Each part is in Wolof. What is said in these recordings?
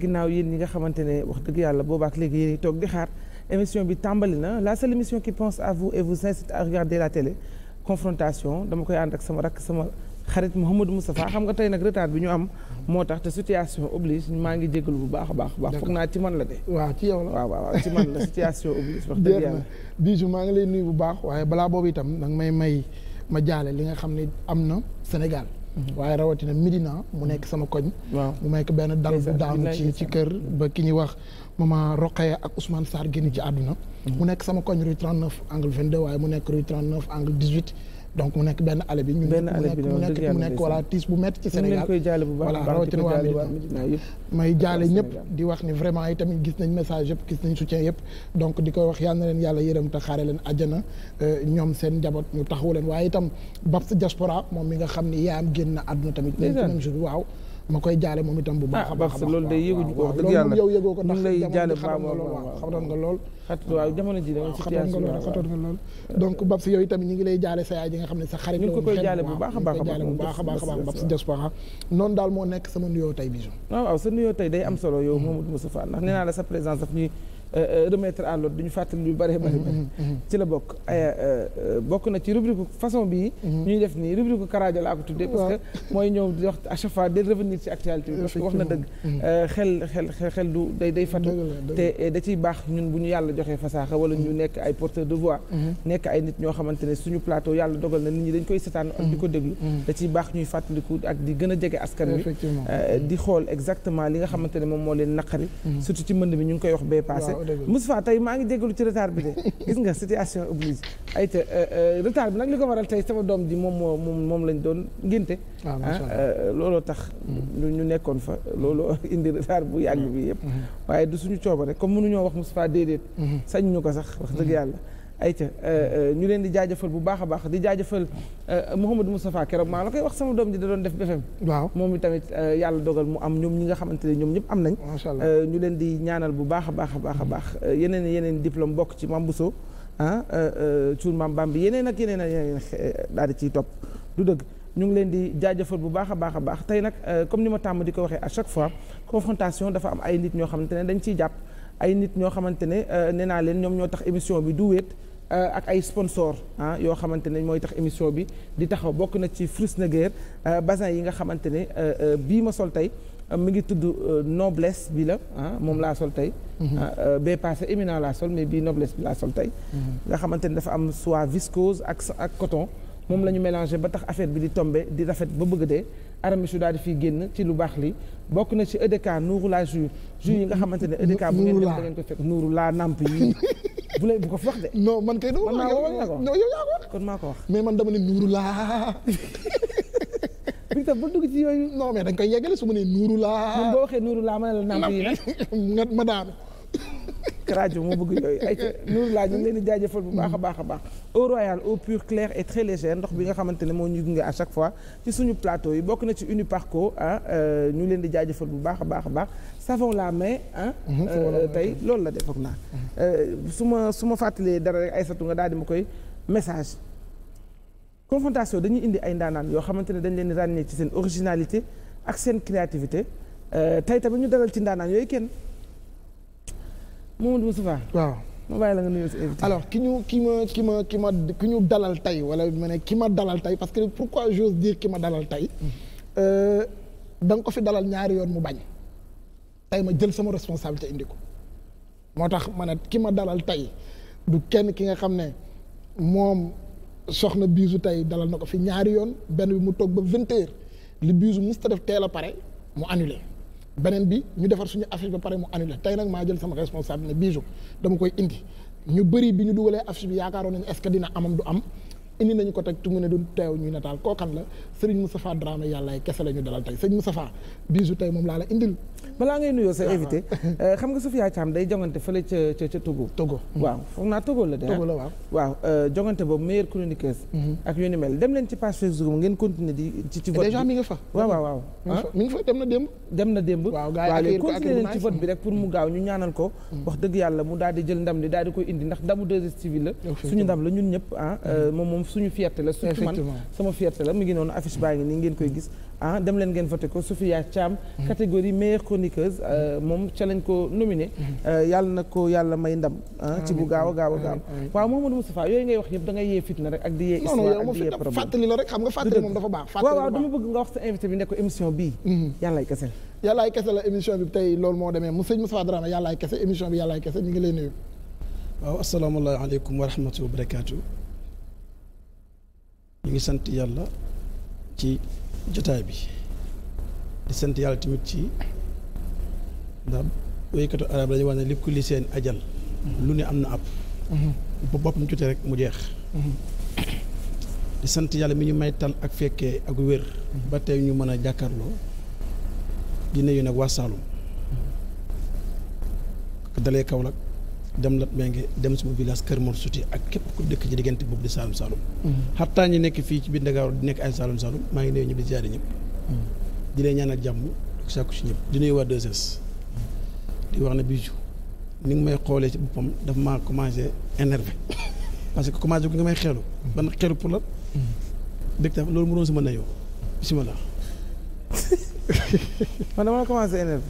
ginnaaw yéen ñi nga xamante ne wax dëgg yàlla boobaak léegi yéen toog di xaar émission bi tàmbali na la seule émission qui pense à vous et vous incite à regarder la télé confrontation dama koy ànd ak sama rakk sama xarit Mouhamadou Moustapha xam nga tey nag retard bi ñu am moo tax te situation oblige maa ngi jégalu bu baax a baax baax foog naa ci man la de waaw ci yow la waaw waaw ci man la situation oblige wax dëgg yàlla bijou maa ngi lay nuyu bu baax waaye balaa boobu itam danga may ma jaale li nga xam ne am na Sénégal Mhm. waaye rawatina Médina mu mhm. nekk sama koñ. mu nekk benn dal bu daanu ci ci kër ba ki ñuy wax maman Roqaya ak Ousmane Sarr génn ci àdduna. Mhm. mu nekk sama koñ rue 39 angle 22 waaye mu nekk rue 39 angle 18. donc mu nekk benn ale bi ñun mu nekk mu nekk voilà tiis bu métti ci Sénégal voilà rawatina waa Médina may jaale ñëpp di wax ni vraiment yi tamit gis nañ message yëpp gis nañ soutien yëpp donc di koy wax yal na leen yàlla yërëm te xaare leen àjjana euh, ñoom seen njaboot ñu taxawu leen waaye itam Babs jaspora moom mi nga xam ni yaayam génn na àdduna tamit même jour waaw ma koy jaale moom itam bu baax a ah, baax loolu day yëguñu ko wax dëgg yàlla yow yëgoo ko ndax jamono xam nga lool waaw xatoon nga lool waaw jamono ji waaw xatoon nga lool xatoon nga lool donc Babs yooyu tamit ñu ngi lay jaale sa yaay ji nga xam ne sa xarit ñu ngi ko koy jaale bu baax a baax bu baax a baax a baax Babs Diaspora noonu daal moo nekk sama nuyoo tey Bijou waaw waaw sa nuyoo tey day am solo yow Mamadou Moustapha ndax nee naa la sa présence daf ñuy Euh, euh, remettre à l'ordre du ñu fàttali lu bari bari bari ci la bokk euh, bokk na ci rubrique façon bii mm-hmm. ñuy def nii rubrique karaajo laa ko tuddee parce que mooy ñëw di wax à chaque fois di revenir ci actualité bi parce que wax na dëgg mm-hmm. xel xel xel du day day fatu te da ciy baax ñun bu ñu yàlla joxee fasaaxa wala ñu mm-hmm. nekk ay porteur de voix nekk ay nit ñoo xamante ne suñu plateau yàlla dogal na nit ñi dañ koy setaan ak di ko déglu da ciy baax ñuy fàttaliku ak di gën a jege askan wi di xool exactement li nga xamante ne moom moo leen naqari ci mënd bi ñu ngi koy wax bee Moustapha tey maa ngi jégalu ci retard bi de gis nga situation oblige ayta euh, euh, retard bi nag li ko waral tey sama doom ji moom moo moom moom lañ doon ngénte ah, ah, euh, looloo tax ñu nekkoon fa looloo indi retard bu yàgg bi yëpp mm-hmm. waaye du suñu coobare comme mënuñoo wax Moustapha déedéet mm-hmm. sañ ñu ko sax wax dëgg mm-hmm. yàlla ayca euh, euh, ñu leen di jaajëfal bu baax a baax di jaajëfal euh, Mouhamadou Moustapha keroog maa la koy wax sama doom ji da doon def BFM waaw moom tamit yàlla dogal mu am ñoom ñi nga xamante ne ñoom ñëpp am nañ ñu leen di ñaanal bu baax a baax a baax a baax yeneen yeneen diplôme ci Mame Bousso ah cuur Mame Bambi yeneen ak yeneen ak yeneen daal di ciy topp du dëgg ñu ngi leen di jaajëfal bu baax a baax a baax tey nag comme ni ma tàmm di ko waxee a chaque fois confrontation dafa am ay nit ñoo xamante ne dañ ciy jàpp ay nit ñoo xamante ne euh, nee naa leen ñoom ñoo tax émission bi du wéet euh, ak ay sponsor ah yoo xamante ne mooy tax émission bi di taxaw bokk na ci Frus na guerre euh, basin yi nga xamante ne bii ma sol tey mi ngi tudd noblesse bi la ah moom laa sol tey. Mhm. Ah, bee passé éminent laa sol mais bii noblesse bi laa sol tey. Mhm. nga xamante ne dafa am soie viscose ak ak coton moom la ñu mélangé ba tax affaire bi di tombe di rafet ba bëgg dee. arame su daal fi fiy génn ci lu baax li bokk na ci EDK nuuru laa jus jus yi nga xamante ne EDK bu ngeen da ngeen ko fekk nuuru laa namp yi bu lay bu ko fi wax de non man kay dama man woon na kon maa ko wax mais man dama ne nuuru laa bi bu ba dugg ci yooyu non mais dañ koy yeggale su ma nee nuuru laa man boo waxee nuuru laa ma ne la namp yi nag ma daanu rajo moo bëgg yooyu ay nuur laa ñu leen di jaajëfal bu baax a baax a baax eau royale eau pure claire et très légère ndox bi nga xamante ne moo ñu gunge à chaque fois ci suñu plateau yi bokk na ci Uniparco ah euh, ñu leen di jaajëfal bu baax a baax a baax savon la main ah mhm, tey loolu la defoog naa mhm. euh, su ma su ma fàttalee dara rek Aysatu nga daal di ma koy message confrontation dañuy indi ay ndaanaan yoo xamante ne dañ leen di ràññee ci seen originalité ak seen créativité euh, tey tamit ñu dalal ci ndaanaan yooyu kenn Mamadou Moustapha waaw ma bàyyi la nga nuyoo si invité alors ki ñu ki ma ki ma ki ma ki ñu dalal tey wala ma ne ki ma dalal tey parce que pourquoi j'ose dire ki ma dalal tey mm. euh, da nga ko fi dalal ñaari yoon mu bañ tey ma jël sama responsabilité indi ko moo tax ma ne ki ma dalal tey du kenn ki nga xam ne moom soxna biisu tey dalal na ko fi ñaari yoon benn bi mu toog ba vingt li biisu musta def teel a pare mu annulé beneen bi ñu defar suñu affiche ba pare mu annulé tey nag maa jël sama responsable ne bii dama koy indi ñu bëri bi ñu dugalee affiche bi yaakaaroon nañu est-ce que dina amam du am indi nañu ko teg tu mu ne du teew ñuy nataal koo kan la Serigne Moustapha Dramé yàllaay kese la ñu dalal tey sëñ Moustapha bisu tey moom laa la indil. balaa ngay nuyoo sa ah, ah. invité euh, xam nga Sophia Thiam day jongante fële ca ca ca Togo. waaw foog naa Togo la de ah. Togo la waaw. waaw euh, jongante boobu meilleure chroniqueuse. Mhm. ak yu dem na démb. waaw gars continuer leen ci vote bi rek pour mu gaaw ñu ñaanal ko. Mhm. wax dëgg yàlla mu daal di jël ndam li daal di koy indi ndax ndamu 2STV la. suñu ndam la ñun ñëpp euh, mhm. moom moom suñu fierté la surtout man sama fierté la mu ngi noonu affiche baa ngi nii ngeen koy gis ah, dem leen ngeen voté ko Sophia Thiam mhm. catégorie meilleure chroniqueuse euh, mhm. moom ca ko nominé mhm. euh, yàlla na ko yàlla may ndam ah, ci bu gaaw a gaaw a gaaw waaw Mamadou Moustapha yooyu ngay wax yëpp da yee fitna rek ak di yee histoire ak di yee problème fàttali la rek xam nga waaw waaw dama bëgg nga wax sa invité bi ne ko émission bii yàllaay kese kese la émission bi tey loolu moo demee Sëñ Moustapha ñu ngi sant yàlla ci jotaay bi di sant yàlla tamit ci ndax woykatu arab dañuy wax ne li ku li seen ajal lu ne am na ab mhm. bu boppam jotee rek mu jeex mhm. di sant yàlla mi ñu may tal ak fekkee ak wér mhm. ba tey ñu mën a jàkkaarloo dina yu nag waa Saalum dalee Kaolack dem lat mee ngi dem suma village Kër Mor Suti ak képp ku dëkk ci diggante boobu di Saalum Saalum mm-hmm. xattaa ñi nekk fii ci biir Ndakaaru di nekk ay Saalum Saalum maa ngi nuyu ñëpp di ziare ñëpp mm-hmm. di leen ñaanal si ñëpp di nuyu waa 2 di wax ne Bijou ni nga may xoolee ci boppam daf maa commencé énervé parce que commencé ku nga may xeelu mm-hmm. ban xeelu pour la dëgg tam loolu mu doon sama nayoo bisimilah man dama commencé énervé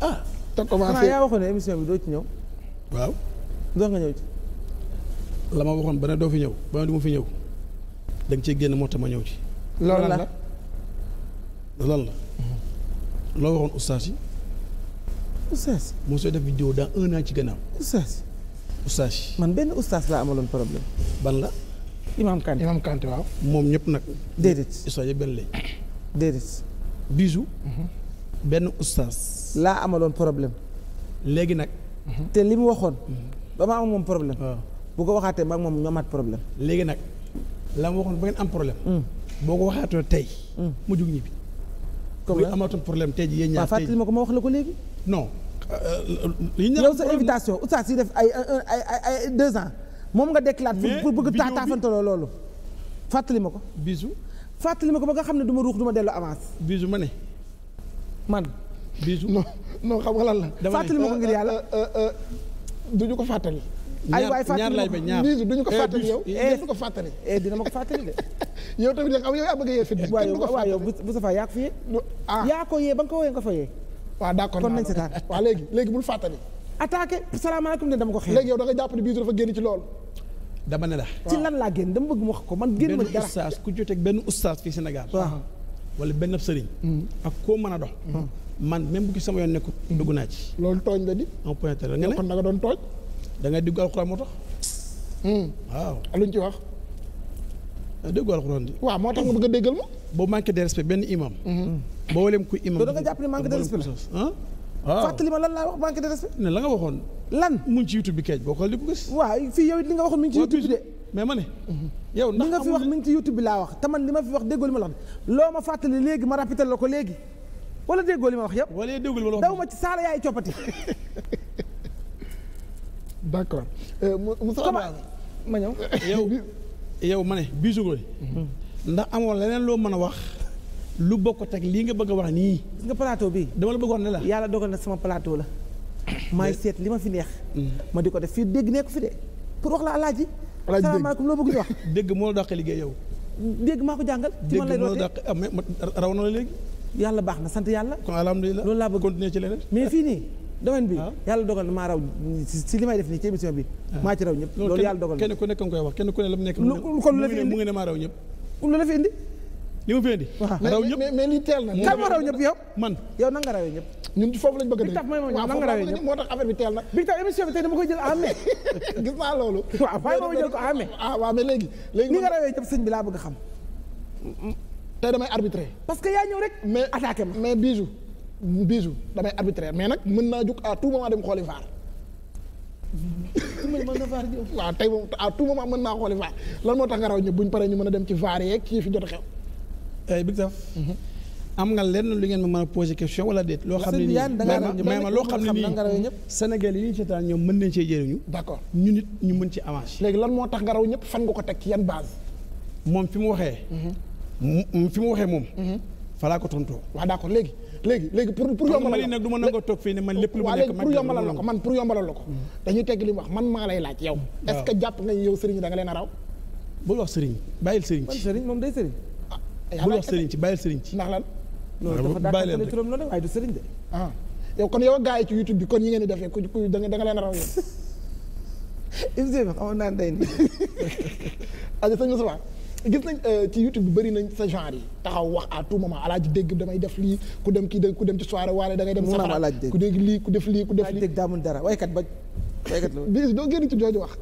ah te commencé yaa waxoon ne émission bi doo ci ñëw waaw dox nga ñëw ci la ma waxoon ba ne doo fi ñëw ba ne du ma fi ñëw da nga ciy génn moo tax ma ñëw ci loolu la loolu la mhm. loo waxoon oustaz yi oustaz moo soo def bi dans un an ci gannaaw oustaz oustaz yi man benn oustaz laa amaloon problème ban la Imam Kanté Imam moom ñëpp nag déedéet oustaz yi benn lañ déedéet bisu mhm. benn oustaz laa amaloon problème léegi nag te li mu waxoon. ba ma am moom problème. bu ko waxaatee ma ak moom ñoo amaat problème. léegi nag la mu waxoon ba ngeen am problème. Mm. boo ko waxaatoo tey. Mm. mu jug ñibbi. comme la amatoon problème tey jii yéen ñaar tey fàttali ma ko ma wax la ko léegi. non. Euh, euh, yow sa invitation oustaz yi def ay ay ay deux ans. moom nga déclare pour bëgg tax taafantaloo loolu. fàttali ma ko. bisu. fàttali ma ko ba nga xam ne du ma ruux du ma dellu avance. bisu ma ne. man. bisu non non xam nga lan la. fàttali ma ko euh, ngir yàlla. Euh, euh, du ñu ko fàttali. ay waay fàttali ma ko ñaar bisu du ñu ko eh, fàttali yow. eh, eh ko fàttali. eh dina ma ko fàttali de. yow tamit nag yow yaa bëgg a yee fit. waaw yow yaa ko fi yee. Ah. ko yee ba nga ko wooyee nga fa yee. waaw d'accord kon nañ seetaan waaw léegi léegi bul fàttali. attaqué salaamaaleykum ne dama ko xeex. léegi yow da nga jàpp dafa génn ci loolu. dama ne la. ci lan laa génn dama bëgg mu wax ko man génn ma dara benn ustaas ku joteeg benn ustaas fii Sénégal. wala benn sëriñ. Mm. ak koo mën a dox mm. man même bu gis sama yoon nekkul dugg naa ci. loolu tooñ la di. en point la nga nga doon tooñ. da ngay dégg alxuraan moo tax. Hmm. waaw luñ ci wax. déggu alxuraan di. waaw moo tax nga bëgg a déggal ma. boo manqué de respect benn imam. Hmm. boo waleem ku imam. doo da nga jàpp ne manqué de respect la. Ah. fàttali ma lan laa wax manqué de respect. ne la nga waxoon. lan mu ngi ci bi keej boo xool di ko nga waxoon mais ma ne. Hmm. yow ndax li nga fi wax bi laa wax te man li ma fi wax déggoo ma loo ma fàttali léegi ma rappelé la ko léegi wala déggoo li ma wax yëpp. wala déggoo li ma wax daw ma ci saala euh, ma ñëw yow ma ne Bijou Ngoné mhm. ndax amoon leneen loo mën a wax. lu bokk teg lii nga bëgg a wax nii. gis nga plateau bi dama la bëggoon ne la. yàlla dogal na sama palaato la. maay seet li ma fi neex. Mhm. ma di ko def fii dégg nekk fi de pour wax la alaaji. alaaji dégg salaamaaleykum loo bëgg ñu wax. dégg moo la dàq liggéey yow. dégg maa ko jàngal. ci man lay doon dégg moo la ah, raw na la léegi. yàlla baax na sant yàlla. kon alhamdulilah loolu laa bëgg continuer ci leneen. mais fii nii domaine bi. Ah. yàlla dogal na maa raw si li may def nii ci émission bi. Ah. maa ci raw ñëpp loolu yàlla dogal lu la fi indi li ma fi indi. raw ñëpp ma ma jël ko en ah waaw mais léegi. léegi nga rawee ñëpp sëñ bi laa bëgg xam tey damay arbitré. parce que yaa ñëw rek. mais attaqué ma mais bijou bijou damay arbitré mais nag mën naa jug à tout moment dem xooli vaar. waaw tey moom à tout moment mën naa xooli vaar lan moo tax nga raw ñëpp bu ñu paree ñu mën a dem ci vaar yeeg kii fi jot a xew. Eh, lenn lu ngeen ma mën a wala déet. loo xam loo xam ne nii Sénégal yi ñu seetaan ñoom mën nañ cee jëriñu. d'accord ñu nit ñu mën ci avancé. léegi lan moo tax nga raw ñëpp fan nga ko teg ci yan baas moom fi mu waxee. Mm-hmm. fi mu waxee moom. Mhm. falaa ko tontoo waaw d'accord léegi léegi léegi pour pour yombalal la nag du ma nangoo toog fii ne man lépp lu ma nekk pour yombalal la ko man pour yombalal la ko mm. dañuy tegg li mu wax man maa lay laaj yow mm. est-ce que jàpp nga yow sëriñ da leen a raw bul wax sëriñ bàyyil sëriñ ci sëriñ moom day sëriñ ah, bul wax sëriñ ci ci ndax lan loolu dafa daal turam noonu waaye du sëriñ de ah yow kon yow a gars yi ci YouTube bi kon yi ngeen di defee ku ku da leen a raw yow im si wax amoon naa ndey ni aja sëñ Moussa gis nañ euh, ci YouTube bi bëri nañ sa genre yi taxaw wax à tout moment alaaji dégg damay def lii ku dem kii ku dem ci soirée waale da ngay dem safara ku dégg lii ku def lii ku def lii dégg daamul dara waykat ba waykat la bis doo génn ci jooju wax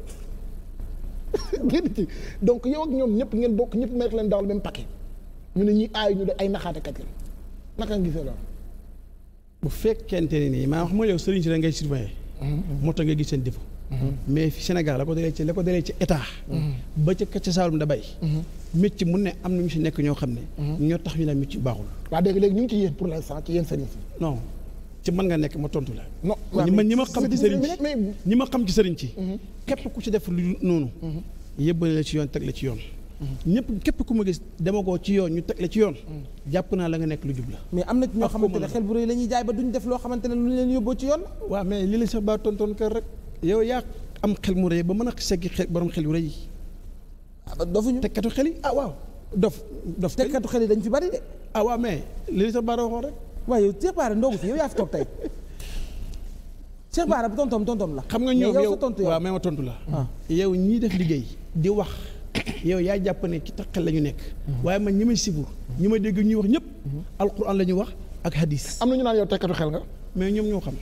génn ci donc yow ak ñoom ñëpp ngeen bokk ñëpp mettre leen dans le même paquet ñu ne ñuy aay ñu def ay naxaatekat la naka nga gisee loolu bu fekkente ne nii maa wax mooy yow sëriñ si da ngay surveiller mhm. moo tax nga gis seen défaut mais fi Sénégal la ko dalee ci la ko dalee ci état. ba ca ca Saalum da bay. métti mun ne am na ñu si nekk ñoo xam ne. ñoo tax ñu ne métti baaxul. waa dégg léegi ñu ngi ci yéen pour l'instant ci mën nga nekk ma tontu la. non waaw ñi ma xam ci sëriñ ci ñi ma xam ci sëriñ ci. Mhm. képp ku ci def lu noonu. yëbbale la ci yoon teg la ci yoon. Mhm. ñëpp képp ku ma gis demagoo ci yoon ñu teg la ci yoon. Mhm. jàpp naa la nga nekk lu jub la. mais am na ñoo xamante ne xel bu rëy la jaay ba duñ def loo xamante ne lu ñu leen yóbboo ci yoon. waaw mais rek yow yaa am xel mu rëy ba mën a seggi xel borom xel yu rëy yi. ah dofuñu tekkatu xel yi ah waaw. dof dof tekkatu xel yi dañ fi bari de. ah waaw mais li li sa baara waxoon rek. waaw yow Cheikh Bara ndogu fi yow yaa fi la. xam nga ñoom yow waaw mais la. Ah. yow ñii def liggéey di wax. yow yaa jàpp ne ci taqal la ñu nekk. Mhm. waaye man ñi may sibur. Mhm. ñi ma dégg ñuy wax ñëpp. Mhm. alquran la ñu wax ak hadis. am na ñu naan yow tekkatu xel nga. mais ñoom ñoo xam.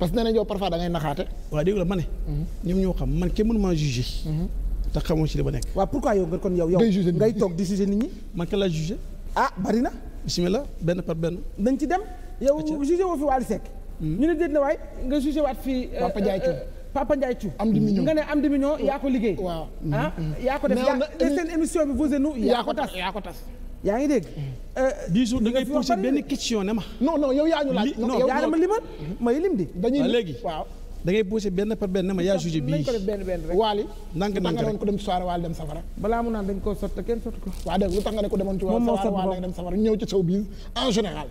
parce que nee nañ yow parfois da ngay naxaate. waaw dégg la ma ne. Mhm. ñoom ñoo xam man kenn mënu maa mhm. te xamoo ci li ma nekk. waaw pourquoi yow nga kon yow. yow ah, mhm. nga jugé waat fii. Euh, Papa Ndiaye Thiou euh, am di million nga ne am di million yaa ko liggéey. Ah, yaa ko def. yaa ko tas. yaa ngi dégg. bisu eh, da ngay posé benn question ne ma. non non yow yaa ñu laaj. non yow yaa ma limal may lim di. dañuy léegi waaw. da ngay posé benn par benn ne ma yaa jugé bii. nañ ko def benn benn rek waali. ndànk ndànk rek ko dem soirée waali dem safara. balaa mu naan dañ koo sotti kenn sotti ko. waa dégg lu tax nga ne ko demoon ci soirée waali dem safara ñëw ci saw biir en général.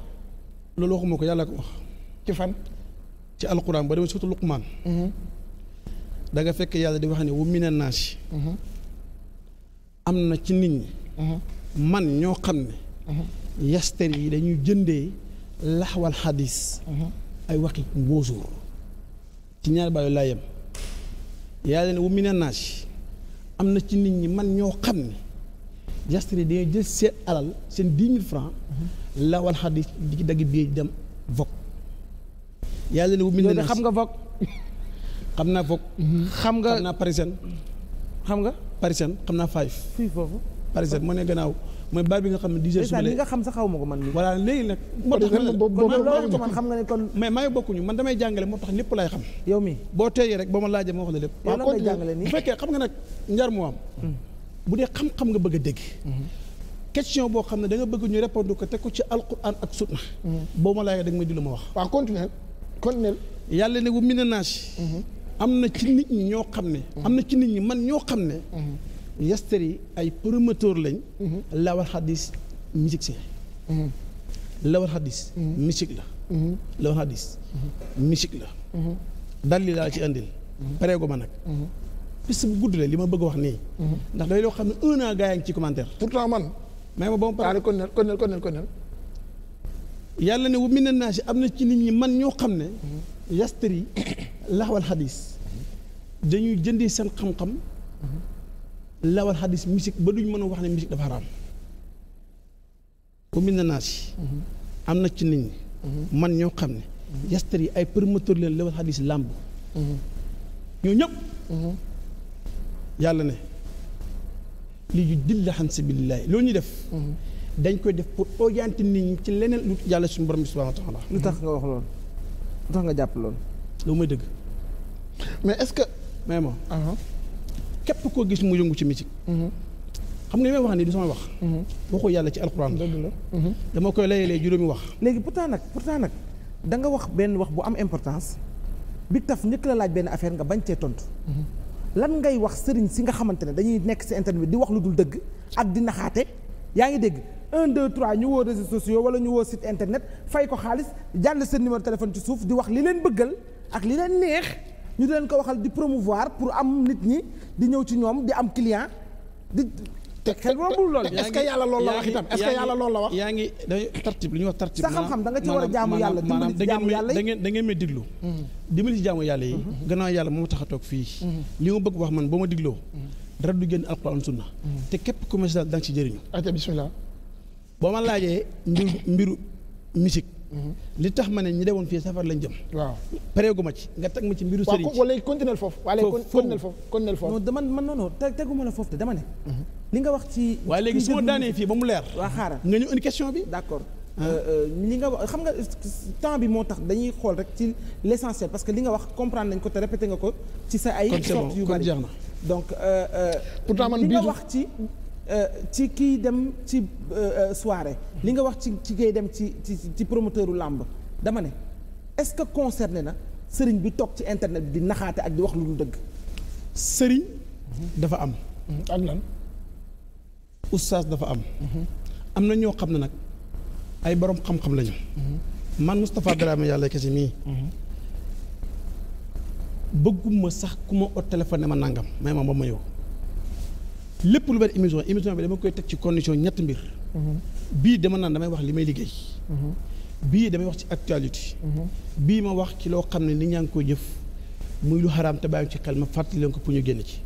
loolu waxuma ko yàlla ko wax. ci fan. ci alquran ba demee surtout Luqman. Mhm. da nga fekk yàlla di wax ne wu minan naasi. Mhm. am na ci nit ñi. Mhm. man ñoo xam ne yastar yi dañuy jëndee laxwal xadis ay waxi mbóosóor ci ñaari bàyyi laa yem yàlla ne wu mi ne am na ci nit ñi man ñoo xam ne yastar yi dañuy jël seen alal seen dix mille francs laxwal xadis di ci dagg bi dem vogue yàlla ne wu mi ne naaj xam nga vogue xam naa vogue mhm. xam nga xam naa parisienne xam nga parisienne xam naa five fii Parisette moo ne gannaaw mooy baar bi nga xam ne 10 heures suba la nga xam sax xaw ma ko man mi voilà léegi nag moo tax man xam nga ne kon bokkuñu man damay jàngale moo tax lépp laay xam yow boo teeyee rek boo ma laajee ma wax la lépp bu fekkee xam nga nag njar moo am hmm. bu dee xam-xam nga bëgg a dégg hmm. question boo xam ne da nga bëgg ñu répondre ko teg ko ci alquran ak sunna hmm. boo ma laajee da nga may di lu ma wax waaw continue continue yàlla ne wu mina naas am na ci nit ñi ñoo xam ne am na ci nit ñi man ñoo xam ne yester yi ay promoteur lañ. Mhm. lawal xadis musique si. Mhm. lawal xadis. Mhm. musique la. lawal xadis. musique la. dalli laa ci andil. pareegu ma nag. piste bu gudd la li ma bëgg wax nii. ndax day loo xam ne un an ci commentaire. pourtant man. mais ma ba mu pare kon nel kon yàlla ne wu mi ne naa si am na ci nit ñi man ñoo xam ne. yester yi laxawal xadis. dañuy jëndee seen xam-xam. lawal xadis musique ba duñ mën a wax ne musique dafa xaraam bu na naa am na ci nit ñi man ñoo xam ne yastar yi ay promoteur leen lawal xadis làmb ñoo ñëpp yàlla ne li ju dilla xan sabilillahi loolu ñu def dañ koy def pour orienter nit ñi ci leneen lu yàlla suñu borom bi subhanahu wa taala lu tax nga wax loolu lu tax nga jàpp loolu loolu mooy dëgg mais est-ce moom képp koo gis mu yëngu ci musique xam nga li may wax nii du sama wax ko yàlla ci alxuraan dëgg la dama koy layelee juróomi wax léegi pourtant nag pourtant nag da nga wax benn wax bu am importance bi Taf njëkk la laaj benn affaire nga bañ cee tontu lan ngay wax sëriñ si nga xamante ne dañuy nekk si internet bi di wax lu dul dëgg ak di naxaate yaa ngi dégg un deux trois ñu woo réseaux sociaux wala ñu woo site internet fay ko xaalis jàll seen numéro téléphone ci suuf di wax li leen bëggal ak ñu di leen ko waxal di promouvoir pour am nit ñi di ñëw ci ñoom di am client di. te xel rombul loolu. est-ce que yàlla loolu la wax itam est-ce yàlla loolu la wax. yaa ngi dañuy tartib li ñuy wax tartib. sa xam-xam da nga ci war a jaamu yàlla mm-hmm. dimbali ci jaamu yàlla yi da ngeen da ngeen may diglu. dimbali ci jaamu yàlla yi. gannaaw yàlla moo tax a toog fii. Mm-hmm. li ma bëgg wax man boo ma digloo. Mm-hmm. dara du génn alquran sunna. te képp commercial da nga ci jëriñu. boo ma laajee mbiru mbiru musique li tax ma ne ñi dewoon fii safar lañ jëm. waaw pareegu ma ci nga teg ma ci mbiru sëriñ. waaw wala continuel foofu. foofu foofu non dama man non non teguma la foofu te dama ne. Mhm. li nga wax ci. waaw léegi su ma daanee fii ba mu leer. waa xaaral nga ñu une question bi. d'accord ah. euh, euh, li nga wax xam nga temps bi moo tax dañuy xool rek ci l'essentiel parce que li nga wax comprendre nañ ko te répété nga ko ci sa ay. sorte yu bari donc. Euh, pourtant man bii li Euh, ci kiy dem ci euh, euh, soire li nga wax ci ci kiy dem ci ci ci promoteuru làmb dama ne est-ce que concerné na sëriñ bi toog ci internet bi di naxaate ak di wax lu dul dëgg. sëriñ. dafa am. Mm-hmm. ak lan. oustaz dafa am. Mm-hmm. am na ñoo xam ne nag ay boroom xam-xam lañu. Mm-hmm. man Moustapha Dramé yàlla kese mii. bëgguma sax ku ma oo téléphone ma nangam may ma ba ma yow. lépp lu mel émission émision bi dama koy teg ci condition ñett mbir. Mm-hmm. bii dama naan damay wax li may liggéey. Mm-hmm. bii damay wax ci actualité. Mm-hmm. bii ma wax ci loo xam ne nit ñaa ngi koy jëf muy lu xaraam te bàyyi ci xel ma fàttali leen ko pour ñu génn ci.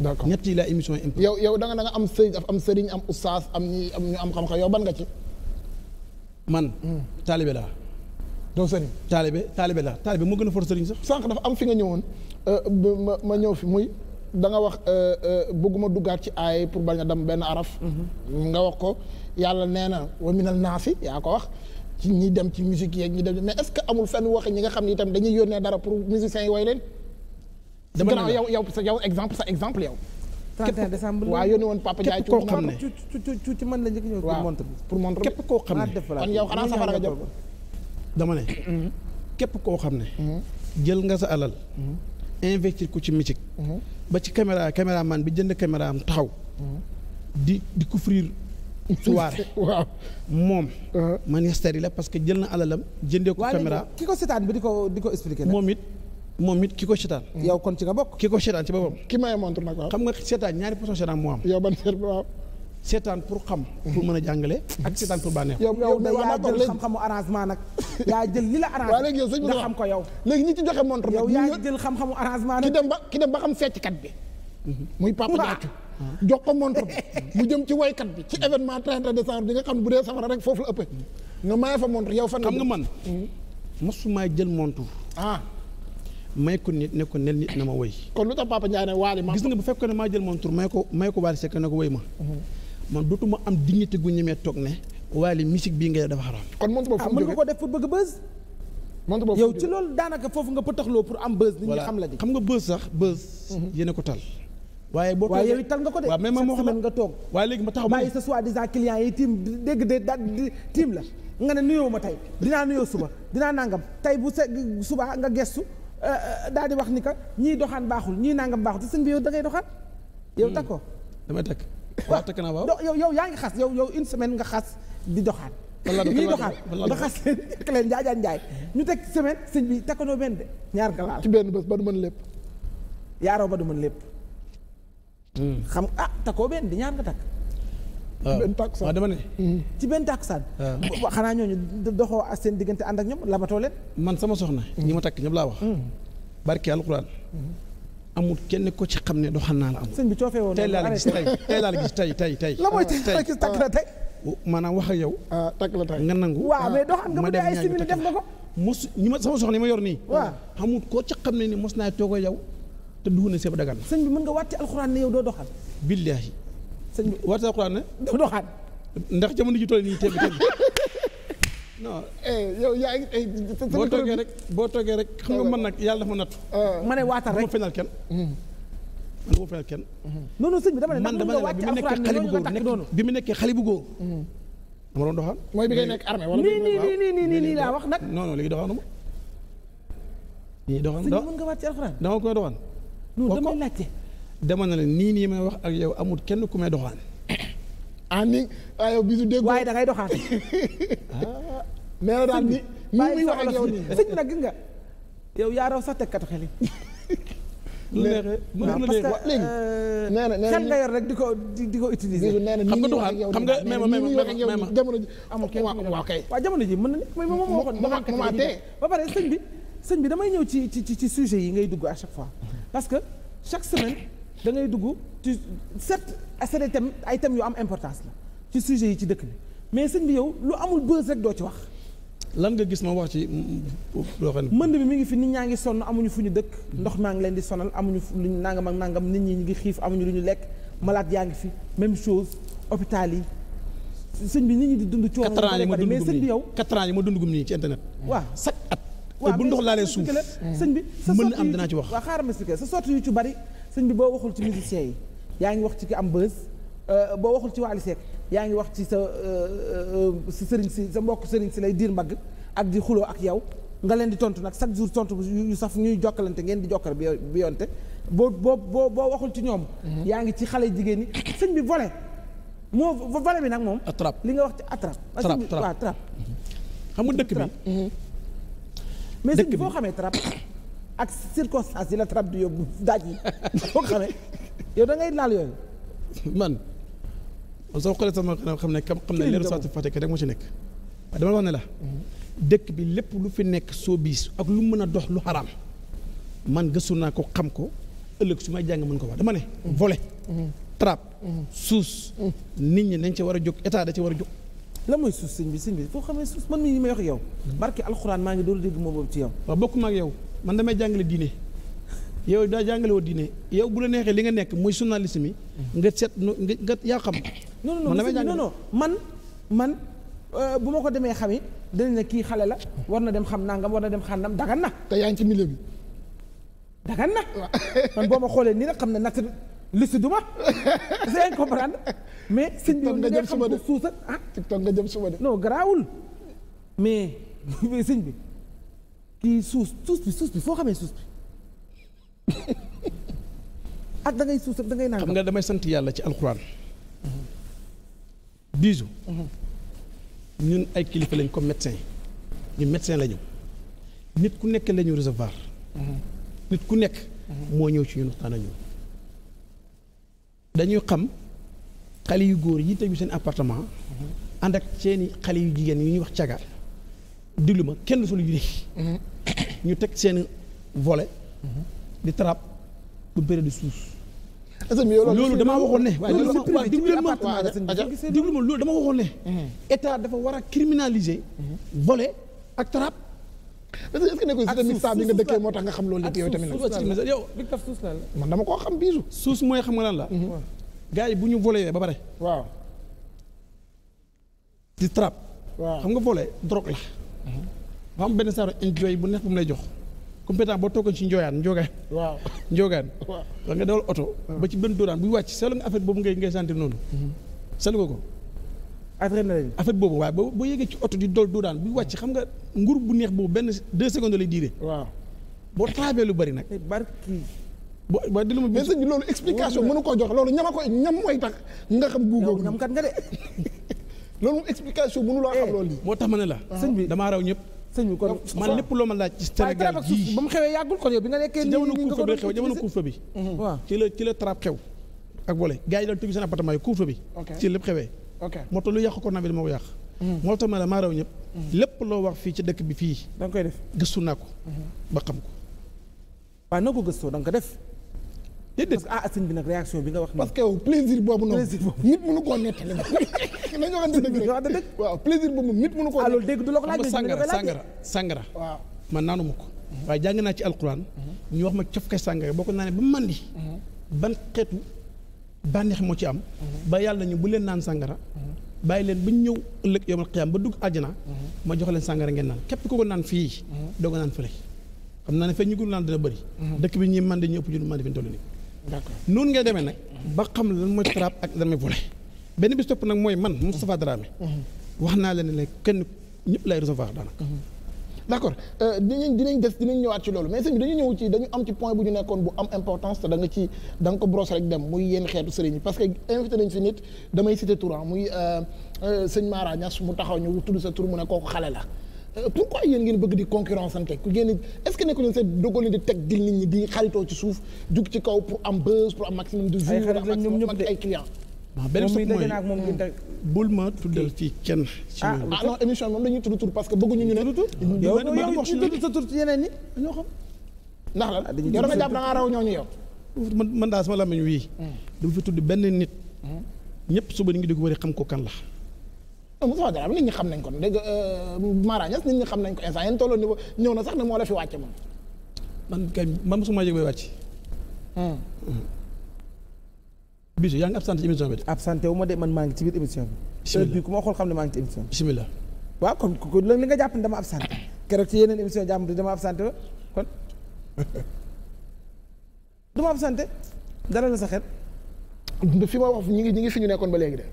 d'accord ñett yi la émission yi. yow yow da nga da nga am sëriñ am sëriñ am ustaas am ñi am ñu am xam-xam yow ban nga ci. man. Mm. taalibe laa. doo sëriñ. taalibe taalibe laa taalibe moo gën a for sëriñ sax. sànq dafa am fi nga ñëwoon euh, ma ñëw fi muy. da nga wax euh, euh, bëgguma duggaat ci aay pour bañ a dem benn araf mhm. nga wax ko yàlla nee na wa minal naasi yaa ko wax ci ñi dem ci musique yeeg ñi dem mais est-ce que amul fenn waxe ñi nga xam ne itam dañuy yónnee dara pour musiciens yi way leen gannaaw sa yow exemple sa exemple yow 31 décembre waaw yónni woon Papa Ndiaye koo xam ne ci man la njëkk ñëw pour montre bi pour montre képp koo xam ne kon yow xanaa safara nga jot dama ne mm-hmm. képp koo xam ne mm-hmm. jël nga sa alal mm-hmm. investir ko ci musique mhm. ba ci caméra man bi jënd caméra am taxaw mhm. di di couvrir soirée waaw moom uh-huh. ministère la parce jël na alalam jëndee ko caméra ki ko seetaan bi di ko di ko expliquer moom it moom it ki ko seetaan yow kon ci nga bokk ki ko seetaan ci boppam ki may montre nag waaw xam nga seetaan ñaari façon seetaan moo am yow ban seet waaw seetaan pour xam. pour mën a jàngale. ak seetaan pour bànneex. yow yow da yaa jël xam-xamu arrangement nag. yaa jël li la arrangé. waaw léegi yow sëñ bi nga xam ko yow. léegi ñi ci joxe montre nag. yow yaa jël xam-xamu arrangement nag. ki dem ba ki dem ba xam fecckat bi. muy Papa jox ko montre bi mu jëm ci way kat bi ci événement 30 décembre bi nga xam dee safara rek foofu la ëppee. nga maye fa montre yow nga man. mosuma jël montre. ah. may ko nit ne ko nel nit na ma woy. kon lu tax Papa Ndiaye ne waali ma. gis nga bu fekkoon ne maa jël montre man dootuma am dignité gu ñemee toog ne waaye musique bii ngay dafa xaraam. kon montre boobu fu ah, mu jógee nga ko def pour bëgg buzz. montre boobu yow ci loolu daanaka foofu nga pëtaxloo pour am buzz. nit ñi xam la di xam nga buzz sax buzz. Mhm. yéen ko tal. waaye boo waaye yow itam nga ko de. waaw mais ma wax la nga toog. waaye léegi ma taxaw ma bàyyi sa soi-disant client yi tiim dégg la nga ne nuyoo ma tey dinaa nuyoo suba dinaa nangam tey bu se suba nga gestu euh, euh, daal di wax ni que ñii doxaan baaxul ñii nangam baaxul te sëñ bi yow da ngay doxaan yow takk hmm. ko damay takk waaw tekk na waaw yow yaa ngi xas yaw yow une semaine nga xas di doxaat. ñuy doxaat nga xas leen teg njaajaan njaay ñu teg semaine sëñ bi tekkandoo benn de ñaar nga laal. ci benn bés ba du mën lépp. yaaroo ba du mën lépp. Hmm. xam ah takkoo benn di ñaar nga takk. benn tàkkusaan dama ne. Hmm. ci benn tàkkusaan. Ah. waaw xanaa ñooñu doxoo ak seen diggante ànd ak ñoom labatoo leen. man sama soxna. ñi ma takk ñëpp laa wax. Hmm. barki alquran. amul kenn ko ci xam ne doxanaa la amul. sëñ bi coofee woon tey laa la gis tey tey laa la mooy tey la takk la tey. Oh, maanaam wax ak yow. ah takk la tey nga nangu. waaw mais doxan nga bu dee ay simili nga ko. ñi ma sama soxna yi ma yor nii. waaw xamul koo ci xam ne ni mos naa toog yow te dugg na seeb dagan. sëñ bi mën nga wàcc alxuraan ne yow doo doxan. billaahi. sëñ bi wàcc alxuraan ne. doo doxan. ndax jamono ji toll nii tey non eh, yow eh, boo toogee rek xam nga man nag yàlla dafa ma nattu. Ah. ma ne waatal rek mm-hmm. ma feñal kenn. man boo feñal kenn. man xale bu góor bi mu nekkee xale bu góor. Mm-hmm. dama doon bi ngay nekk armée wax nag. non non léegi doxaanu ma. nii doxaan dox mën nga waat ci alxuraan. dama koy doxaan. non damay laajte. dama ne la nii nii may wax ak yow amul kenn ku may doxaan. ah ni ah yow bisu dégg. waaye da ngay doxaan. nee na daal ni ak yow nii sëñ bi nga. yow yaa raw sax teg katu xel yi. mën na léegi waaw euh, léegi. na di ko di ko utiliser. xam nga doxaan xam nga mais ma mais ma jamono ji amul kenn waaw kay. waaw jamono ji mën na nekk mooy moom moo waxoon. ba pare sëñ bi sëñ bi damay ñëw ci ci ci sujet yi ngay dugg à chaque fois. parce que chaque semaine da ngay dugg. ci certes c'est des ay thèmes yu am importance la ci sujet yi ci dëkk bi mais sëñ bi yow lu amul buzz rek doo ci wax. lan nga gis ma wax ci loo xam ne. mënd bi mi ngi fi nit ñaa ngi sonn amuñu fu ñu dëkk. ndox maa ngi leen di sonal amuñu fu luñ nangam ak nangam nit ñi ñu ngi xiif amuñu lu ñu lekk malaat yaa ngi fi même chose hôpital yi. sëñ bi nit ñi di dund coono. quatre ans yi ma dund mais sëñ bi yow. quatre ans yi ma dund gum nii ci internet. waaw chaque at. waaw bu ndox laalee suuf. sëñ bi sa sotti mën am dinaa ci wax. waaw xaaral ma sa sotti yu ci bari sëñ bi boo waxul ci musiciens yi yaa ngi wax ci ki am bës euh, boo waxul ci Wally Seck yaa ngi wax ci sa euh, euh, si sëriñ si sa mbokk sëriñ si lay diir mbagg ak di xuloo ak yow nga leen di tontu nag chaque jour tontu yu saf ñuy jokkalante ngeen di jokkal bi yonte boo boo boo boo waxul ci ñoom. Mhm. yaa ngi ci xale jigéen ñi sëñ bi volé moo volé bi nag moom. attrape li nga wax ci attrape. trappe trappe trappe mhm. xam nga dëkk bi. Mhm. mais sëñ bi foo xamee trappe ak circonstance yi la trappe di yóbbu daaj yi foo xamee. yow da ngay laal yooyu man soo xoolee sama xam ne xam ne leeru saatu Fatick rek moo ci nekk waaye dama wax ne la dëkk bi lépp lu fi nekk soo biis ak lu mën a dox lu xaraam man gëstu naa ko xam ko ëllëg su may jàng mën ko wax dama ne vole trap suus nit ñi dañ ci war a jóg état da ci war a jóg la mooy suus sëñ bi sëñ bi foo xamee suus man mii ñu may wax yow barke alxuraan maa ngi doon dégg moom boobu ci yow waaw bokk ma ak yow man damay jàngale yow daa jàngale woo diine yow bu la neexee li nga nekk muy journaliste mi nga seet nga yaa xam. non non non man man euh, bu ma ko demee xamit danañ ne kii xale la war na dem xam nangam war na dem xànnam dagan na. te yaa ngi ci milo bi. dagan na man boo ma xoolee nii nag xam ne natt liste du ma c'est comprendre mais. si ñu nga jëm suma de suusa ah. tiktok nga jëm suma de. non mais sëñ bi kii suus suus bi suus bi foo xamee suus ak ah, da ngay suus da ngay naan xam nga damay sant yàlla ci alxuraan. bisu. ñun ay kilifa lañ comme médecin ñu médecin lañu nit ku nekk la ñu nit ku nekk. moo ñëw ci ñun waxtaan ak ñun dañuy xam xale yu góor yi tegu seen appartement. ànd ak seeni xale yu jigéen yu ñuy wax caga diglu kenn solu yu mm-hmm. ñu teg seen volet. Mm-hmm. di trap bu bëre di suus. loolu damaa waxoon ne. waaye loolu ma déglu ma loolu dama waxoon ne. Mmh. état dafa war a criminaliser. Mmh. volet ak trap. parce que est-ce bi nga dëkkee moo tax nga xam loolu lépp yow tamit nag. yow man dama koo xam biisu. suus mooy xam nga lan la. Mmh. gars yi bu ñu volé ba pare. waaw. di trap. xam nga volé drogue la. dafa am benn saaro enjoy bu neex bu mu lay jox. compétent boo toogoon ci njooyaan njoogaan. waa njoogaan. waaw da nga dawal oto. ba ci benn dooraan buy wàcc seetlu nga affaire boobu ngay ngay sentir noonu. Mhm. seetlu ko. adrénaline affaire boobu waaye boo boo yéegee ci oto di dool dooraan buy wàcc xam nga nguur bu neex boobu benn deux secondes lay diire. boo taabee lu bari nag. Eh, barki. boo waaye dina ma mais sëñ bi loolu explication mënu koo jox loolu ñama koy ñam mooy tax nga xam guugoo. ñam nga de. loolu explication mënu loo xam eh, moo tax ma ne la. sëñ bi damaa raw ñëpp. sëñ bi kon man lépp loo ma laaj ci Sénégal gii ba mu xewee yàggul kon yow bi nga nekkee ko doon xew jamono couvre-feu ko nawet hmm. moo ko hmm. ci dëkk bi fii da koy def gëstu naa ko hmm. ba xam ko waaw noo ko gëstoo da ko def déedéet parce que ah bi nag bi nga wax parce que plaisir nit mënu koo nettali nañu waxante dëgg rek waxante dëgg waaw plaisir boobu nit mënu ko loolu dégg du la ko laaj sangara sangara sangara waaw man naanu ma ko waaye jàng naa ci alquran ñu wax ma cof kay sàngara boo ko naanee ba mandi ban xeetu bànneex moo ci am ba yàlla ñu bu leen naan sàngara bàyyi leen ba ñëw ëllëg yowmal xiyaam ba dugg àjjana ma jox leen sàngara ngeen naan képp ku ko naan fii doo ko naan fële xam naa ne fekk ñu gën naan dina bëri dëkk bi ñuy mandi ñu ëpp ñu mandi fi ñu toll nii d'accord noonu ngay demee nag ba xam lan mooy benn bi topp nag mooy man Moustapha Dramé. Mhm. Mhm. wax naa leen ne kenn ñëpp lay recevoir daanaka. Mhm. d' accord euh, dinañ dinañ des dinañ ñëwaat ci loolu mais sëñ dañu ñëw ci dañu am ci point bu ñu nekkoon bu am importance te da nga ci da nga ko brosse rek dem muy yenn xeetu sëriñ yi parce que invité nañ fi nit damay cité turam muy euh, euh, sëñ Mara Niass mu taxaw ñu tudd sa tur mu ne kooku xale la pourquoi yéen ngeen bëgg di concurrence ante ku génn est ce que nekku leen seen waaw benn suuf mooy bul ma tuddal fii kenn. Ah, ah non émission moom dañuy tudd tur parce que bëgguñu ñu ne. yow yow yow ñu tudd sa tur ci yeneen ñi ñoo xam. ndax la ah, yow da nga jàpp da raw ñooñu yow. man man hmm. fi tudd benn nit. Hmm. ñëpp suba ñu ngi dugg wari xam ko kan la. Ah, Moustapha Dramé nit ñi xam nañ ko dégg euh, Mara Niass nit ñi xam nañ ko instant yéen tolloo niveau ñëw na sax ne moo la fi wàcce moom. man kay man su ma yëg bay wàcc. Hmm. bisu yaa ngi absenté ci émission bi de. absenté wu ma de man maa ngi ci biir émission bi. heure bii ku ma xool xam ne maa ngi ci émission bi. bisimilah. waaw kon kon li nga jàpp ne dama absenté keroog ci yeneen émission jàmm dama absenté wa kon du ma absenté dara la sa xel. fi ma wax ngi fi ñu nekkoon ba léegi de.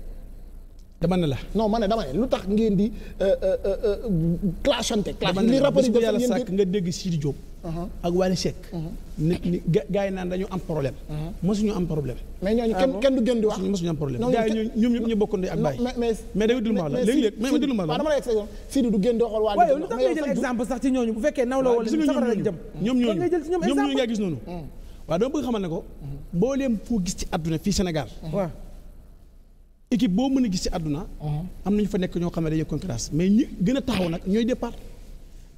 dama ne la non ma ne dama ne lu tax ngeen di euh, euh, euh, clashante. clash li rapport yi nga dégg Sidi Diop. Uh-huh. ak Wally Seck uh-huh. nit ñi gars yi naan dañu am problème uh-huh. mosuñu am problème mais ñooñu kenn ah kenn du gën di wax mosuñu am problème gars yi ñoom ñëpp ñu bokkoon ak bàyyi mais day dul ma la léegi-léeg mais dul ma la dama lay expliqué Sidi du gën di waxal waaye lu tax ngay jël exemple sax ci ñooñu bu fekkee naw la wala ah, safara lañ jëm ñoom ñooñu ñoom ñooñu ngay gis noonu hmm. waaw dama bëgg xamal ne ko hmm. boo leen foo gis ci àdduna fii Sénégal hmm. waaw équipe boo mën a gis ci àdduna am nañu fa nekk ñoo xam ne dañuy concurrence mais ñi gën a taxaw nag ñooy départ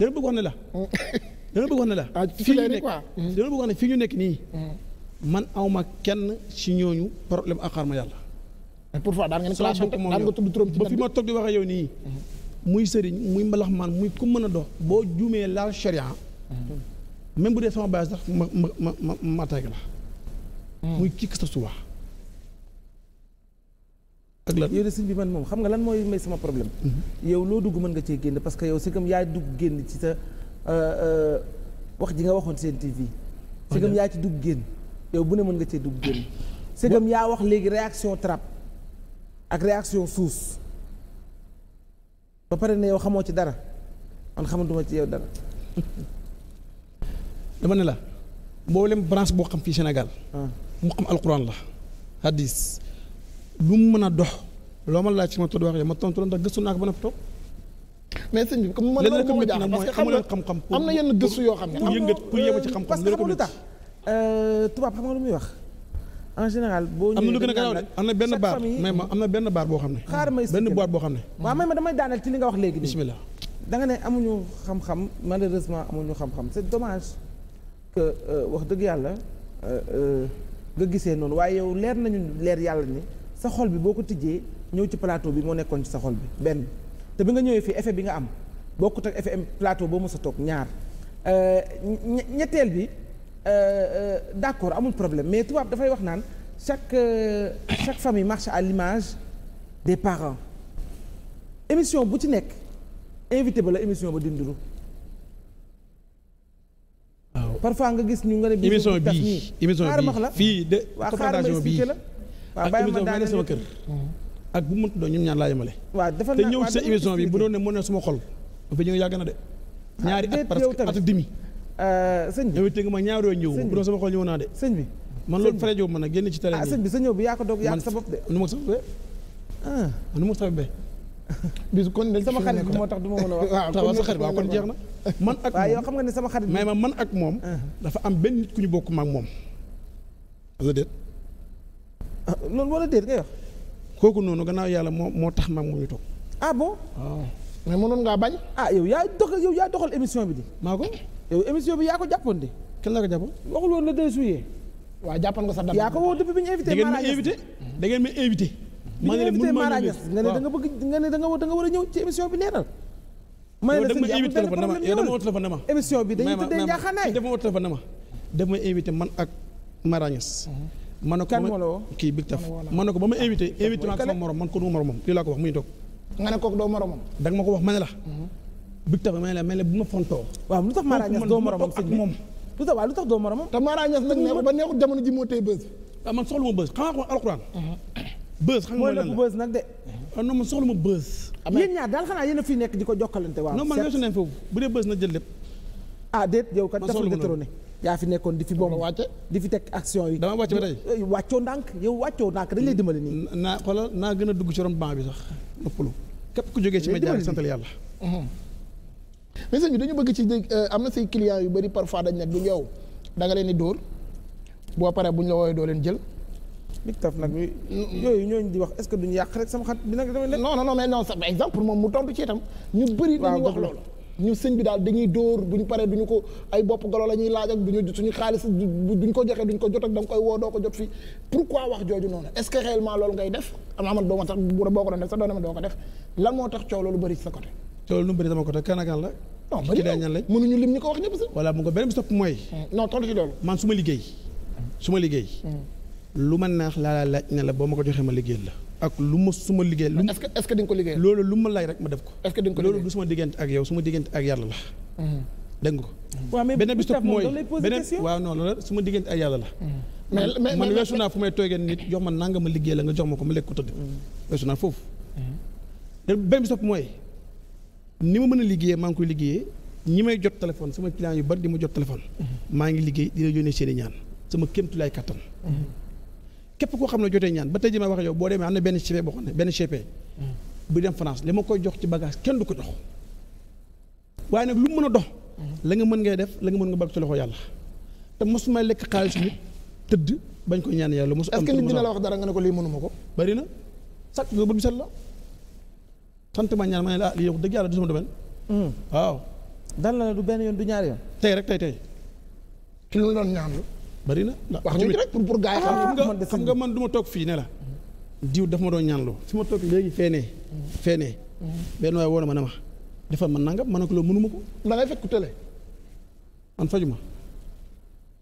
dama bëgg wax ne la dama bëgg wax ne la. ah fii ñu nekk mm-hmm. dama bëgg wax ne ñu nekk nii. Mm-hmm. man awma kenn si ñooñu problème ak xarma yàlla. mais pourquoi daan ngeen clashante daan nga ba fi ma toog di wax yow nii. Mm-hmm. muy sëriñ muy mbalax man muy ku mën a dox boo juumee laal sharia. même bu dee sama baay sax ma ma ma ma ma la. muy kii sa suba. ak lan yow de sëñ bi man moom xam nga lan mooy may sama problème. yow loo dugg mën nga cee génn parce que yow c'est comme yaa dugg génn ci sa. Euh, euh, wax ji nga waxoon seen TV. sëgam yaa ci dugg génn yow bu ne mën nga cee dugg génn. sëgam yaa wax léegi réaction trap ak réaction suuf ba pare ne yow xamoo ci dara man xamantuma ci yow dara. dama ne la mboolem branche boo xam fii Sénégal. Ah. mu xam alquran la. hadis lu mu mën a dox loo ma laaj ci ma toog wax yow ma tontu la ndax gëstu naa ko ba na toog mais sëñ bi comme man loolu moo jaaxal parce que xam nga am na yenn gëstu yoo xam ne. pour yëngat pour xam parce que xam nga lu tax euh, tubaab xam nga lu muy wax. en général boo ñëwee am na lu gën a garaaw de am na benn baar mais ma am na benn baar boo xam ne. xaaral may benn boîte boo xam ne. waaw may ma damay daaneel ci li nga wax léegi. bismillah da nga ne amuñu xam-xam malheureusement amuñu xam-xam c'est dommage que euh, wax dëgg yàlla euh, nga gisee noonu waaye yow leer nañu leer yàlla ni sa xol bi boo ko tijjee ñëw ci plateau bi moo nekkoon ci sa bi benn te bi nga ñëwee fii effet bi nga am bokkut ak m plateau boo mës a toog ñaar euh, ñetteel bi euh, euh, d'accord amul problème mais tubaab dafay wax naan chaque chaque famille marche à l'image des parent émission bu ci nekk invité ba émission ba dinduru waaw parfois nga gis ñu nga ne. émission bii émission bii fii de. confrontation bii la waaw ah, ma daaneel sama kër. ak bu mu mënti doon ñoom ñaar laa yemale. waaw defal naa te ñëw sa émission bi bu doon ne mën na suma xol. ba fa ñëw yàgg na de. Ah, ñaari at presque at dimi. Euh, sëñ bi yow tegu ma ñaar yoo ñëw. bu doon sama xol ñëw naa de. sëñ bi man loolu fere joo ma nag génn ci télé. ah sëñ bi sa ñëw bi yaa ko doog sa bopp de. nu ma sa bopp ah. nu ma sa bopp bis kon dañ sama xarit moo tax du ma mën a wax. Ah, waaw sa xarit waaw kon jeex na. man ak moom xam nga ne sama xarit. mais man ak moom. dafa am benn nit ku ñu bokk ma ak moom. wala déet. loolu wala déet ngay wax kooku noonu gannaaw yàlla moo moo tax maam muy toog. ah bon waaw. Ah. mais mënoon ngaa bañ. ah yow yaa doxal yow yaa doxal émission bi di. maa ko yow émission bi yaa ko jàppoon de. kenn la ko jàppoon. waxul woon na deux juillet. waaw jàppoon nga sax dara. yaa ko woo depuis bi ñu invité. ma invité. ma ne leen mën maa ñëw nga ne da nga bëgg nga ne da war a ñëw ci émission bi leeral. ma ne la sëñ bi amul benn problème yow dama woo téléphone dama. émission bi dañuy tuddee njaaxanaay dama woo téléphone dama. daf may invité man ak Mara ma ne ko kan moo la woo kii big taf ma ne ko ba ma invité ah, invité ma ak sama morom man ko duma moromam lii laa ko wax muy toog nga ne kooku doo moromam da nga ma ma ne la mhm. big taf ma ne la ma ne la ma fontoo waaw lu ma bës ah, mhm. xam ah, ma bës yéen ñaar xanaa yéen a nekk di ko jokkalante waaw non man weesu nañ foofu bu dee bës na jël lépp ah déet yow kat dafa détrôné yaa fi nekkoon di fi moom wàcce di fi teg action yi. dama wàcce ba tey eh, wàccoo ndànk yow wàccoo ndànk dañ lay dimbali nii. naa xoolal naa gën a dugg ci ron bi sax noppalu. képp ku jógee ci média bi santal yàlla. Mhm. mais sëñ bi dañu bëgg ci dégg eh, am na say clients yu bëri parfois dañ ne bu yow da nga leen di dóor boo paree bu ñu la woowee doo leen jël. big taf nag yooyu ñooñu di wax est exemple moom mu tontu ci itam. ñu bëri dañuy wax loolu. ñu sëñ bi daal dañuy dóor bu ñu paree du ñu ko ay bopp golo la ñuy laaj ak du ñu suñu xaalis du ñu ko joxe du ko jot ak da koy woo doo ko jot fii pourquoi wax jooju noonu est-ce que réellement loolu ngay def am amal doo ma tax boo ko doon def sax doo ma doo ko def moo tax coow loolu bëri sa côté coow loolu bëri sama côté kan la non lim ñu ko wax ñëpp si voilà mu nga beneen bi mooy hmm. non tontu loolu man su ma liggéey su ma liggéey hmm. lu ma naax laa la laaj ne la boo ma ko joxee ma liggéey la ak lu ma su ma liggéey. lu est-ce que est-ce que di nga ko liggéey. loolu lu ma laaj rek ma def ko. est-ce que di nga ko liggéey loolu du sama diggante ak yow suma diggante ak yàlla la. Mhm. dégg nga ko. waaw mhm. mais beneen bi topp mooy beneen waaw non loolu suma diggante ak yàlla la. Mhm. man weesu naa fu may toogee nit jox ma nanga liggéey la nga jox ma ko ma lekk ko tëdd. weesu naa foofu. beneen bi mooy ni ma mën a liggéeyee maa ngi koy liggéeyee ñi may jot téléphone sama client yu bari di ma jot téléphone. maa ngi liggéey dina yónnee seeni ñaan sama kéemtulaay kattan képp koo xam ne jotee ñaan ba tey ji may wax yow boo demee am na benn CP boo xam ne benn CP mm. bu dem France li ma koy jox ci bagage kenn du ko jox waaye nag lu mu mën a dox mm. la nga mën ngay def la nga mën nga bal ci loxo yàlla te mosuma lekk xaalis nit tëdd bañ ko ñaan yàlla mosu am est-ce dara nga ne ko lii mënuma ko bari na sax loolu bët bi la sant ma ñaan ma ne la ah lii yow dëgg yàlla du sama domaine mm. waaw dal la du benn yoon du ñaar yoon tey rek tey tey ki la doon ñaan bari na wax ñu rek pour pour gars yi xam ah, nga xam nga man du ma toog fii ne la. diw daf ma doon ñaanloo su ma toog léegi feenee feenee benn waaye woo na ma ne ma defal man nangam ma ne ko loolu mënuma ko da ngay fekk ku tële man fajuma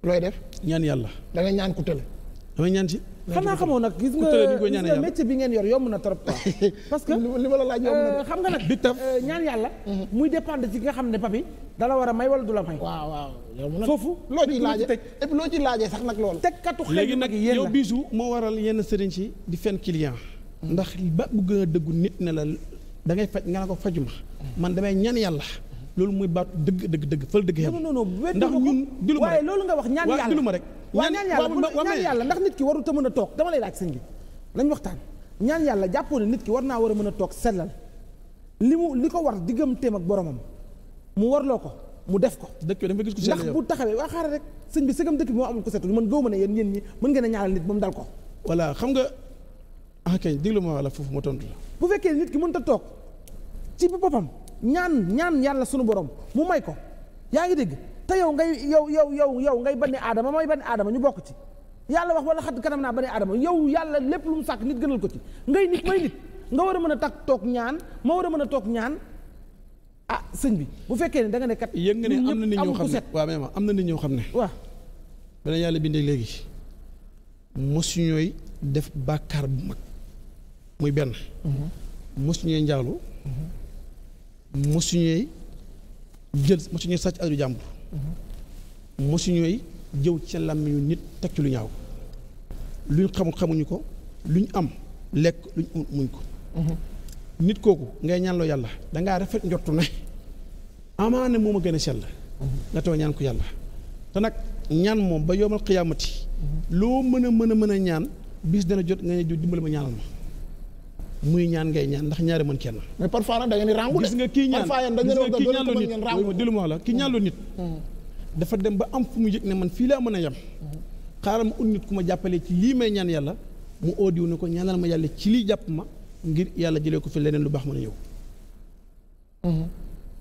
looy def ñaan yàlla da ngay ñaan ku damay ñaan ci xanaa xamoo nag gis nga métier bi ngeen yor yomb na trop parce que li ma la laaj yomb euh, na xam nga nag bi taf euh, ñaan yàlla mhm. muy dépendre ci nga xam ne papi dala war a may wal du la may waaw waaw foofu loo ciy laajee et loo ciy laajee sax nag loolu tegkatu xel léegi nag yow bisu moo waral yenn sëriñ si di fen client mhm. ndax ba bëgg nga dëggu nit ne la da faj nga ne ko fajuma mhm. man damay ñaan yàlla loolu muy baatu dëgg dëgg dëgg fël dëgg yam ndax ñun di lu ma waaye loolu nga wax ñaan yàlla di lu ma rek waaw ñaan yàlla ñaan yàlla ndax nit ki warut a mën a toog dama lay laaj sëñ bi nañ waxtaan ñaan yàlla jàppoo ne nit ki war naa war a mën a toog sellal li mu li ko war digganteem ak boromam mu warloo ko mu def ko dëkk ndax bu taxawee waa xaaral rek sëñ bi sëgam dëkk bi moo amul ko setul man gëwuma ne yéen yéen ñi mën ngeen a ñaanal nit ba mu dal ko voilà xam nga ah kay déglu ma wala foofu ma tontu la bu fekkee nit ki mën ta toog ci bu ñaan ñaan yàlla sunu borom mu may ko yaa ngi dégg te yow ngay yow yow yow yow ngay bani aadama may bani aadama ñu bokk ci yàlla wax wala xadd kanam naa bani aadama yow yàlla lépp lu mu sàkk nit gënal ko ci ngay nit may nit nga war a mën a takk toog ñaan ma war a mën a toog ñaan ah sëñ bi bu fekkee ne da ne kat. yëg nga ne am na nit ñoo xam ne waaw mais am na nit ñoo xam ne. waaw. bala yàlla bindee léegi mosu ñooy def bàkkaar bu mag muy benn. Mm-hmm. mosu ñooy njaalu. Mm-hmm. mosu ñooy jël mosu ñooy sàcc adu jàmbur. mosu jëw ca làmmiñu nit teg ci lu ñaaw luñ xamul xamuñu ko luñ am lekk luñ muñ ko. Mm-hmm. nit kooku ngay ñaan loo yàlla da ngaa rafet njortu ne amaana moom a gën a sell. Mm-hmm. nga toog ñaan ko yàlla. te nag ñaan moom ba yomal xiyaamati mm-hmm. loo mën a mën a mën a ñaan bis dana jot nga ne dimbali ma ñaanal ma. muy ñaan ngay ñaan ndax ñaari mën kenn. mais parfois nag da ngeen di rangu gis nga kii ñaan gis nit. Hmm. Hmm. dafa dem ba am fu mu yëg ne man fii laa mën a yem. Hmm. xaaral ma ut nit ku ma jàppale ci lii may ñaan yàlla mu oodiw ne ko ñaanal ma yàlla ci lii jàpp ma ngir yàlla jëlee ko fi leneen lu baax mën a ñëw.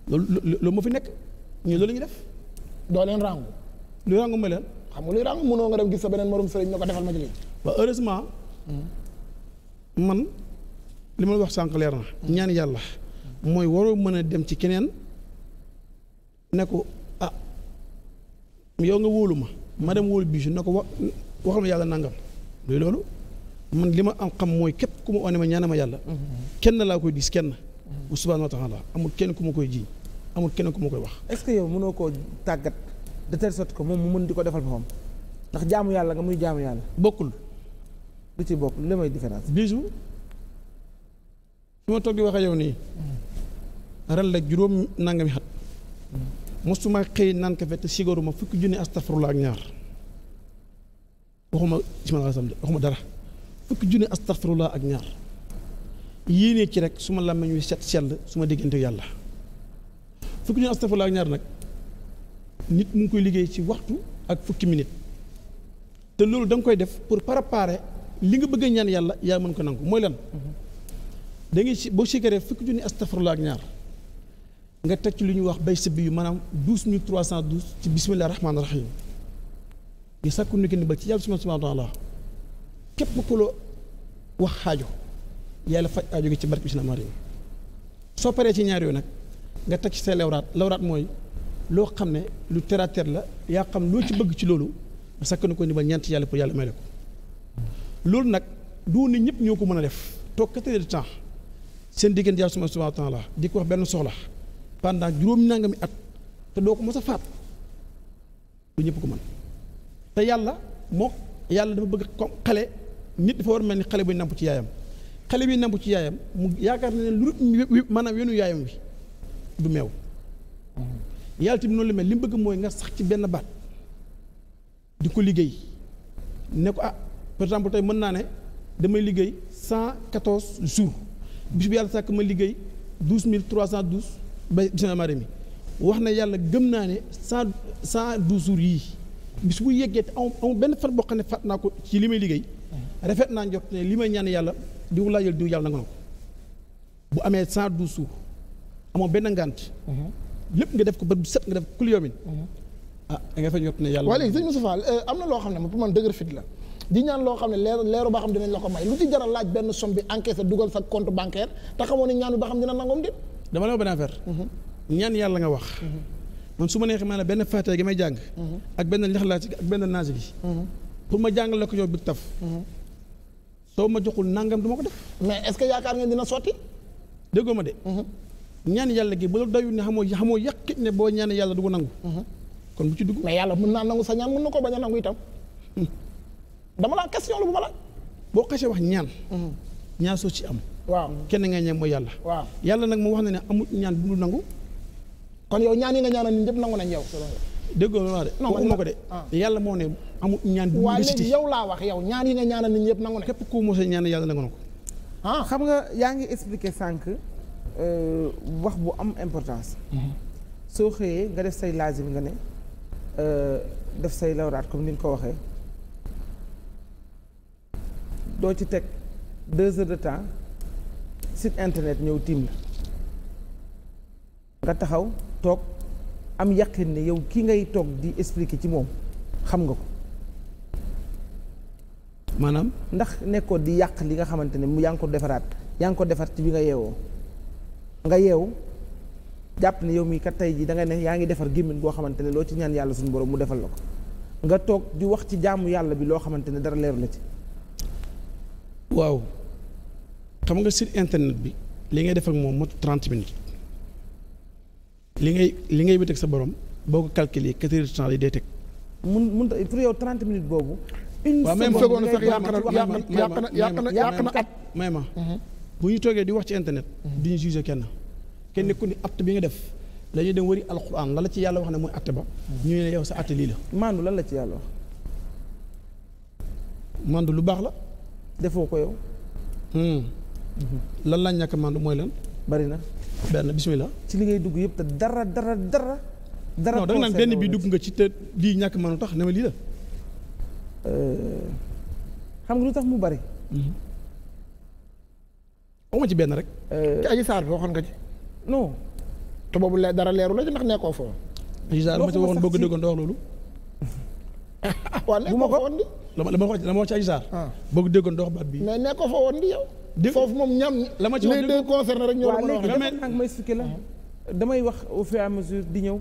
loolu loolu moo fi nekk ñu loolu lañuy def. doo leen rangu. lu rangu ma leen. xam nga luy rangu mënoo nga dem gis sa beneen morom sëriñ ne ko defal ma ci lii. waaw man. li ma la wax sànq leer na ñaan yàlla mooy waroo mën a dem ci keneen ne ko ah yow nga wóolu ma ma dem wóolu Bijou ne ko wa waxal ma yàlla nangam luy loolu man li ma am xam mooy képp ku ma one ma ñaane ma yàlla kenn laa koy diis kenn mm-hmm. bu subhaana wa taala amul kenn ku ma koy jiiñ amul kenn ku ma koy wax est-ce que yow mënoo koo tàggat de telle ko moom mu mën di ko defal moom ndax jaamu yàlla nga muy jaamu yàlla bokkul lu ci bokk li may différence su ma toog di yow nii ren la juróom nangami xat mosuma xëy naan kafe te sigaruma fukki junne astafurla ak ñaar waxuma bismillah samedi waxuma dara fukki junni astafurla ak ñaar yéenee ci rek su ma làmmiñ wi set sell su ma diggante yàlla fukki junni astafurla ak ñaar nag nit mu ngi koy liggéey ci waxtu ak fukki minute te loolu da koy def pour préparer li nga bëgg a ñaan yàlla yaa mën ko nangu mooy lan mm-hmm. da ngay si boo sikaree fukki junni astafurlah ak ñaar nga teg ci lu ñuy wax bay sëbbi yu maanaam douze mille trois cent douze ci bisimilah rahmaani rahim ñu sakku ni ba ci yàlla subhaanahu wa taala képp ku la wax xaajo yàlla faj aajo gi ci barke bisimilah rahmaani soo paree ci ñaar yooyu nag nga teg ci say lawraat lawraat mooy loo xam ne lu terre à la yaa xam loo ci bëgg ci loolu nga sakku ni ko ni ba ñeent yàlla pour yàlla may la ko loolu nag du ne ñëpp ñoo ko mën a def toog quatre seen diggante yàlla suma subhanahu wa la di ko wax benn soxla pendant juróom nangami at te doo ko mos a faat du ñëpp ko mën te yàlla moo yàlla dafa bëgg ko xale nit dafa war mel ni xale buy namp ci yaayam xale bi namp ci yaayam mu yaakaar na ne lu maanaam yenu yaayam bi du meew yàlla tamit noonu la mel li mu bëgg mooy nga sax ci benn baat di ko liggéey ne ko ah par exemple tey mën naa ne damay liggéey cent quatorze jours bis bi yàlla sàkk ma liggéey douze mille trois cent douze ba dina ma remi wax na yàlla gëm naa ne cent cent douze jours yii bis bu yeggee te amul benn fan boo xam ne fàtt naa ko ci li may liggéey rafet naa njort ne li may ñaan yàlla diw laa jël diw yàlla nangu na ko bu amee cent douze jours amoo benn ngànt mhm. lépp nga def ko bët bu set nga def kul yoomin mhm. ah da nga fa njort ne yàlla waaye léegi sëñ Moustapha euh, am na loo xam ne ma pour man dëgër la di ñaan loo xam ne leer leeru ba xam dinañ la ko may lu ci jaral laaj benn somme bi encaissé dugal sa compte bancaire te xamoon ne ñaan ba xam dina nangoom déet dama la wax benn affaire mhm. ñaan yàlla nga wax mhm. man su ma neexee mhm. ma jàngal ko yow big taf soo ma joxul nangam du ma ko def mais est-ce que yaakaar ngeen dina sotti déggoo ma de ñaan yàlla gi bu la doyul ne xamoo xamoo yàqit ne boo ñaan yàlla du nangu kon bu ci dugg mais yàlla mën naa nangu sa ñaan mën na ko bañ a dama laa question la bu ma la. boo xasee wax ñaan. Mm-hmm. ñaan soo ci am. waaw kenn ngay ñaan moo yàlla. waaw yàlla nag mu wax na ne amul ñaan bu dul nangu. kon yow ñaan yi nga ñaanal ñun ñëpp nangu nañ yow. déggoo loolu de. ko de. Ah. yàlla moo ne amul ñaan bu dul laa wax yow ñaan yi nga ñaanal ñun nañ. képp ku mos a ñaan yàlla nangu na ko. ah xam nga yaa ngi expliqué sànq euh, wax bu am importance. Mm-hmm. soo xëyee nga def say laazim nga ne euh, def say lawraat comme ni ko waxee. doo ci teg deux heures de temps site internet ñëw tiim la nga taxaw toog am yàqin ne yow ki ngay toog di expliquer ci moom xam nga ko maanaam ndax nekkoo di yàq li nga xamante ne mu yaa ngi ko defaraat yaa ngi ko defar ci bi nga yeewoo nga yeewu jàpp ne yow mii kat tey ji da nga ne yaa ngi defar gémmiñ goo xamante ne loo ci ñaan yàlla suñu borom mu defal la ko nga toog di wax ci jaamu yàlla bi loo xamante ne dara leeru la ci waaw xam nga site internet bi li ngay def moom mot trente minutes li ngay li ngay wéteeg sa borom boo ko calculer quatre heures de temps lay day teg. mun mun pour yow trente minutes boobu. une seconde bu fekkoon sax yàq na yàq na yàq na at. may ma mhm. bu ñu toogee di wax ci internet. du ñu jugé kenn. kenn ku ni acte bi nga def. la ñuy dem wëri alquran la la ci yàlla wax ne mooy atte ba. Mhm. ñu ne sa atte lii la. maandu lan la ci yàlla wax. maandu lu baax la. defoo ko yow. Hmm. lan laa ñàkk a màndu mooy lan. bari na. benn bisimilah. ci li ngay dugg yëpp te dara dara dara. dara non bi dugg nga ci te lii ñàkk a tax ne ma lii la. Euh, mu bari. Hmm. ci benn rek. ci euh, aji saar bi waxoon nga ci. dara leeru la ci ndax nekkoo foofu. aji saar ma ci waxoon bëgg dëggoon da loolu. waa nekkoo foofu la ma la ma wax la ma wax ci Adji Sarr. Ah. boo ko déggoon doo wax baat bi. mais ne ko fa woon di yow. foofu moom ñam. la ma ci wax les deux concerné rek ñoo mën a wax. la damay wax au fur et à mesure di ñëw.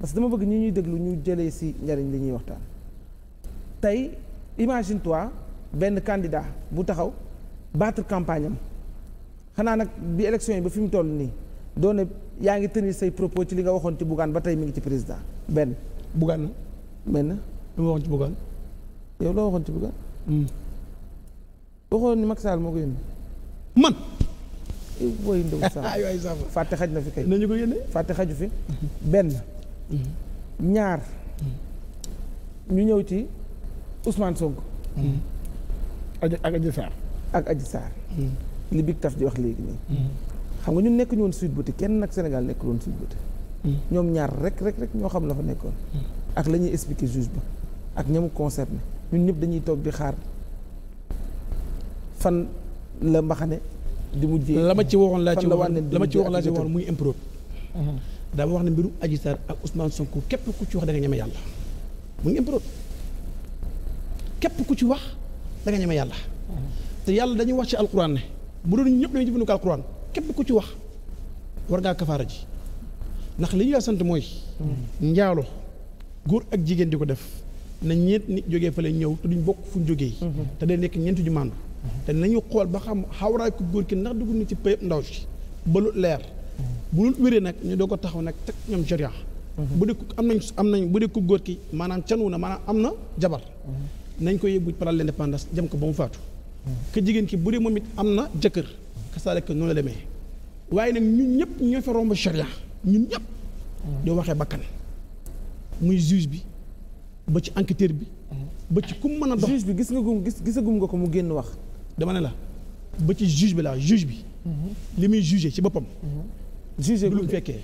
parce que dama bëgg ñi ñuy déglu ñu jëlee si njariñ li ñuy waxtaan. tey imagine toi benn candidat bu taxaw battre campagne am xanaa nag bi élection yi ba fi mu toll nii doone yaa ngi tenir say propos ci li nga waxoon ci Bougane ba tey mu ngi ci président benn. Bougane benn. li ma waxoon ci Bougane. yow loo waxoon ci Bougane. Hmm. waxoon ni Macky Sall moo ko yónni. man. Eh, booy Ndao fàtte xaj na fi kay. nañu ko fàtte xaju fi. benn. ñaar. ñu ñëw ci Ousmane Sonko. Hmm. ak Adji Sarr. ak Adji Sarr. Hmm. li big taf di wax léegi nii. xam nga ñu nekk ñu woon Sweet Beauté kenn nag Sénégal nekkul woon Sweet Beauté. ñoom ñaar rek rek ñoo xam la fa nekkoon. ak la ñuy juge ba ak ñamu concerné. ñun ñëpp dañuy toog di xaar fan la mbaxane di mujjee la ma ci waxoon laa ci waxoon la ma ci waxoon laa ci waxoon muy impro mhm. dama wax ne mbiru Adji Sarr ak Ousmane Sonko képp ku ci wax da nga ñeme yàlla mu ngi impro képp ku ci wax da nga yàlla mhm. te yàlla dañuy wax ci alquran ne bu doon ñëpp dañuy jëfandikoo alquran képp ku ci wax war ngaa kafaara ji ndax li ñu la sant mooy mhm. njaalo góor ak jigéen di ko def na ñeent nit jógee fële ñëw te duñ bokk fu ñu jóge jógee. Mhm. te day nekk ñeent ñu màndu. Mhm. te nañu xool ba xam xawraay ku góor ki ndax dugg na ci pay ndaw si ba lu leer. Mhm. bu lu wéree nag ñu doog ko taxaw nag teg ñoom sharia. bu dee am nañ am nañ bu ku góor ki maanaam canu na maanaam am na jabar. nañ koy ko yóbbu par l'indépendance jëm ko ba mu faatu. que jigéen ki bu dee moom it am na jëkkër. kasaale que noonu la waaye nag ñu ñëpp ñoo fa romb sharia ñun ñëpp. di waxee bakkan muy juge bi. ba ci enquêteur bi. ba ci ku mu mën a dox juge bi gis nga gum gis gisagum nga ko mu génn wax. dama ne la ba ci juge bi laa juge bi. li muy jugé ci boppam. jugé gul de fekkee.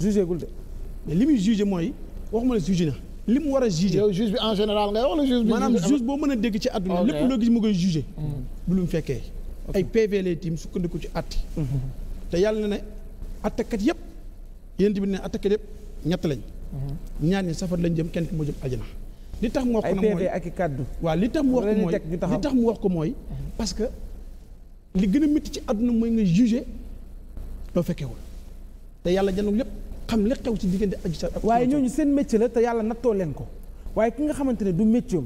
jugé gul de muy jugé mooy waxuma la jugé na. li mu war a jugé yow juge bi en général la maanaam juge boo mën a dégg ci àdduna lépp loo gis mu koy jugé. Mm. du lu mu fekkee. ay PV lay tiim sukkandiku ci àtt. Mm-hmm. te yàlla na ne attakat yëpp yéen bi ne attakat yëpp ñett lañ. Mm-hmm. ñaar ñi safar lañ jëm kenn ki moo jëm na li tax mu wax ko mooy ay ak i kàddu. li tax mu wax ko mooy li tax mu wax ko mooy. parce que li gën a métti ci àdduna mooy nga jugé loo fekkewul te yàlla jëndul lépp xam li xew ci diggante aju sa waaye ñooñu seen métier la te yàlla nattoo leen ko waaye ki nga xamante ne du métier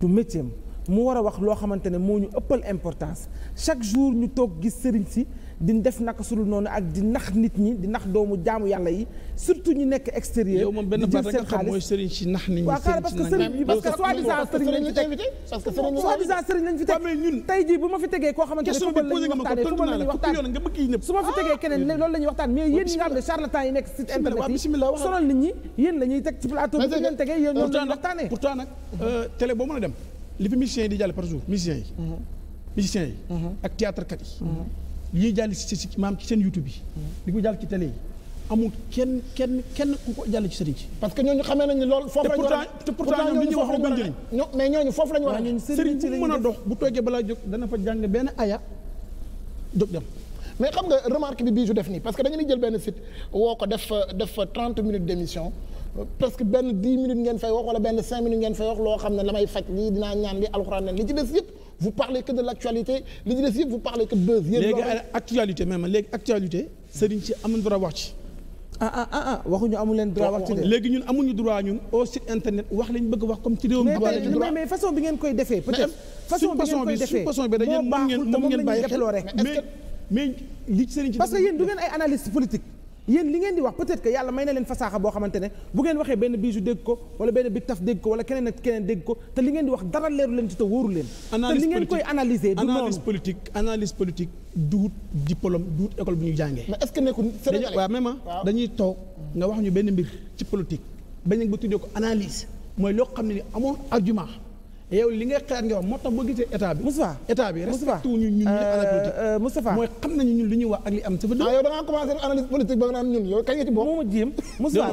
du métier mu war a wax loo xamante ne moo ñu ëppal importance chaque jour ñu toog gis sëriñ si. di def naka sulu noonu ak di nax nit ñi di nax doomu jaamu yàlla yi surtout ñu nekk extérieur. yow moom benn baat rek xam mooy sëriñ si nax nit ñi. parce que sëriñ bi parce que soi-disant sëriñ lañ fi teg parce que soi-disant sëriñ lañ fi teg ñun tey jii bu ma fi tegee koo xamante ne football la ñuy waxtaanee football la ñuy waxtaan su ma fi ah, tegee keneen loolu la ñuy waxtaan mais yéen ñi nga xam ne charlatan yi nekk site internet yi sonal nit ñi yéen la ñuy teg ci plateau bi ngeen tegee yéen ñoom lañuy waxtaanee pourtant nag euh, télé boo mën a dem li fi musiciens yi di jàll par jour musiciens yi mm-hmm. musiciens yi mm-hmm. ak théâtre kat yi mm-hmm. lii jàll ci ci maam ci seen YouTube yi. di ko jàll ci télé yi. amul kenn kenn ku ko jàll ci sëriñ ci. parce que ñooñu xamee nañu loolu. foofu lañu war te pourtant ñoom wax amul njëriñ. mais ñooñu foofu a dox bu toogee balaa jóg dana fa jàng benn aya jóg dem. mais xam nga remarque bi bii ju def nii parce que dañu ni jël benn site woo ko def def trente minutes d' émission presque benn dix minutes ngeen fay wax wala benn cinq minutes ngeen fay wax loo xam ne la may faj lii dinaa ñaan vous parlez que actualité li ñu des yëpp vous parlez que de buzz. léegi actualité même léegi actualité. sëriñ droit wax ci. ah ah, ah, ah waxuñu amu droit wax ci de. léegi ñun amuñu droit ñun au site internet wax lañ bëgg wax comme ci réew mais façon bi ngeen koy defee. peut-être façon bi ngeen koy defee façon bi ngeen moom ngeen mais mais li sëriñ si parce que yéen du ngeen ay analyste politique yéen li ngeen di wax peut-être que yàlla may na leen fasaaxa boo xamante ne bu ngeen waxee benn biisu dégg ko wala benn big taf dégg ko wala keneen ak keneen dégg ko te li ngeen di wax dara leeru leen ci te wóoru leen te li ngeen koy analyser du noonu analyse politique analyse politique école bu ñu jàngee mais est-ce que nekkul sénégalais waaw même ah, dañuy toog nga wax ñu benn mbir ci politique bañ ba tuddee ko analyse mooy loo xam ne ni amoon argument yow li nga xaar nga wax moo tax boo gisee état bi. Moustapha état bi respecté euh, euh, mooy xam nañu ñun li ñuy wax ak li am. sa fa ah, yow da ngaa commencé moo ma jéem Moustapha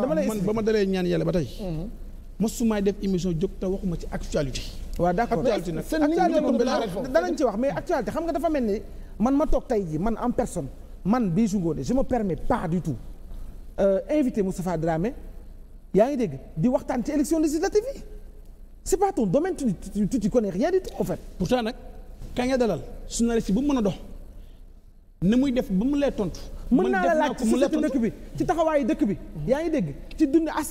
dama la ah, man ba ma dalee ñaan yàlla ba tey. Mhm. mosumaay def émission jóg te waxuma ci actualité. waaw d'accord actualité nag actualité danañ ci wax mais actualité xam nga dafa mel ni man ma toog tey ji man en personne man Bijou Ngoné je me permets pas du tout euh, invité Moustapha Dramé yaa ngi dégg di waxtaan ci élection c'est pas ton domaine tu tu tu connais rien du tout en fait. pourtant nag ka nga dalal journaliste bu mu mën a do ne muy def ba mu lay tontu. mën naa la laaj ci sëtu bi ci taxawaayu dëkk bi. Hmm. yaa ngi dégg ci dund as.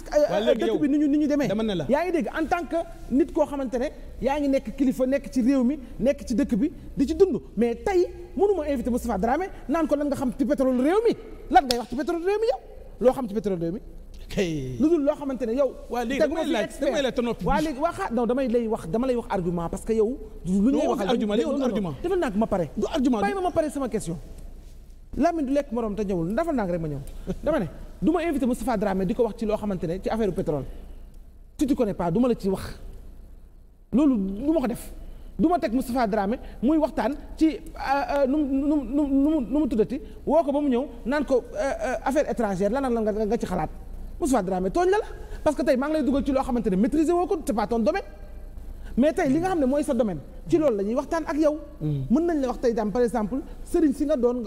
dëkk bi ni ñu ni ñu demee. dama ne la yaa ngi dégg en tant que nit koo xamante ne yaa ngi nekk kilifa nekk ci réew mi nekk ci dëkk bi di ci dund mais tey mënuma invité Moustapha Dramé naan ko lan nga xam ci pétrole réew mi lan ngay wax ci pétrole réew mi yow loo xam ci pétrole réew lu dul loo xamante ne yow. waa léegi damay laaj damay laaj te noppi. waaw léegi waa non damay lay wax dama lay wax argument parce que yow. lu ñu lay waxal argument argument defal naa ko ma pare. du argument bàyyi ma ma pare sama question. Lamine du lekk morom te ñëwul defal naa ko rek ma ñëw duma ne du ma invité Moustapha di ko wax ci loo xamante ne ci affaire pétrole. tu ko connais pas du ma la ci wax loolu du ma ko def. du ma teg Moustapha Dramé muy waxtaan ci euh, euh, nu mu nu mu nu mu tuddati woo ko ba mu ñëw naan ko euh, affaire étrangère lan ak lan nga ci xalaat. Moussa Dramé tooñ la parce que tey maa ngi lay dugal ci loo xamante ne maîtriser woo tey li nga xam ne mooy sa domaine ci loolu la ñuy ak yow. Mm. mën nañ la wax tey par exemple sëriñ si nga doon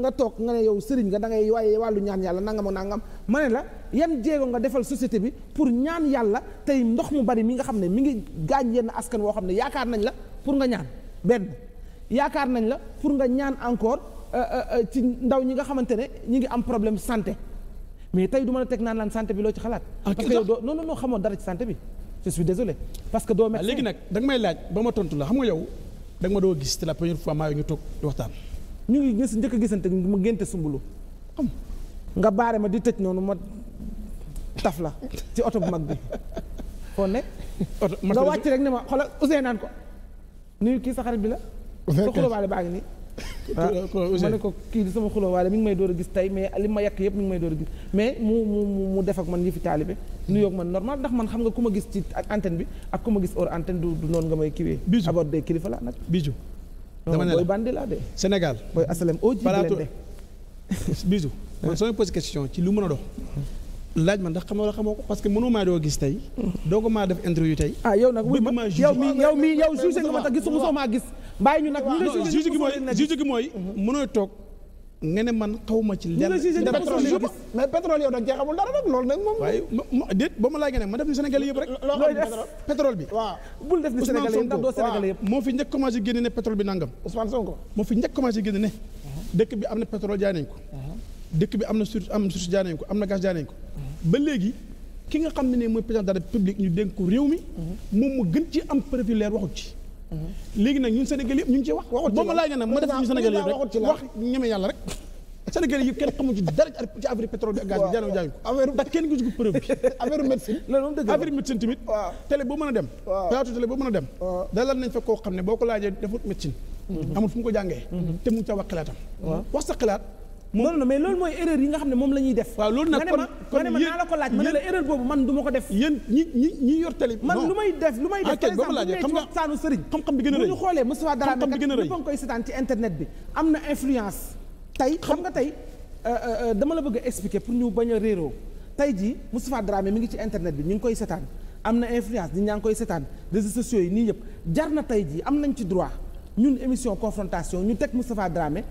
nga toog nga ne yow sëriñ nga da waaye wàllu ñaan yàlla nangam ak ma ne la yan jéego nga defal société bi pour ñaan yàlla tey ndox mu bari mi nga xam ne mi ngi gaañ yenn askan woo xam ne yaakaar nañ la pour nga ñaan benn yaakaar nañ la pour nga ñaan encore euh, euh, euh, ci ndaw ñi nga xamante ne ñi ngi am problème sante mais tey duma ma la teg naan laan santé bi loo ci xalaat. Ah, parce que doo non non xamoon dara ci santé bi je désolé. parce que doo ah, médecin léegi nag da nga may laaj ba ma tontu la xam nga yow da ma doo gis te la première fois maa ngi ñu di waxtaan. ñu ngi gis njëkk a gisante ma génte sumbulu xam nga baare ma di tëj noonu ma taf la ci oto bu mag bi foo ne. oto nga wàcc rek ne ma xoolal Ousseynou naan ko nuyu kii sa xarit bi la. Ousseynou Kelle soo baa ngi nii. Ah. ma ne ko kii di sama xuloo waale mi ngi may door a gis tey mais li ma yàq yëpp mi ngi may door a gis mais mu mu mu def ak man yëfi taalibe nu yoog man normal ndax man xam nga ku ma gis ci antenne bi ak a maa gis bàyyi ñu nag juge gi mooy juge gi mooy mënoo toog nga ne man xaw ma ci lenn mais pétrole yow nag cee dara nag loolu nag moom waaye déet ba ma laaj ne ma bi waaw bul fi njëkk commencé génne ne pétrole bi ne dëkk bi am na pétrole jaay nañ ko uh-huh. dëkk bi am na sur am ko am na gaz jaay nañ ko uh-huh. ba léegi ki nga xam ne ne mooy président de la République ñu dénk ko réew mi uh-huh. moom mu gën ci am prévu leer ci léegi nag ñun Sénégal yëpp ñu ngi wax. waxut ci la moom laaj na ma def ñu Sénégal yëpp rek wax ñeme yàlla rek. Sénégal yëpp kenn xamu ci dara ci affaire pétrole bi ak gaz bi jaanu jaay ko. affaire ndax kenn gisu boo mën a dem. waaw plateau boo mën a dem. dalal nañ fa koo xam ne boo ko laajee defut médecine. Mhm. amul fu mu ko jàngee. Mhm. te mu ca wax xalaatam. wax sa xalaat non non mais loolu mooy erreur yi ne moom la ñuy def. waaw loolu nag kon kon yéen ma ne ma naa la ko laaj ma ne la erreur boobu man du ko def. man lu may def lu may def. saanu sëriñ. xam a rëy bu ñu xoolee Moustapha Darame kat a ngi koy seetaan ci internet bi xam nga tey euh, euh, euh, dama la bëgg a pour ñu bañ a réeroo tey jii Moustapha Darame mi ngi ci internet bi ñu ngi koy seetaan am na influence nit ñaa ngi koy seetaan réseaux sociaux yi nii yëpp jar na tey jii am nañ ci droit ñun émission confrontation ñu teg Moustapha Darame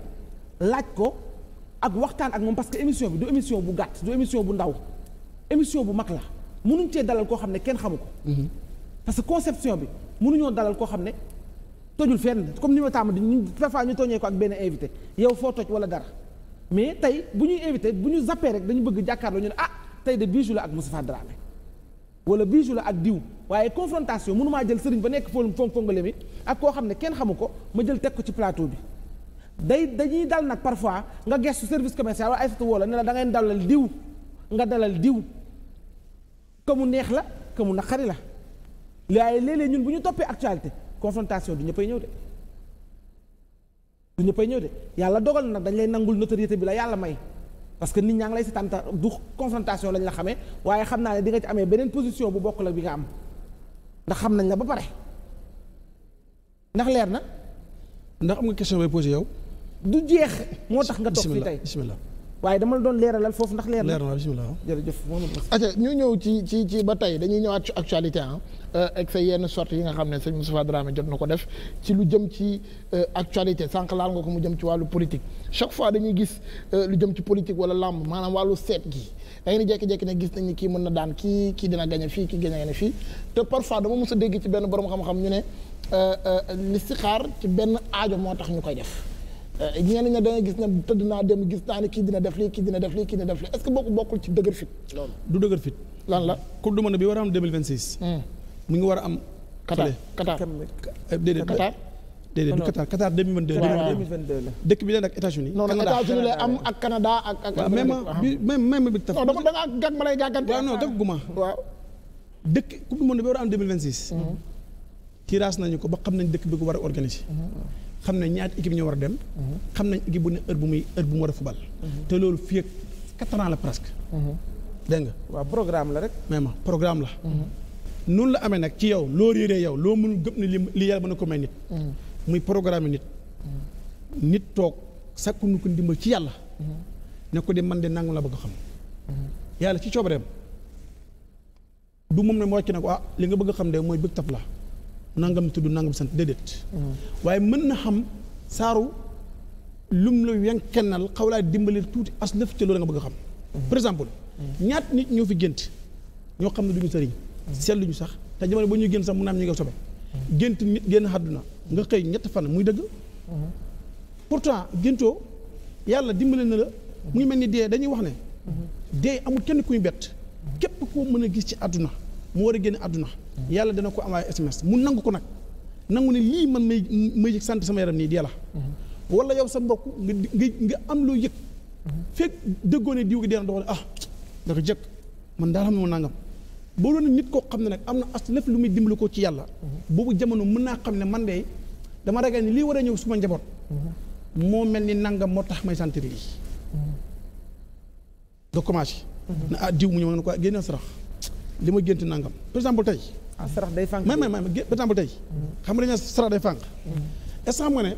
laaj ko ak waxtaan ak moom parce que émission bi du émission bu gàtt du émission bu ndaw émission bu mag la mënuñ cee dalal koo xam ne kenn xamu ko. Mhm. parce que conception bi mënuñoo dalal koo xam ne tojul fenn comme ni ma taamu di ñu parfois ñu tooñee ko ak benn invité yow wala dara mais tey bu ñuy invité bu ñu zappee rek dañu bëgg jàkkaarloo ñu ne ah tey de Bijou la ak Moustapha wala Bijou la ak diw waaye confrontation mënumaa jël sëriñ ba nekk fon fongale mi ak koo xam ne kenn xamu ko ma jël teg ko ci plateau bi. day dañuy dal nag parfois nga gestu service commercial wala ay satu woo la ne la da ngay dalal diw nga dalal diw que neex la que mu xari la laaye léeg-léeg ñun bu ñu toppee actualité confrontation du ñëppay ñëw de du ñëw de yàlla dogal na nag dañ lay nangul notoriété bi la yàlla may parce que nit ñaa ngi lay si seetaan du confrontation lañ la xamee waaye xam naa ne di nga ci amee beneen position bu bokk la bi nga am ndax xam nañ la ba pare ndax leer na ndax am nga question yow du jeex moo tax nga toog fi tey bismillah waaye dama la doon leeralal foofu ndax leer na leer na bismillah jërëjëf ok ñu ñëw ci ci ci ba tey dañuy ñëwaat ci actualité ah euh, ak yenn sorte yi nga xam ne sëñ Moustapha Dramé jot na ko def ci lu jëm ci euh, actualité sànq laal nga ko mu jëm ci wàllu politique chaque fois dañuy gis euh, lu jëm ci politique wala làmb maanaam wàllu seet gi da ngeen di jékki ne gis nañ ni kii mën na daan kii kii dina gañe fii kii gañe fii te parfois dama mës a dégg ci benn borom xam-xam ñu ne li si xaar ci benn aajo moo tax ñu koy def Eh, ñenn ña da nga gis ne tëdd naa dem gis naa ne kii dina def lii kii dina def lii kii dina def lii est ce que boo ko bokkul ci dëgër fit du dëgër fit lan la coupe du monde bi war a am 2026 hmm. mu ngi war a am Qatar Qatar déedéet Qatar déedéet du Qatar Qatar 2022 la dëkk bi leen ak États-Unis non non États-Unis lay am ak Canada ak ak même même même bi taf da nga gàgg ma lay gàggante waaw non gàgguma waaw dëkk coupe du monde bi war a am 2026 hmm. tirage nañu ko ba xam nañ dëkk bi ko war a organiser hmm. xam nañ ñaat équipe ñoo war a dem. Mhm. xam nañ équipe bu ne heure bu muy heure bu mu war a fubal. Mhm. te loolu fii ak quatre la presque. Mhm. dégg nga. waaw programme la rek. mais ma programme la. noonu la amee nag ci yow loo réeree yow loo mënul gëm ne li li yàlla mën a ko may nit. muy programme nit. nit toog sakku nu ko ndimbal ci yàlla. ne ko de man de nangu la bëgg xam. yàlla ci coobareem du moom ne mu wàcc na ko ah li nga bëgg xam de mooy bëgg taf la. nangam tudd nangam sant déedéet. Mm. waaye mën na xam saaru lum la yenkenal xaw laa dimbali tuuti as lëf ca loolu bëgg xam. Mm. par exemple. Mm. ñaat nit ñoo fi gént ñoo xam ne duñu sëriñ. seetluñu sax te jamono ba ñuy génn sax mun naa am ñu nga sobe. gént nit génn àdduna nga xëy ñett fan muy dëgg. pourtant géntoo yàlla dimbali na la. mu ngi mel ni dee dañuy wax ne. Mm-hmm. dee amul kenn kuy bett. képp koo mën a gis ci àdduna. mu war a génn àdduna yàlla dana ko envoyé SMS mu nangu ko nag nangu ne lii man may may sant sama yaram nii di yàlla mhm. wala yow sa mbokk nga nga am loo yëg mhm. fekk dëggoo ne diw gi dee na doxale ah daka jëkk man daal xam ne ma nangam boo doon nit koo xam ne nag am na as lépp lu muy dimbali ko ci yàlla mhm. boobu jamono mën naa xam ne man de dama ragal ni lii war a ñëw suma njaboot moo mel ni nangam moo tax may sentir lii nga commencé na ah diw mu ñëw nga ko ah, génne sarax li ma gént nangam par exemple tey. ah sarax day fànq. may may may par mm-hmm. xam nga a sarax day fànq. Mm-hmm. est ne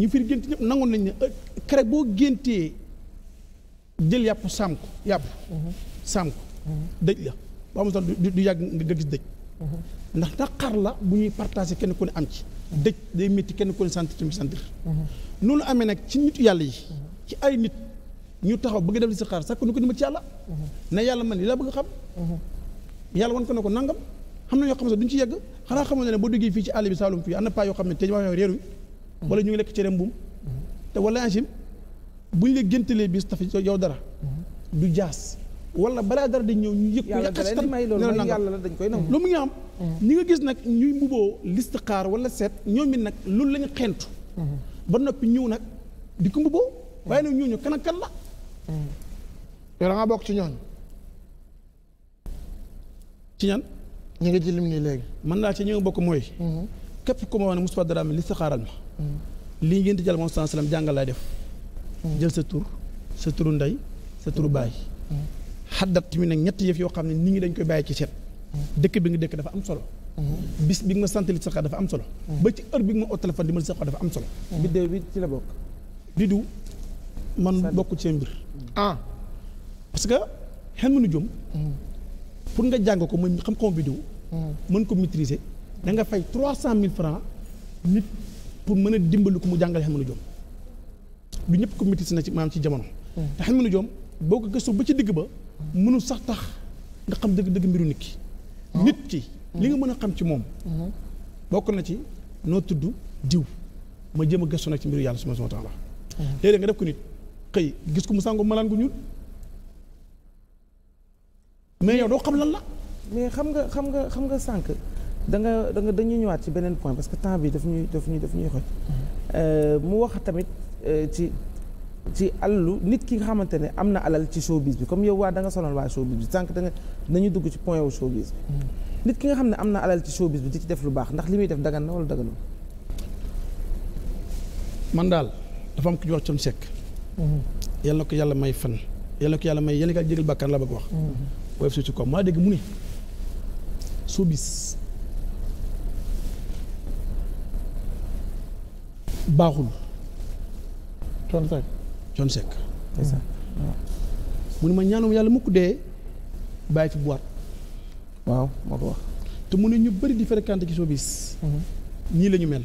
ñu fi gént ñëpp nangoon nañ ne euh, kere boo géntee jël yàpp saam ko yàpp. Mm-hmm. saam ko. dëj la ba amul sax du yàgg nga gis dëj. ndax naqar la bu ñuy partagé kenn ku ne am ci. dëj day métti kenn ku ne sentir tamit sentir. noonu amee nag ci nitu yàlla yi. ci ay nit. ñu taxaw bëgg def listixaar sàkku nu ko dimbali ci yàlla ne yàlla man li laa bëgg xam yàlla wan ko ne ko nangam xam na ñoo xam sax duñ ci yegg xanaa xamoon ne boo duggee fii ci àll bi Saalum fii am na paa yoo xam ne te ñoo réer wi wala ñu ngi lekk cere mbuum te wala angim bu ñu la géntalee bis tafi yow dara du jaas wala balaa dara dañ ñëw ñu yëg ko lu mu ngi am mm-hmm. ñi nga gis nag ñuy mbuboo xaar wala seet ñoom bi nag loolu la ñu mm-hmm. ba noppi ñëw nag di ko mbuboo waaye nag ñooñu kan ak kan la Mm. yow da bokk ci ñooñ ci ñan. ñu ngi ci nii léegi. mën naa ci ñi nga bokk mooy. Mm-hmm. képp ko ma wax ne Moustapha Dramé li saxaaral ma. Mm. lii ngeen di jàll moom sànq salaam jàngal laay def. Mm. jël sa tur sa turu ndey sa turu baay. xaddat tamit nag ñetti yëf yoo xam ne nit dañ koy bàyyi ci seet. dëkk bi nga dafa am solo. Mm-hmm. bis bi nga ma sant li saxaar dafa am solo. ba ci heure bi nga ma oo téléphone di ma li saxaar dafa am solo. biddew bi ci la bokk. biddu man bokk ci seen mbir. ah parce que xel mënu jum hmm. pour nga jàng ko mën xam xam vidéo hmm. mën ko maîtriser da nga fay trois cent mille francs nit pour mën a dimbali ko mu jàngal mu mënu jom du ñëpp ko maîtriser na ci maanaam ci jamono hmm. te xel mënu jum boo ko gëstu ba ci digg ba mënul sax tax nga xam dëgg-dëgg mbiru nit ki ah. nit ki li nga mën a xam ci moom bokk na ci noo tudd diw ma jëm a gëstu nag ci mbiru yàlla subhaanahu wa taala léeg-léeg nga def ko nit xëy gis ko mu sàngoo malaan gu ñuul mais yow doo xam lan la. mais xam nga xam nga xam nga sànq da nga da nga ñëwaat ci beneen point parce que temps bi daf ñuy daf ñuy daf ñuy xoj. Euh, mu wax tamit euh, ci ci alalu nit ki nga xamante ne am na alal ci showbiz bi comme yow waa da nga sonal waa showbiz bi sànq da nga nañu dugg ci point wu showbiz bi. Hmm. nit ki nga xam ne am na alal ci showbiz bi di ci def lu baax ndax li muy def dagan na wala daganul. man daal dafa am ku ñu wax Thione yal na ko yàlla may fan yal na ko yàlla may yal na ko jégal bàkkan la bëgg wax mm-hmm. woyof suuf ci mm-hmm. ma ñaanum yàlla mukk dee bàyyi fi boîte waaw te mu ne ñu bëri di fréquenté ci soo bis ñii mm-hmm. la ñu mel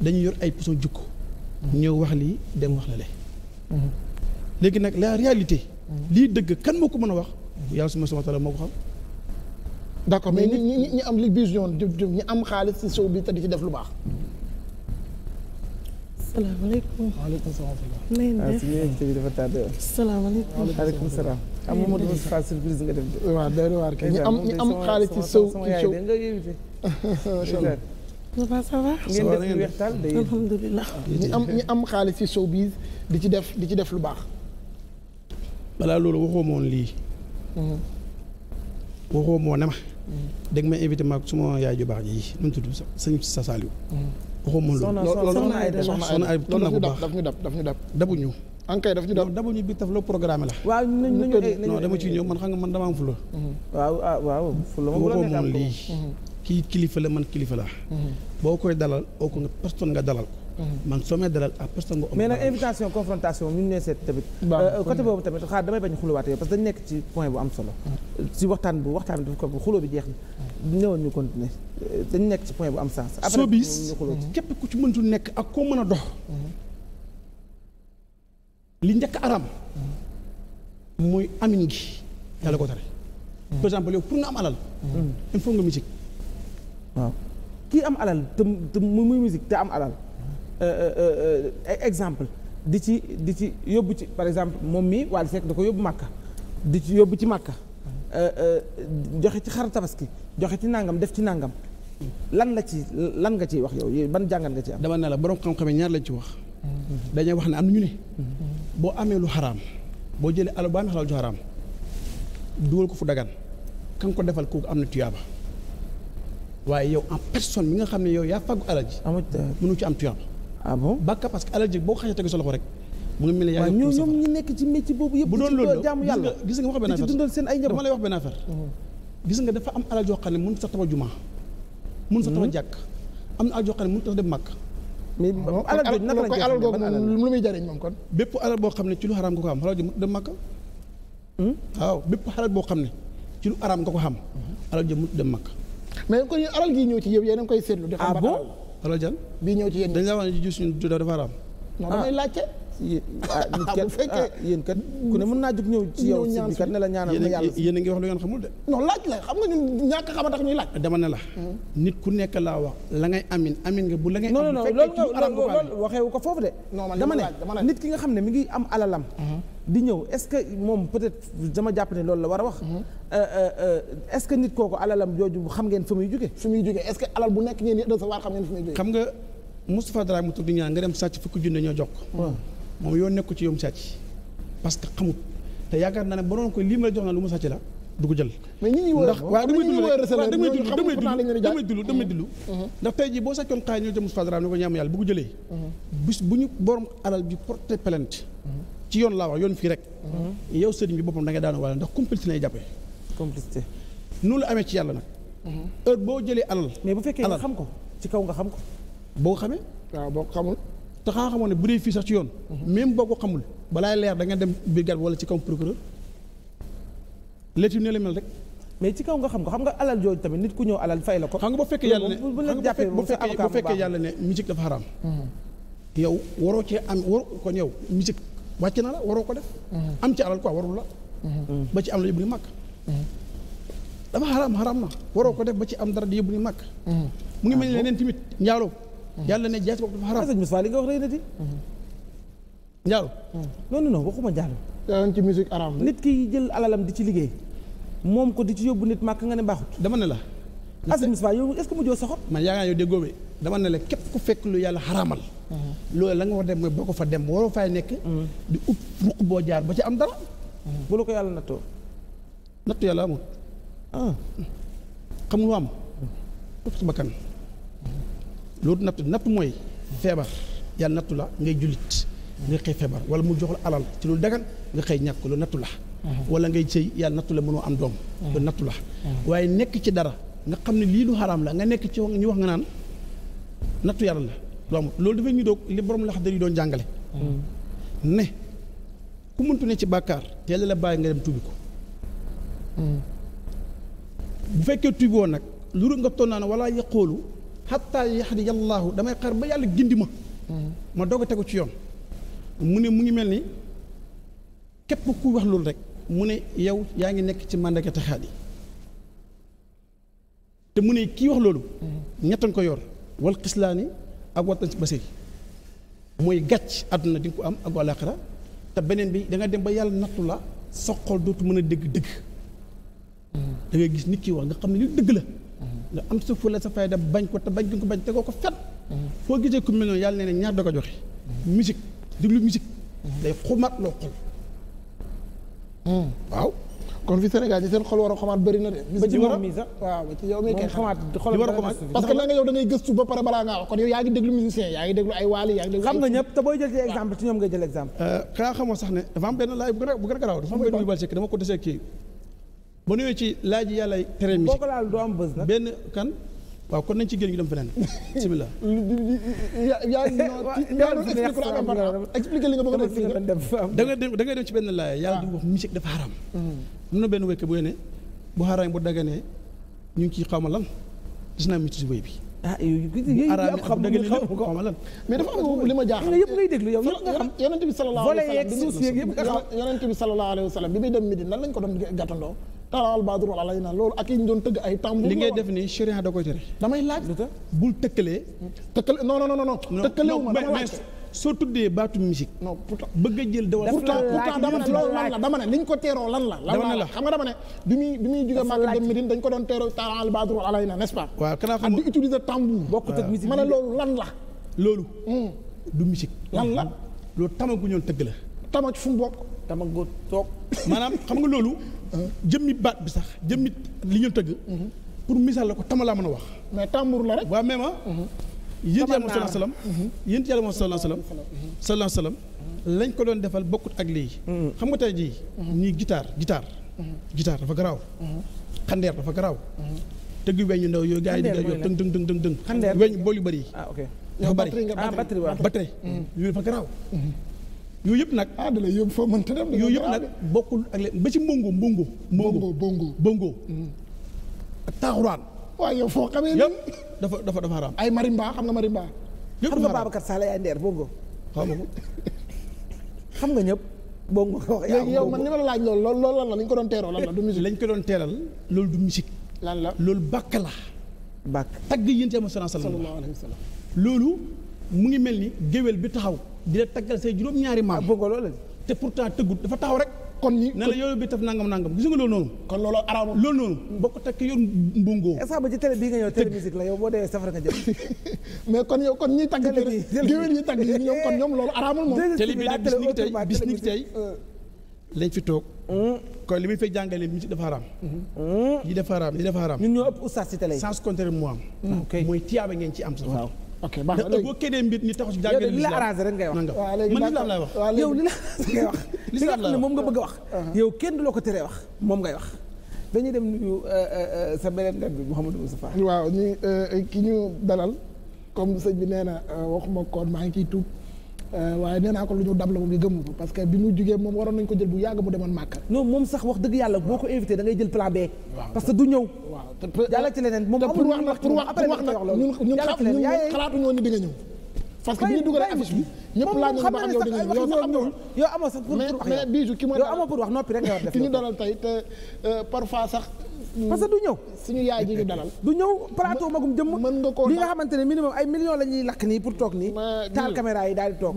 dañuy yor ay poson jukko ñëw wax lii dem wax la le mhm. léegi nag la réalité mhm. lii dëgg kan moo ko mën a wax yàlla suma sama taala moo ko xam d'accord mais ñi ñi am li vision ñi am xaalis ci show bi te di ci def lu baax salaamaaleykum waaleykum salaam suñu invité bi dafa tardé woon salaamaaleykum waaleykum salaam am moom dafa fa surprise nga def de waaw doy waar ça va ça va. ngeen def lu weex taal day alhamdulilah. ñu am ñu ci showbiz di ci def lu baax. balaa loolu waxoo ma woon lii. Mhm. waxoo ma woon ne ma. Mhm. dégg nga ma invité ma ak suma yaay ju sa Saliou. Mhm. waxoo ma woon loolu soxna Aida soxna Aida loolu ñu dab daf ñu dab daf ñu dab dabuñu. ankay daf ñu dab dabuñu bi taf la programme la. waaw non dama ciy ñëw man xam nga man dama am fula. waaw ah, waaw fula moom lii. kii kilifa la man kilifa la mhm. boo koy dalal oo ko nga personne nga dalal ko mhm. man soo may dalal à ah, personne nga. mais nag invitation confrontation ñu ne seet tamit. Euh, côté boobu tamit xaar damay bañ a xuluwaate yow parce que dañu nekk ci point bu am solo. ci mhm. waxtaan bu waxtaan bi dafa ko xuloo bi jeex na. néewoon ñu continuer dañu nekk ci point bu am sens. après ñu ñu xuloo ci képp ku ci mëntul nekk ak koo mën a dox. li njëkk aram. mooy amin gi. yàlla ko tere. par exemple yow pour nga am alal. il faut nga musique. waaw kii am alal te te muy musique te am alal euh, euh, euh, exemple di ci di ci yóbbu ci par exemple moom mii Wally Seck da ko yóbbu Màkka di ci yóbbu ci Màkka joxe ci xar tabaski joxe ci nangam def ci nangam lan la ci lan nga ciy wax yow ban jàngat nga ci am. dama ne la borom xam-xam ñaar lañ ci wax. dañuy wax ne am na ñu ne. boo amee lu xaraam boo jëlee alal boo amee xalaal ju xaraam dugal ko fu dagan kan ko defal kooku am na tuyaaba. waaye yow en personne mi nga xam ne yow yaa fàggu alal ji. mënu ci am tuyaat. ah bon bàkka parce que alal ji boo ko xasee tegu sa rek. mu ngi nekk ci métier boobu yëpp. bu doon loolu jaamu yàlla gis nga wax benn affaire ci dundal seen ay njaboot mm-hmm. dafa am alal joo xam ne mënut sax tabax jumaa. mënut sax tabax mm-hmm. jàkk am na alal joo xam ne dem màkk. mais alal jooju naka lañ koy alal googu lu muy jariñ moom kon. bépp alal boo xam ne ci lu haram nga ko am alal ji mënut dem màkk. Mm-hmm. waaw bépp alal boo xam ne ci lu haram nga ko xam. alal ji dem màkk mais kon alal gi ñëw ci yow yéen a ngi koy seetlu. dafa am ah alal jan bii ñëw ci yéen dañ la wax ne jus ñun dafa raam. non damay ah. laajte. Ah, ah, bu fekkee ah, yéen kat ku ne a la a tax ñuy laaj dama ne la hmm. nit ku nekk laa la ngay amin amin bu la ngay non non loolu foofu de dama ne nit ki nga xam ne mi ngi am alalam hmm. di ñëw est moom peut-être jàpp ne loolu la war a wax hmm. euh, euh, euh, est-ce que nit kooku alalam jooju xam ngeen fa muy jóge fi muy jóge est alal bu nekk ngeen recevoir xam ngeen fi muy jóge xam nga Moustapha Dramé mu tudd ñaan nga dem sàcc fukki junne ñoo jox ko moom yoon nekku ci yoom sàcc parce que xamut te yaakaar naa ne ba doon koy lii ma la jox na lu mu sàcc la du ko jël. mais ñi ñuy ndax waaw damay dund damay damay dund mm-hmm. ndax tey boo sàccoon xaalis mm-hmm. bi porté plainte mm-hmm. ci yoon laa wax yoon fii rek. yow sëriñ bi boppam da nga daanu wala ndax complicité lay jàppee. noonu amee ci yàlla nag. heure boo jëlee alal. mais bu fekkee nga xam ko ci kaw nga xam ko. boo xamee. waaw boo xamul. te xanaa xamoon ne bu dee fii sax ci yoon. même boo ko xamul balaay leer da nga dem brigade wala ci kaw procureur léegi ne la mel rek. mais ci kaw nga xam ko xam nga alal jooju tamit nit ku ñëw alal fay la ko. xam nga bu fekkee yàlla ne bu la jàppee bu dafa xaraam. Hmm. yow waroo cee am waru kon yow musique wàcc na la waroo ko def. Hmm. am ci alal quoi warul la. Hmm. ba ci am la yóbbu ni màkk. dafa xaraam xaraam na waroo ko def ba ci am dara di yóbbu ni màkk. mu ngi mel ni ah, leneen tamit njaaloo yàlla ne jaasi boobu dafa xaraam. sëñ Moussa na di. Ndiaro. Mm-hmm. Mm-hmm. non non non waxuma jël alalam di ci liggéey. moom ko di ci yóbbu nit màkk nga ne baaxut. dama ne la. Assane ah, Moussa yow est-ce que mu joo soxor. man yaa ngi dama ne la képp ku fekk lu yàlla xaraamal. Mm-hmm. loolu la nga war dem mooy boo ko fa dem waroo fay nekk. di upp ruq boo jaar ba ci am dara. bu la ko yàlla nattoo. nattu yàlla amul. Ah. xam lu am. topp sa bakkan loolu nattu nattu mooy feebar yàlla nattu la ngay jullit nga xëy feebar wala mu jox la alal ci lu dagan nga xëy ñàkk lu nattu la mm-hmm. wala ngay sëy yàlla nattu la mënoo am doom mm-hmm. lu nattu la mm-hmm. waaye nekk ci dara nga xam ne lii lu xaraam la nga nekk ci ñu wax nga naan nattu yàlla la lu loolu dafay ñu doog li borom laxdar yi doon jàngale ne ku muntu ne ci bàkkaar yàlla la bàyyi nga dem tuubi ko bu fekkee tuubi woon nag lu nga toon naa ne wala xataa yaxdi yallaahu damay xar ba yàlla gindi ma mm-hmm. ma doog a ci yoon mu ne mu ngi mel ni képp ku wax loolu rek mu ne yow yaa ngi nekk ci màndaga taxaat yi te mu ne kii wax loolu mm-hmm. ñettan ko yoon wal xislaani ak wattan ci base mooy gàcc àdduna di ko am ak àllaaxira te beneen bi da dem ba yàlla nattu la soqol dootu mën a dégg dëgg mm-hmm. da gis nit ki wax nga xam ne li dëgg la nga am sa fulla sa fayda bañ ko te bañ ko bañ tegoo ko fen foo gisee ku mel yàlla nee na ñaar da ko joxe musique déglu musique day xumaat loo war a xamaat bëri na parce que la nga yow da ngay ba pare balaa ngaa wax kon yaa ngi déglu musicien yaa ngi déglu ay waali yaa ngi déglu xam nga ñëpp te booy jël ci exemple ci ñoom nga jël exemple euh, xanaa xamoo sax ne dafa am benn laay bu gën a garaaw dafa am benn bal ci dama ko desee kii ba ñëwee ci laaj yàlla tere mi. boo ko laal doo am bës benn kan. waaw kon nañ ci génn ñu dem feneen bisimilah. yaa expliqué li a da ngay dem da ngay dem ci benn laay yàlla du wax musique dafa haram. Ah. am na benn wékk bu ne bu haram bu daganee ñu ngi ciy xaw ma lan gis naa ci wéy bi. ah yooyu yooyu yëpp xam nga xaw ma lan. mais dafa am oh, li ma jaaxal yëpp ngay déglu yow yëpp nga xam. yonent bi sallallahu alayhi wa sallam yëpp nga xam yonent talaal baadurul alayna loolu ak yi doon tëgg ay tambour li ngay def nii sharia da ko tere damay laaj bul tëkkalee tëkkale non non non non tëkkalewu ma dama laaj soo tuddee baatu musique non pourtant bëgg jël dawal pourtant dama ne loolu lan la ko teeroo lan la lan xam nga dama ne bi muy bi muy jóge doon teeroo talaal baadurul alayna n'est-ce pas waaw kanaa xam di utiliser tambour bokkut ak musique ma ne loolu lan la loolu hmm. du musique lan la loolu tamagu tëgg la tama ci fu mu bokk tama gu toog maanaam xam nga loolu jëmmi baat bi sax jëmmi li ñu tëgg. Mhm. pour misaal la ko tama laa mën a wax. mais tambour la rek. waaw même mhm. ah. Mhm. yéen yàlla moom salaam yéen yàlla moom salaam salaam. salaam salaam lañ ko doon defal bokkut ak lii. xam nga tey jii. ñii guitare guitare. guitare dafa garaaw. xandeer dafa garaaw. tëgg weñu ndaw yooyu gars yi di nga yor dëng dëng dëng dëng dëng. xandeer weñu bool yu bëri yi. ah ok dafa bëri ah batterie dafa garaaw. yooyu yëpp nag. ah da lay yóbbu foo yooyu yëpp nag bokkul ak leen ba ci mbongo mbongo. mbongo bongo bongo. Mm. ak taaxuraan. waaw yow foo xamee ni. dafa dafa dafa raam. ay marimba xam nga marimba. yëpp xam nga Babacar Sall ay ndeer bongo. xam nga xam nga ñëpp. bongo léegi yow man ma laaj loolu loolu lan la lañ ko doon teeroo la la du musique. lañ ko doon loolu du musique. lan la loolu bàkk la. bàkk tagg yéen tamit sallallahu alayhi wa sallam loolu mu ngi mel ni géwél bi taxaw di la taggal say juróom-ñaari maam. Ah, te pourtant tëggut dafa taxaw rek. kon ñi ne la yooyu bi taf nangam nangam gis nga loolu noonu. kon loolu araam boo ko takk yoon mbongo. est-ce eh, que ba ci nga ñëw télé musique la yow boo dee safara nga jëm. mais kon yow kon ñiy tagg. télé géwél ñi tagg yi ñoom euh, lañ fi toog. kon li muy fi jàngale musique dafa araam. yi mm-hmm. dafa araam yi dafa araam. ñun ñoo ëpp oustaz ci télé yi. sens contraire moo am. Mm-hmm. mooy tiyaaba ngeen ci am. waaw ok baax na léegi boo kenee mbir ni taxu si jàngale li la arrangé rek ngay wax. waaw léegi man lislaam lay ne moom nga bëgg wax. Uh-huh. yow kenn du loo ko teree wax moom ngay wax. dañuy dem nuyu uh, uh, uh, sa beneen gan bi Mouhamadou Moustapha. waaw ñu ki ñu dalal comme sëñ bi nee na waxuma koon maa ngi ciy tuub. Euh, waaye nee naa ko lu ñu dab la moom gëmu ko parce que bi mu jugee moom waroon nañ ko jël bu yàgg mu demoon màkk non moom sax wax dëgg yàlla boo ko invité da jël plan B parce que du ñëw waaw ci leneen moom pour wax noppi rek nga war def euh, parfois sax parce que du ñëw. suñu yaay ji ñu dalal. du ñëw plateau magum jëmm. mën nga koo li nga xamante ne minimum ay millions la ñuy lakk nii pour toog nii. taal caméra yi daal di toog.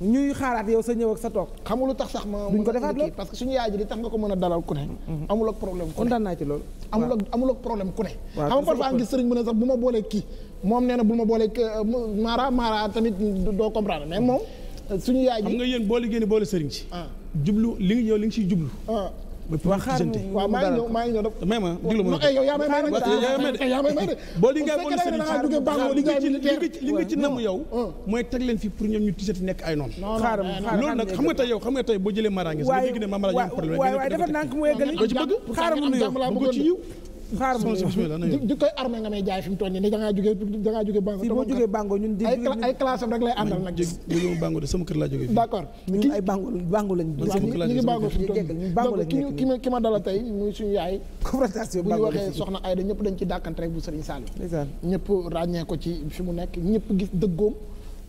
ñuy xaaraat yow sa ñëw ak sa toog. xamul tax sax ma duñ ko defaat parce que suñu yaay ji li tax nga mën a dalal ku mm-hmm. amul ak problème ku ne naa ci loolu. amul ak amul ak problème ku ne. waaw xam nga parfois ngi sëriñ bu ne sax bu ma boolee kii moom nee na bu ma boolee euh, Mara Mara tamit doo comprendre mais moom euh, suñu yaay ji xam ah. li nga yow li nga ciy waaw xaar waaw maa ngi ñëw maa ngi ñëw def may ma déglu ma yow yaa may may yaa may may de boo li nga bon sëriñ li nga ci li nga ci namm yow mooy teg leen fi pour ñoom ñu tisati nekk ay noonu xaaral loolu nag xam nga tey yow xam nga tey boo jëlee maraange sax nga dégg ne ma maraange problème waaye dafa nànk mu yeggali doo ci bëgg xaaral mu nuyoo bëgg ci yiw xaar ma di koy armé nga may jaay fi mu toll nii da ngaa jógee da ngaa jógee bango. si boo jógee bango ñun di ay classe rek lay àndal nag. jógee bango de sama kër laa jógee. d'accord ñun mu toll nii donc ki ma ki ma dala tey muy suñu yaay. confrontation bu ñu waxee soxna Aida ñëpp ci dàkkante rek bu Serigne Sall. ñëpp ràññee ci fi mu nekk ñëpp gis dëggoom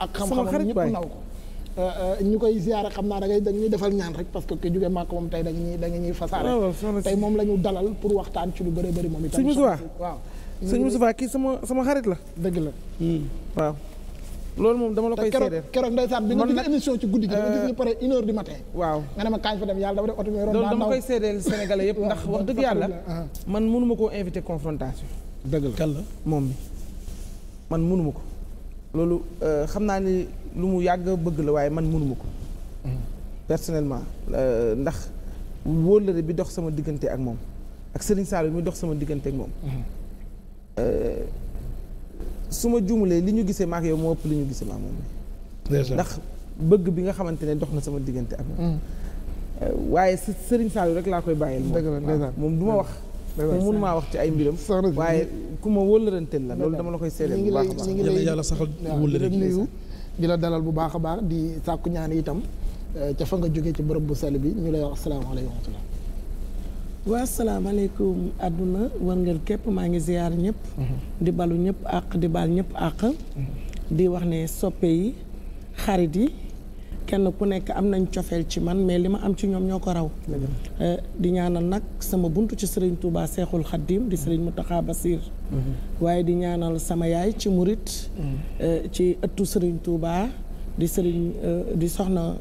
ak xam-xamam ñëpp naw ko Euh, euh, ñu koy ziyaare xam naa da ngay da ñuy defal ñaan rek parce que ki jóge Màkka moom tey da ñuy da ah, ñuy tey moom la dalal pour waxtaan ci lu bëri bëri moom itam sëñ Moussa waaw kii sama sama xarit la dëgg la hmm. loolu moom dama la koy seedeel keroog ndeysaan bi ñu dina émission ci guddi gi dama gis euh, ma kaay fa dem yàlla dama def oto ndax wax dëgg yàlla man mënuma koo invité confrontation dëgg la moom mi man mënuma ko loolu xam naa ni lu mu yàgg bëgg la waaye man mënuma ko personnellement euh, ndax wóllëre bi dox sama diggante ak moom ak Serigne Sall bi dox sama diggante ak moom mhm. euh, su ma juumulee li ñu gisee maak yow moo ëpp li ñu gisee maa moom ndax bëgg bi nga xamante ne dox na sama diggante ak moom mhm. euh, waaye Serigne Sall rek laa koy bàyyil moom moom du ma wax moom mun maa wax ci ay mbiram waaye ku ma wóllëranteel la loolu dama la koy seedeel bu baax a baax yàlla saxal wóllëre di la dalal bu baax a baax di sàkku ñaan itam eh, ca fa nga jóge ci bërëb bu sell bi ñu lay wax asalaamaaleykum wa rahmatulah. waa asalaamaaleykum àdduna wërngël képp maa ngi ziyaar ñëpp. Mm-hmm. di balu ñëpp àq di bal ñëpp àq. Mm-hmm. di wax ne soppe yi xarit yi. kenn ku nekk am nañ cofeel ci man mais li ma am ci ñoom ñoo ko raw euh, di ñaanal nag sama bunt ci sëriñ Touba Seexul Xaddim di sëriñ Mountakha Bassir mhm. waaye di ñaanal sama yaay ci murit mhm. euh, ci ëttu sëriñ Touba di sëriñ euh, di soxna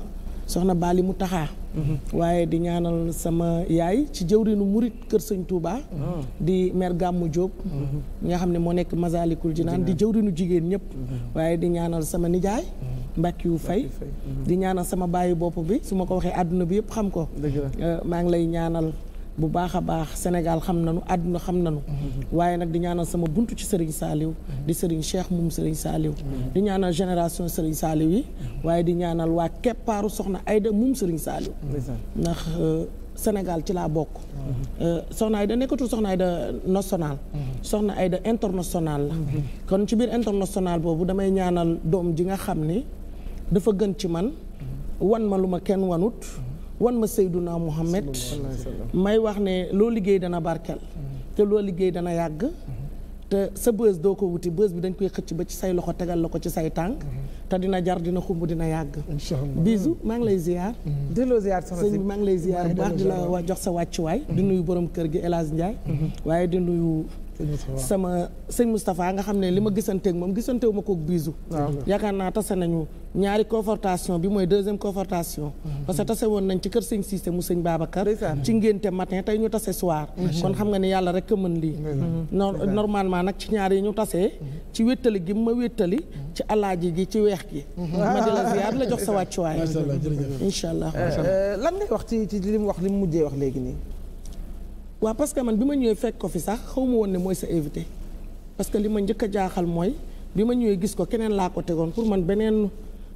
soxna mu Mountakha mhm. waaye di ñaanal sama yaay ci jëwrinu murit kër sëñ Touba. Ah. di mer Gamou jóg nga xam ne moo nekk Masalikul Jinaan di jëwrinu jigéen ñëpp waaye di ñaanal sama nijaay Mbackiou Faye mhm. di ñaanal sama bàyyi bopp bi su ma ko waxee àdduna bi yëpp xam ko euh, maa ngi lay ñaanal bu baax a baax Sénégal xam nañu àdduna xam nañu mhm. waaye nag di ñaanal sama bunt ci Serigne Saliou mhm. di Serigne Cheikh moom Serigne Saliou di ñaanal génération Serigne Saliou yi waaye di ñaanal waa keppaaru soxna Aïda moom Serigne Saliou ndax euh, Sénégal ci laa bokk euh, soxna Aïda nekkatul soxna Aïda national soxna Aïda international la kon ci biir international boobu damay ñaanal doom ji nga xam ni dafa gën ci man wan ma lu ma kenn wanut wan ma Seyduna Muhammad may wax ne loo liggéey dana barkel te loo liggéey dana yàgg te sa bës doo ko wuti bës bi dañ koy xëcc ba ci say loxo tegal la ko ci say tànk te dina jar dina xumb dina yàgg bisu maa ngi lay ziar mm-hmm. delloo ziar soxna maa ngi lay ziar bu baax di jox sa wàccuwaay mm-hmm. di nuyu borom kër gi El Hadj mm-hmm. waaye di nuyu sama sëñ Moustapha nga xam ne li ma gisanteeg moom gisantewu ma koog biisu yaakaar naa tase nañu ñaari confortation bi mooy deuxième confortation mhm. parce que tase woon nañ ci kër sëñ Cissé mu sëñ Babacar ci ngénte matin tey ñu tase soir kon xam nga ne yàlla rek a mën lii mhm. normalement nag ci ñaar yi ñu tasee mhm. ci wéttali gi ma wéttali ci alaaji gi ci weex gi ma di la ziar la jox sa wàccuwaay incha allah eh, eh, lan ngay wax ci li mu wax li mu mujjee wax léegi nii waaw parce que man bi ma ñëwee fekk ko fi sax xaw ma woon ne mooy sa invité parce que li ma njëkk a jaaxal mooy bi ma ñëwee gis ko keneen laa ko tegoon pour man beneen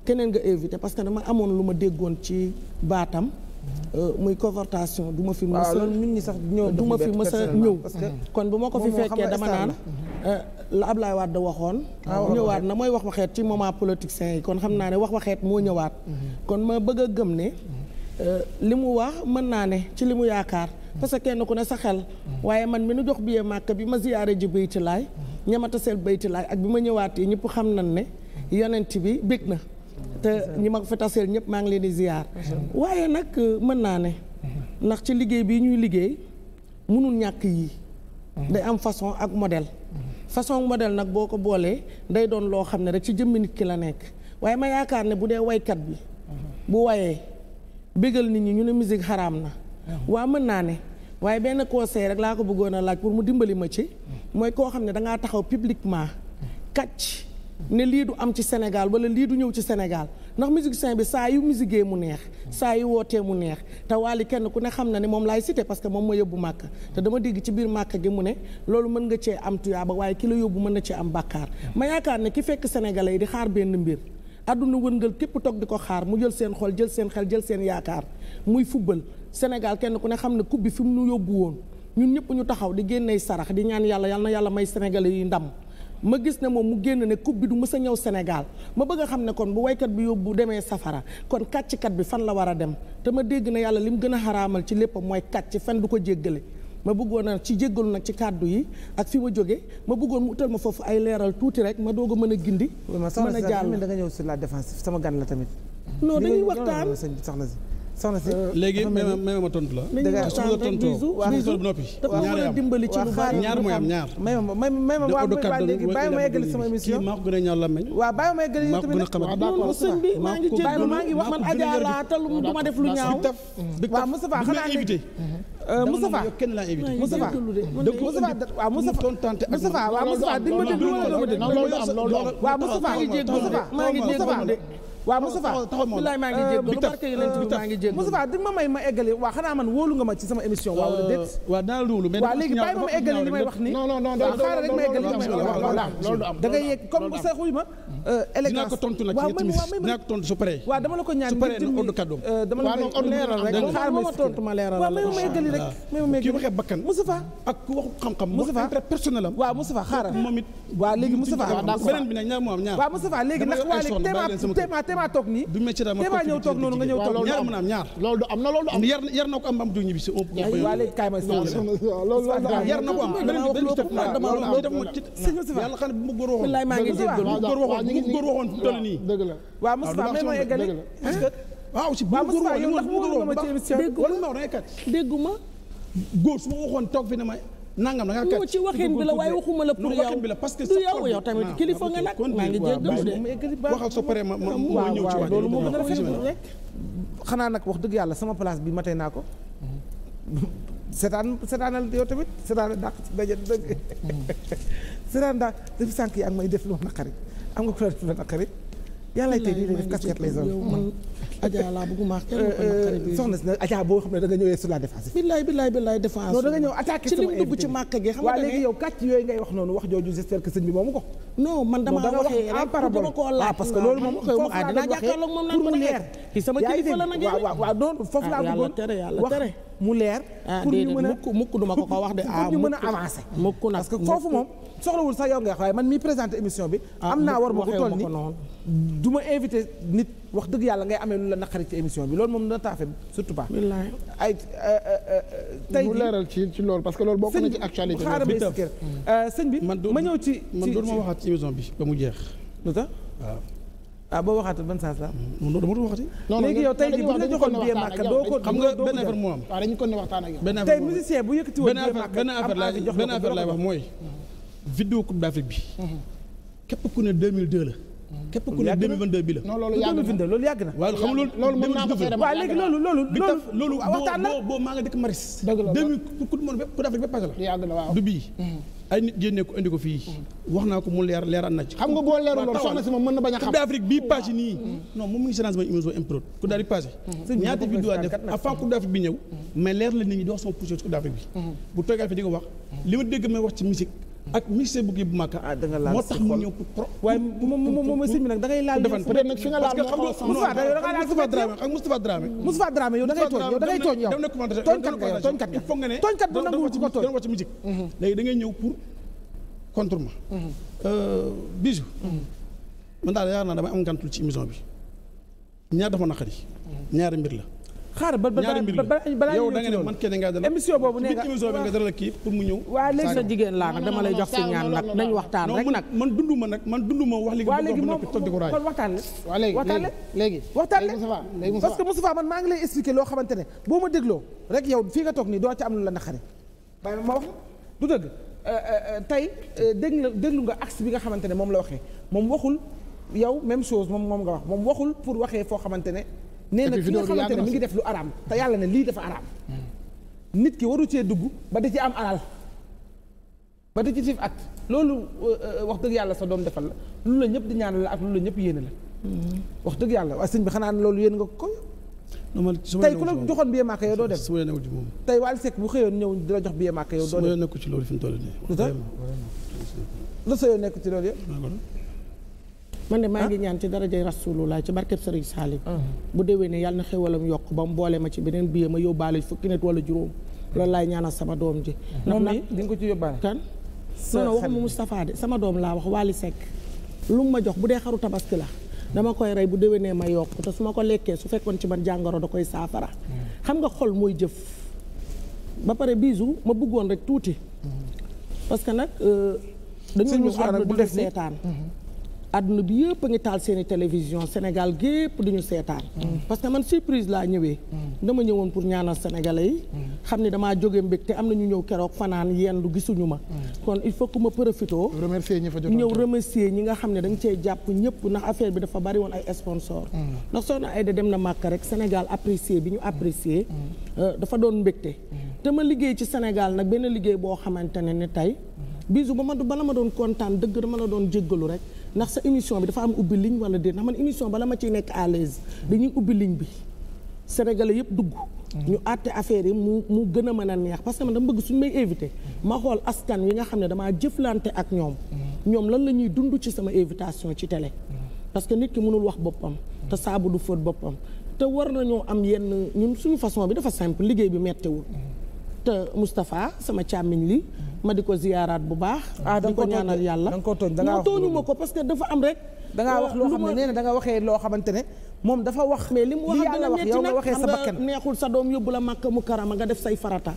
keneen nga invité parce que dama amoon lu ma déggoon ci baatam. Euh, muy confortation du ma fi. waaw loolu nit ñi sax ñëw du ma fi mës a ñëw. Mm-hmm. kon bu ma ko fi fekkee dama naan. Euh, la Ablaye Wade waxoon. Ah, ñëwaat na mooy wax waxeet ci moment politiciens yi kon xam naa ne wax waxeet moo ñëwaat. Mm-hmm. kon ma bëgg a gëm ne. Euh, li mu wax mën naa ne ci li mu yaakaar. parce que kenn ku ne sa xel waaye man mi nu jox billet màkk bi ma ziyaare ji bayti laay ñamata seel bayti laay ak bi ma ñëwaat ñëpp xam nañ ne yonent bi bég na te ñi ma fa ñëpp maa ngi leen di ziyaar waaye nag mën naa ne ndax ci liggéey bii ñuy liggéey mënul ñàkk yi day am façon ak modèle façon modèle nag boo ko boolee day doon loo xam ne rek ci jëmmi nit ki la nekk waaye ma yaakaar ne bu dee waykat bi bu wayee bégal nit ñi ñu ne musique xaraam na waa mën naa ne waaye benn conseil rek laa ko bëggoon a laaj pour mu dimbali ma ci mooy koo xam ne dangaa taxaw publiquement kàcc ne lii du am ci Sénégal wala lii du ñëw ci Sénégal ndax musicien bi saa yu musiquee mu neex saa yu wootee mu neex te Wally kenn ku ne xam na ne moom laay cité parce que moom moo yóbbu màkk te dama dégg ci biir màkk gi mu ne loolu mën nga cee am tuyaaba waaye kilo yóbbu mën na cee am bàkkaar ma yaakaar ne ki fekk sénégalais di xaar benn mbir àdduna wërngal képp toog di ko xaar mu jël seen xol jël seen xel jël seen yaakaar muy fubbal Sénégal kenn ku ne xam ne coupe bi fi mu nu yóbbu woon ñun ñëpp ñu taxaw di génnee sarax di ñaan yàlla yal na yàlla may sénégalais yi ndam ma gis ne moom mu génn ne coupe bi du ma sa ñëw Sénégal ma bëgg xam ne kon bu waykat bi yóbbu demee safara kon kàcckat bi fan la war a dem te ma dégg na yàlla li mu gën a xaraamal ci lépp mooy kàcc fen du ko jéggale ma bëggoon a ci jéggalu nag ci kàddu yi ak fi ma jóge ma bëggoon mu utal ma foofu ay leeral tuuti rek ma doog mën a gindi mën a jàll da nga ñëw sur la défense sama gan la tamit non dañuy waxtaan soxna si euh, léegi même ma tontu la. dëgg su ma tontoo bu noppi. ñaar yam dimbali ci lu bari ñaar mooy am ñaar. may ma may ma waaw léegi bàyyi ma eggali sama émission. kii maa ko gën a ñaaw làmmiñ. waaw bàyyi ma eggali tamit nag moom sëñ bi maa ngi jégalu maa ngi wax man Adja laa te lu duma def lu ñaaw. waaw Moustapha xanaa ne mhm. euh, Moustapha kenn laa invité Moustapha donc Moustapha waaw Moustapha waaw Moustapha di ma déglu wala doo ma déglu waaw Moustapha Moustapha waaw Moustapha taxaw moom bilaay maa ngi euh, jégg bi taf bi taf Moustapha di ma may ma eggali waa xanaa man wóolu nga ma ci sama émission waaw wala déet waaw naa la wóolu mais waaw léegi bàyyi ma ma eggali li may wax ni non non non xaaral rek ma eggali li may wax da ngay yegg comme sa xuy ma Euh, élégance dinaa ko tontu nag ci timis dinaa tontu su paree. waaw dama la ko ñaan ngir jëm euh, dama la ko leeral leeral rek xaaral moom it. waaw léegi Moustapha beneen bi nag ñaar moo ñaar. a yar na ko am am du ñibbi si si loolu yar na ko bi beneen yàlla xam ne bu ma góor waxoon bu ko góor waxoon la waaw Moustapha ah, may ah, ma eggali parce que. waaw si bu góor ndax góor ma ci émission wala ndaw dangay kat. dégguma. góor su ma waxoon toog fi ne ma nangam da nga kat. ci waxin bi la waaye waxuma la pour yow. parce que yow ah, ma ma loolu moo gën a rek. xanaa nag wax dëgg yàlla sama place bi matee naa ko. seetaan seetaanal yow tamit seetaanal dàq ci daje dëgg. Hmm. seetaan dàq def sànq yi ak may def lu ma naqari am nga ku la naqari yàllaay tey lii lay def casquette les hommes man Adja laa euh, soxna si nag Adja boo xam ne da ñëwee sur la défense. billaay billaay billaay défense. non da ñëw attaqué ci mu dugg ci màkk gi. ko. non man damaa waxee rek dama ah, parce que loolu moom pour mu leer. ci sama kilifa la nag yéen waaw waaw donc foofu ah, laa bëggoon wax mu leer. Ah, pour ñu mën a mukk mukk duma ko wax de ah mukk parce que foofu moom soxlawul sax yow nga wax waaye man mi présent émission bi ah, am naa war ma bu toll ni du invité nit wax dëgg yàlla ngay amee lu la naqari ci émission bi loolu moom na taafe surtout pas ay euh, euh, euh, tey mu leeral ci ci loolu que loolu bokk na bi mm. ma ñëw ci man doon ma waxaat ci bi ba mu jeex lu tax waaw ah boo waxaatul ban saa saa. Mm. non dama doon bu ñu la joxoon billet Makka benn affaire moo am. waaw dañu ko ne waxtaan benn affaire musicien bu yëkkati woon billet Makka am benn affaire laay wax mooy. vidéo coupe d'Afrique bi. Mhm. képp ku ne 2002 la. Mhm. képp ku ne 2022 bi la. non loolu na loolu yàgg na. waaw loolu mën naa ko nga dëkk Maris. dëgg la 2000 coupe du mhm. mu leer leeral na ci. xam nga boo leerul loolu a def avant coupe d'Afrique bi ñëw. mais leer la nit ñi di wax sama projet ci coupe d'Afrique bi. bu toogee fi di ko wax. li ma dégg may wax ci musique ak monsieur Bougy bu Makka. ah da nga laal moo tax mu ñëw pour pro. waaye moom moom sëñ bi nag da ngay laal. defan peut-être nag fi nga laal moo xaw a. parce que xam nga Moustapha mhm. ma. Mhm. Euh, mhm. bi ñaar dafa naqari. ñaari mbir la xaar ba balaa balaa yow da nga ne man kenn nga dalal émission boobu nee nga émission bi nga dalal kii pour mu ñëw waaw léegi sa jigéen laa nag dama lay jox si ñaan nag nañ waxtaan rek nag man dundu ma nag man dundu ma wax léegi waaw léegi moom toog di ko raay kon waxtaan la waaw léegi waxtaan la léegi waxtaan la parce que Moustapha man maa ngi lay expliquer loo xamante ne boo ma dégloo rek yow fii nga toog nii doo ci am lu la naqari bàyyi ma wax du dëgg euh, euh, euh, tey dégg nga déglu nga axe bi nga xamante ne moom la waxee moom waxul yow même chose moom moom nga wax moom waxul pour waxee foo xamante ne nee na ki nga xamante mu ngi def lu araam te yàlla na lii dafa araam nit ki waru cee dugg ba di ci am alal ba di ci siif at loolu euh, wax dëgg yàlla sa doom defal la lu la ñëpp ñaan la ak lu la ñëpp la mm-hmm. wax dëgg yàlla waa sëñ bi xanaa loolu yéen nga ko tey ku la joxoon billet Makka yow doo dem sama yoon ci moom tey Wally Seck bu xëyoon ñëw di la jox billet Makka yow nekku ci loolu fi mu toll nii lu tax ci loolu yëpp man de maa ah. ngi ñaan ci darajay rasulullah ci barkeb sëriñ Salim. Ah. bu déwénee yàlla na xéwalam yokk ba mu boole ma ci beneen billet ma yóbbaale fukki nit wala juróom loolu laay ñaanal sama doom ji. moom mi ko ci yóbbaale kan. non non waxuma doom laa wax Waly Seck lu ma jox bu dee xaru tabaski la dama koy rey bu déwénee ma yokk te su ma ko lekkee su fekkoon ci man da koy saafara. Hmm. xam nga xol mooy jëf. ba pare bisu ma bëggoon rek tuuti. Hmm. parce que nag. Euh, dañu ñu àdduna di seetaan. Hmm. àdduna bi yëpp ngi taal seen i télévision Sénégal gépp duñu seetaan parce que man surprise laa ñëwee dama ñëwoon pour ñaanal sénégalais yi xam ne damaa jóge mbég am na ñu ñëw keroog fanaan du gisuñu ma kon il faut que ma profité ñëw remercier ñi nga xam ne dañ cee jàpp ñëpp ndax affaire bi dafa bari woon ay sponsor ndax soxna Aïda dem na màkk rek Sénégal apprécié bi ñu apprécié euh, dafa doon mbégte te ma liggéey ci Sénégal nag benn liggéey boo xamante ne ne tey bisu ba ma bala ma doon kontaan dëgg dama la doon jéggalu rek ndax sa émission bi dafa am ubbi ligne wala déet ndax man émission bala ma ciy nekk à dañuy ubbi ligne bi sénégalais yëpp dugg ñu àtte affaire yi mu mu gën a mën a neex parce que man dama bëgg suñ may invité ma xool askan wi nga xam ne damaa jëflante ak ñoom ñoom lan la ñuy dund ci sama invitation ci télé parce que nit ki mënul wax boppam te saabu du fóot boppam te war na ñoo am yenn ñun suñu façon bi dafa simple liggéey bi mettiwul te Moustapha sama càmmiñ li ma di ko ziyaaraat bu baax. ah da nga ko yàlla da nga ko tooñ da wax ko parce que dafa am rek. da wax loo xam ne nee na nga waxee loo xamante ne moom dafa wax. mais li mu wax dina metti nag neexul sa doom yóbbu la màkk mu def say farata.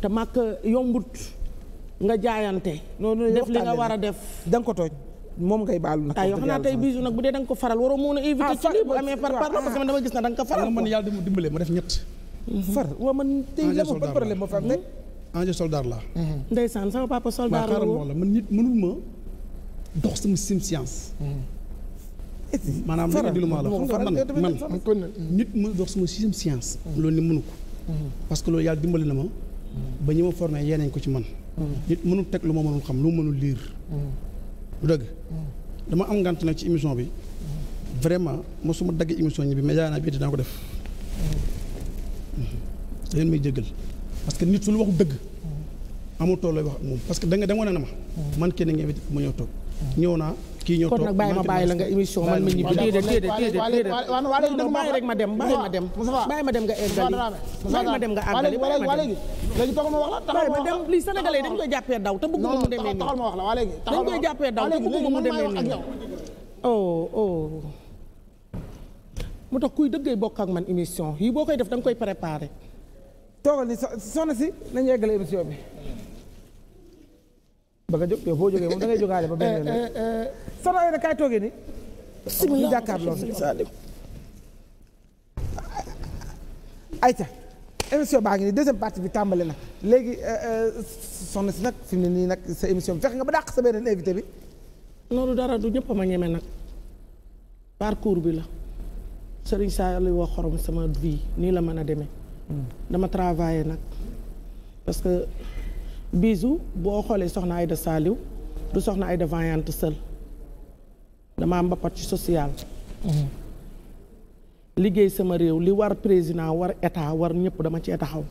te màkk yombut a def. da nga ko tooñ moom ngay baalu nag. tey yoo nag bu dee da ko faral waroo mën a éviter na da nga ko faral. Ah, man yàlla dimbale ma def ñett. far waaw man tey ah, la ma ban problème ma fa am ange soldat laa. Mhm. ndeysaan sama papa la woo la man nit mënul ma dox sama sim science. Mhm. maanaam li nga di lu ma la xam nga man man nit mënul dox sama sim science. Mhm. loolu ni mënu ko. parce que loolu yàlla dimbali na ma. ba ñi ma formé yeenañ ko ci man. nit mënul teg lu ma mënul xam lu ma mënul lire. du dëgg. dama am ngant nag ci émission bi. vraiment mosuma dagg émission ñi bi mais yaa naa bii dinaa ko def. da may jéggal. parce que nit su lu waxu dëgg amutoo looy wax ak moom parce que danga nga da nga wane na ma man kenn ngeen ma ñëw toog ñëw naa kii ñëw toog kon nag bàyyi ma la nga émission man ma ñibbi déedéet déedéet déedéet bàyyi rek ma dem bàyyi ma dem nga eggali bàyyi ma dem nga àggali léegi la taxul dem lii sénégalais dañ koy jàppee daw te bëgguma mu demee nii taxul ma wax la waa léegi dañ koy jàppee daw mu demee nii mu oh, oh. tax kuy dëggay bokk ak man émission yi boo koy def da koy préparé toogal ni soxna si nañu eggale émission bi ba nga jóg yow boo jógee moom da ngay jógaale ba benn yoon eh, eh, eh, soxna Aida kaay toogee ni ñu bi tàmbali na léegi soxna si nag fi ne nii nag sa émission bi fexe nga ba dàq sa beneen invité bi loolu dara du ñëpp a ma ñeme nag parcours bi la sëriñ saa yàlla wax xorom sama vie nii la mën a demee dama travailler nag parce que bisu boo xoolee soxna ay Aïda Saliou du soxna Aïda vaillante seul dama am bappat ci social mhm. liggéey sama réew li war président war état war ñëpp dama cee taxaw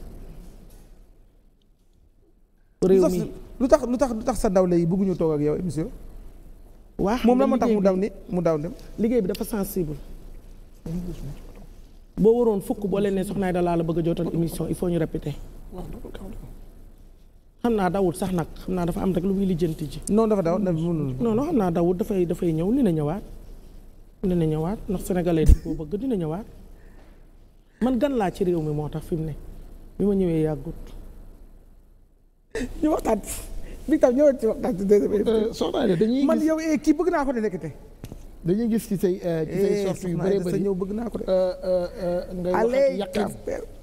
réew mi lu tax lu tax lu tax sa ndaw dawle yi bëgguñu toog ak yow émission waa moom la ma tax mu daw ni mu daw dem liggéey bi dafa sensible boo waroon fukk boo leen ne soxnaay da la bëgg a jootal émission il faut ñu répéter. xam naa dawut sax nag xam naa dafa am rek lu muy lijjanti ji. non dafa daw non non xam naa dawut dafay dafay ñëw dina ñëwaat. dina ñëwaat ndax sénégalais dañ koo bëgg dina ñëwaat. man gan laa ci réew mi moo tax fi mu ne bi ma ñëwee yàggut. ñu waxtaan bi tam ñëwaat ci euh, man yow eh, kii bëgg naa ko de nekkite. dañuy gis ci say euh, ci say eh, sorties yu bëree bëri ñëw bëgg naa ko de. Euh, euh, ngay wax ak yàqin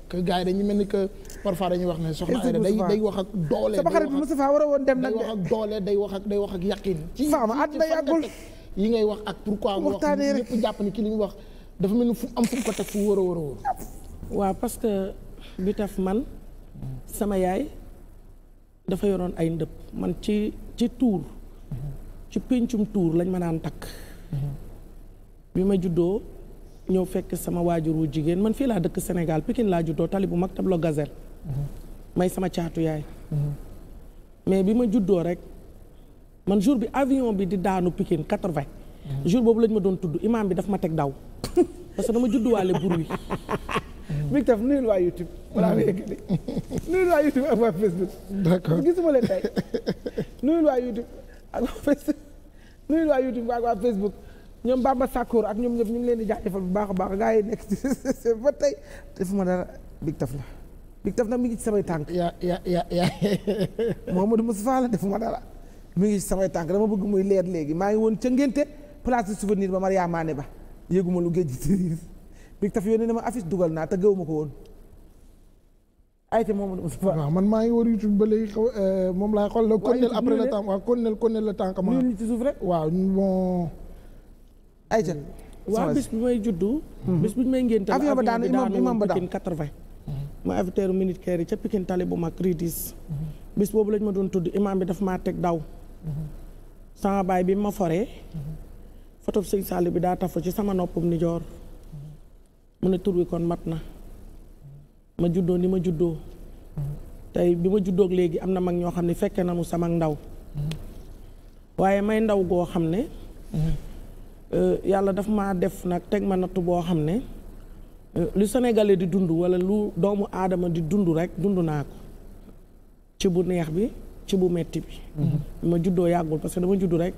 que gars yi dañu mel ni que parfois dañuy wax ne soxna Aida day day wax ak doole. sama xarit bi Moustapha war a woon dem nag de day wax ak doole day wax ak day wax ak yàqin. ci faama àddina yàggul yi ngay wax ak pourquoi mu wax ñëpp jàpp ni ki li mu wax dafa mel ni fu am fu mu ko teg fu wóor a wóor a wóor. waaw parce que bi taf man sama yaay dafa yoroon ay ndëpp man ci ci tuur ci péncum tuur lañ ma naan takk. bi ma juddoo ñëw fekk sama waajur wu jigéen man fii laa dëkk Sénégal Pikine laa juddoo tali bu mag tableau gazelle. may sama caatu yaay. mais bi ma juddoo rek man jour bi avion bi di daanu Pikine quatre-vingt. jour boobu lañ ma doon tudd imam bi daf ma teg daw parce dama judduwaale bruit. big taf nuyul waa YouTube. balaa ngay gëj nuyul waa YouTube ak waa Facebook. d'accord gisuma leen tey nuyul waa YouTube nuyu waa YouTube ak waa Facebook ñoom Bamba Sakkoor ak ñoom ñëpp ñu ngi leen di jaajëfal bu baax a baax gaa yi nekk ci ba tey ma dara big taf la big taf mi ngi ci samay tànk. ya ya ya ya. Mouhamadou Moustapha la defuma dara mi ngi ci samay tànk dama bëgg muy leer léegi maa ngi woon ca ngénte place du souvenir ba Mariama Mané ba yëguma lu géej gi big taf yónnee na ma affiche dugal naa te gëwuma ko woon. ayte moom man maa ngi war YouTube ba euh, moom laay xool la konnel après le temps waaw konnel konnel le temps que ma ñu ci suuf rek waaw bon ayca waaw bis bi may juddu hmm. bis bi may ngéntal avion ba daanu quatre-vingt ma hmm. aviteeru yi ca Pikine tali bu mag ridis hmm. bis boobu lañ ma doon tudd imam bi daf maa teg daw sama baay bi ma fore photo sëñ Sall bi daa tafu ci sama noppum nijoor mu ne tur kon mat na ma juddoo ni ma juddoo tey bi ma juddoog léegi am na mag ñoo xam ne fekke na mu sama ndaw waaye may ndaw goo xam ne euh, yàlla dafa ma def nag teg ma natt boo xam ne euh, lu sénégalais di dund wala lu doomu aadama di dund rek dund naa ko ci bu neex bi ci bu metti bi ma juddoo yàggul parce que dama juddu rek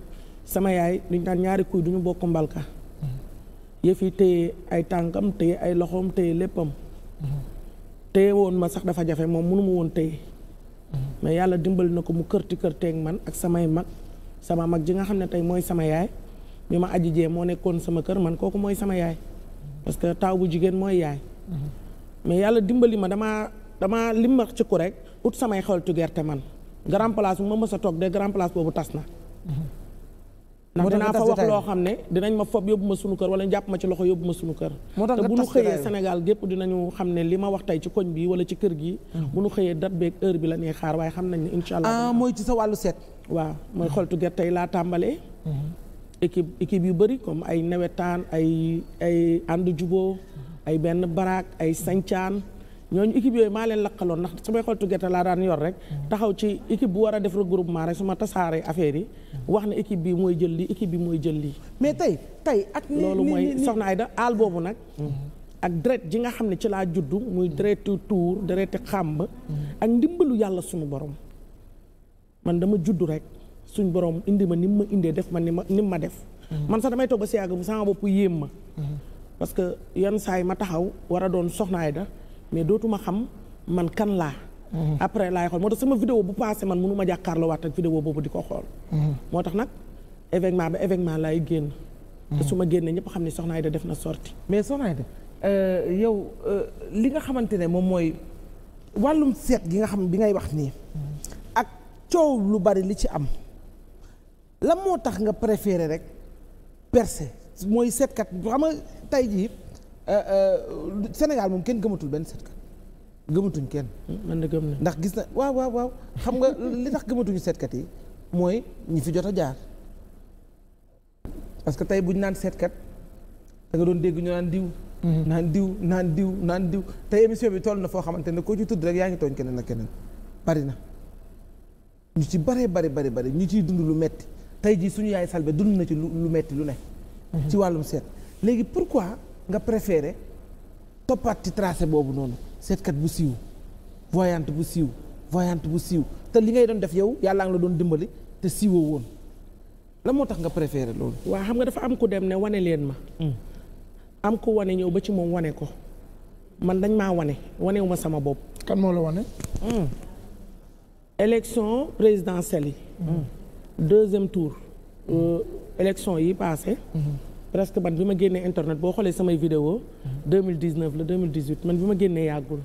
sama yaay ñu daan ñaari kuy duñu bokk mbalka yëf yi ay tàngam téye ay loxoom téye léppam téye woon ma sax dafa jafe moom mënuma woon téye mais yàlla dimbali na ko mu kër kër kërteeg man ak samay mag sama mag ji nga xam ne tey mooy sama yaay bi ma aji jee moo nekkoon sama kër man kooku mooy sama yaay parce que taaw bu jigéen mooy yaay mais yàlla dimbali ma damaa damaa limmax ci ku rek ut samay xeltu gerte man grand place bu ma mës a toog de grand place boobu tas na ndax dinaa fa wax loo xam ne dinañ ma fob yóbbu ma sunu kër wala jàpp ma ci loxo yóbbu ma sunu kër te bu ñu xëyee Sénégal gépp dinañu xam ne li ma wax tey ci koñ bi wala ci kër gi mm-hmm. bu xëyee date beeg heure bi la ñuy xaar waaye xam nañ ne incha allah ah, mooy ci sa wàllu set waaw mooy xoltu gerte tey laa tàmbalee mm-hmm. équipe équipe yu bëri comme ay nawetaan ay ay ànd juboo mm-hmm. ay benn baraak ay sancaan ñooñu équipe yooyu maa leen lakkaloon ndax samay xoltu gerte laa daan yor rek taxaw ci équipe bu war a def regroupement rek su ma tasaaree affaire yi wax ne équipe bi mooy jël lii équipe bi mooy jël lii mais tey tey ak loolu mooy soxna Ayda aal boobu nag ak ji nga xam ne ci laa juddu muy deretu tuur dereti xàmb ak ndimbalu yàlla suñu borom man dama juddu rek suñu borom indi ma ni mu ma indee def ma ni ma ni ma def man sax damay toog ba si yàgg bu sama bopp yéem ma mm-hmm. parce que yenn saa yi ma taxaw war a doon soxna Ayda mais dootuma xam man kan laa. Mhm. après laay xool moo tax sama vidéo bu passé man mënu ma jàkkaarloo waat ak vidéo boobu di ko xool. Mhm. moo tax nag événement ba événement laay génn. te mhm. su ma génnee ñëpp xam ne Soxna de def na sorti mais Soxna Aida euh, yow euh, li nga xamante ne moom mooy wàllum seet gi nga xam bi ngay wax nii. ak coow lu bari li ci am. la moo tax nga préféré rek percer mooy seetkat xam nga tey jii. Euh, euh, Sénégal moom kenn gëmatul benn seetkat gëmatuñ kenn. Hmm, man de ndax gis na waaw waaw waaw xam nga li tax gëmatuñu seetkat yi mooy ñi fi jot a jaar. parce que tey bu ñu naan seetkat da nga doon dégg ñu naan diw. Hmm. naan diw naan diw naan diw tey émission bi toll na foo xamante ne koo ci tudd rek yaa ngi tooñ keneen ak keneen bari na. ñu ci bare bari bari bari ñu ciy dund lu metti tey jii suñu yaay salbe dund na ci lu metti lu ne. Hmm. ci wàllum seet léegi pourquoi. nga préféré toppaat ci tracé boobu noonu seetkat bu siiw voyante bu siiw voyante bu siiw te li ngay doon def yow yàllaa ngi la doon dimbali te siiwoo woon la moo tax nga préféré loolu. waa xam nga dafa am ku dem ne wane leen ma. Mm. am ku wane ñëw ba ci moom wane ko man dañ maa wane wanewu ma sama bopp. kan moo la wane. Mm. élection présidentielle yi. Mm. deuxième tour. Euh, élection yi passé. Mm-hmm. presque man bi ma génnee internet boo xoolee samay vidéo 2019 la 2018 man bi ma génnee yàggul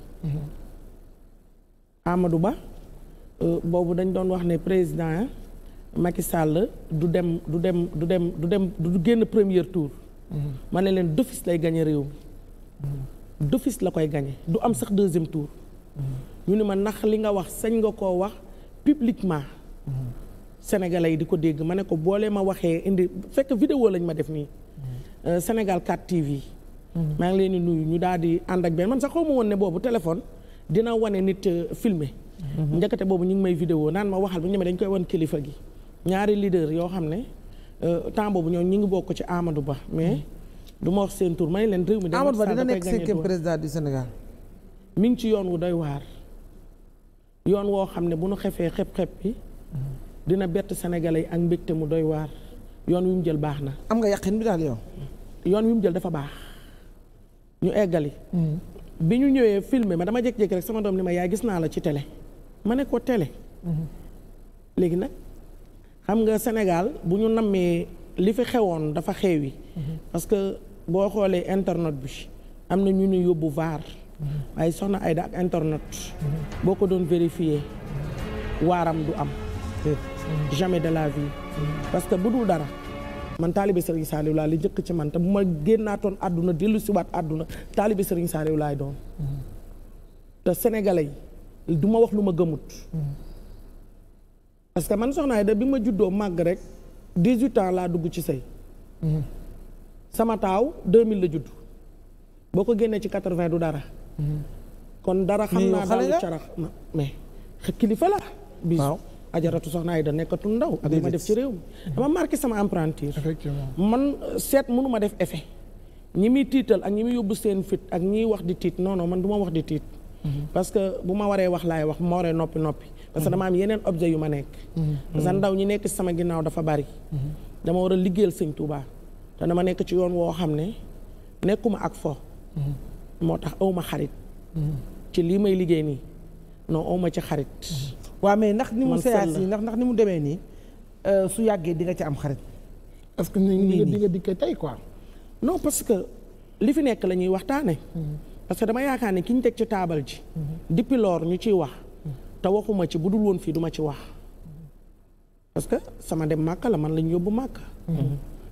Amadou Ba euh, boobu dañ doon wax ne président Macky Sall du dem du dem du dem du dem du génn premier tour ma ne leen d'office lay gañe réew mi d'office la koy gañe du am sax deuxième tour ñu ne ma nax li nga wax sañ nga koo wax publiquement sénégale yi di ko dégg ma ne ko boolee ma waxee indi fekk vidéo lañ ma def nii Euh, Sénégal 4 TV. maa ngi leen di nuyu ñu daal di ànd ak benn man sax xaw ma woon ne boobu téléphone dina wane nit euh, filmer mhm. njëkkate boobu ñu ngi may vidéo naan ma waxal bu ñu demee dañ koy wan kilifa gi. ñaari leader yoo xam ne euh, temps bu ñoom ñu ngi bokk ci Amadou Ba mais du ma wax seen tur may leen réew mi. Amadou Ba dina nekk cinquième président du Sénégal. mi ngi ci yoon wu doy waar yoon woo xam ne bu nu xefee xep xep bi mhm. dina bett sénégalais ak mbégte mu doy waar. yoon wi mu jël baax na. am nga yaqin bi daal yoon wi mu jël dafa baax ñu eggali. Hmm. bi ñu ñëwee filme ma dama jékki-jékki rek sama doom ni ma yaa gis naa la ci tele ma ne ko télé. Hmm. léegi nag xam nga Sénégal bu ñu nammee li fi xewoon dafa xewi. Hmm. parce que boo xoolee internet bi am na ñu ñu yóbbu vaar. waaye soxna ay da internet. boo ko doon vérifier waaram du am. Mm. jamais de la vie. Mm. parce que bu dul dara. man taalibe Serigne Saliou laa li njëkk ci man te bu ma génnaatoon àdduna dellu si waat àdduna taalibe Serigne Saliou laay doon. Mm. te sénégalais yi du ma wax lu ma gëmut. parce que man soxna Aida bi ma juddoo màgg rek dix-huit ans laa dugg ci sëy sama taaw deux mille la juddu boo ko génnee ci quatre-vingt du dara. kon dara xam naa daal lu carax mais kilifa la bis. ajaratu soxna Ayda nekkatul ndaw ak li ma def ci réew ma dama marqué sama empreinte effectivement man seet mënu ma def effet ñi muy tiital ak ñi muy yóbbu seen fit ak ñiy wax di tiit non man du ma wax di tiit mhm. parce que bu ma waree wax laay wax bu ma waree noppi noppi parce que mhm. dama am yeneen objet yu ma nekk mhm. parce ndaw ñi nekk sama ginnaaw dafa bari dama war a liggéeyal sëñ Touba te dama nekk ci yoon woo xam ne nekkuma ak fo moo tax awma xarit ci lii may liggéey nii non awma ci xarit waaw mais ndax ni mu séance yi ndax ndax ni mu demee nii euh, su yàggee di nga ci am xarit. parce que ni di nga dikkee tey quoi. non parce que li fi nekk la ñuy waxtaanee. Mm-hmm. parce que dama yaakaar ne ki ñu teg ci taabal ji. Mm-hmm. depuis loor ñu ciy wax. Mm-hmm. te waxuma ci bu dul woon fii duma ci wax. parce que sama dem màkka la man lañ yóbbu màkka.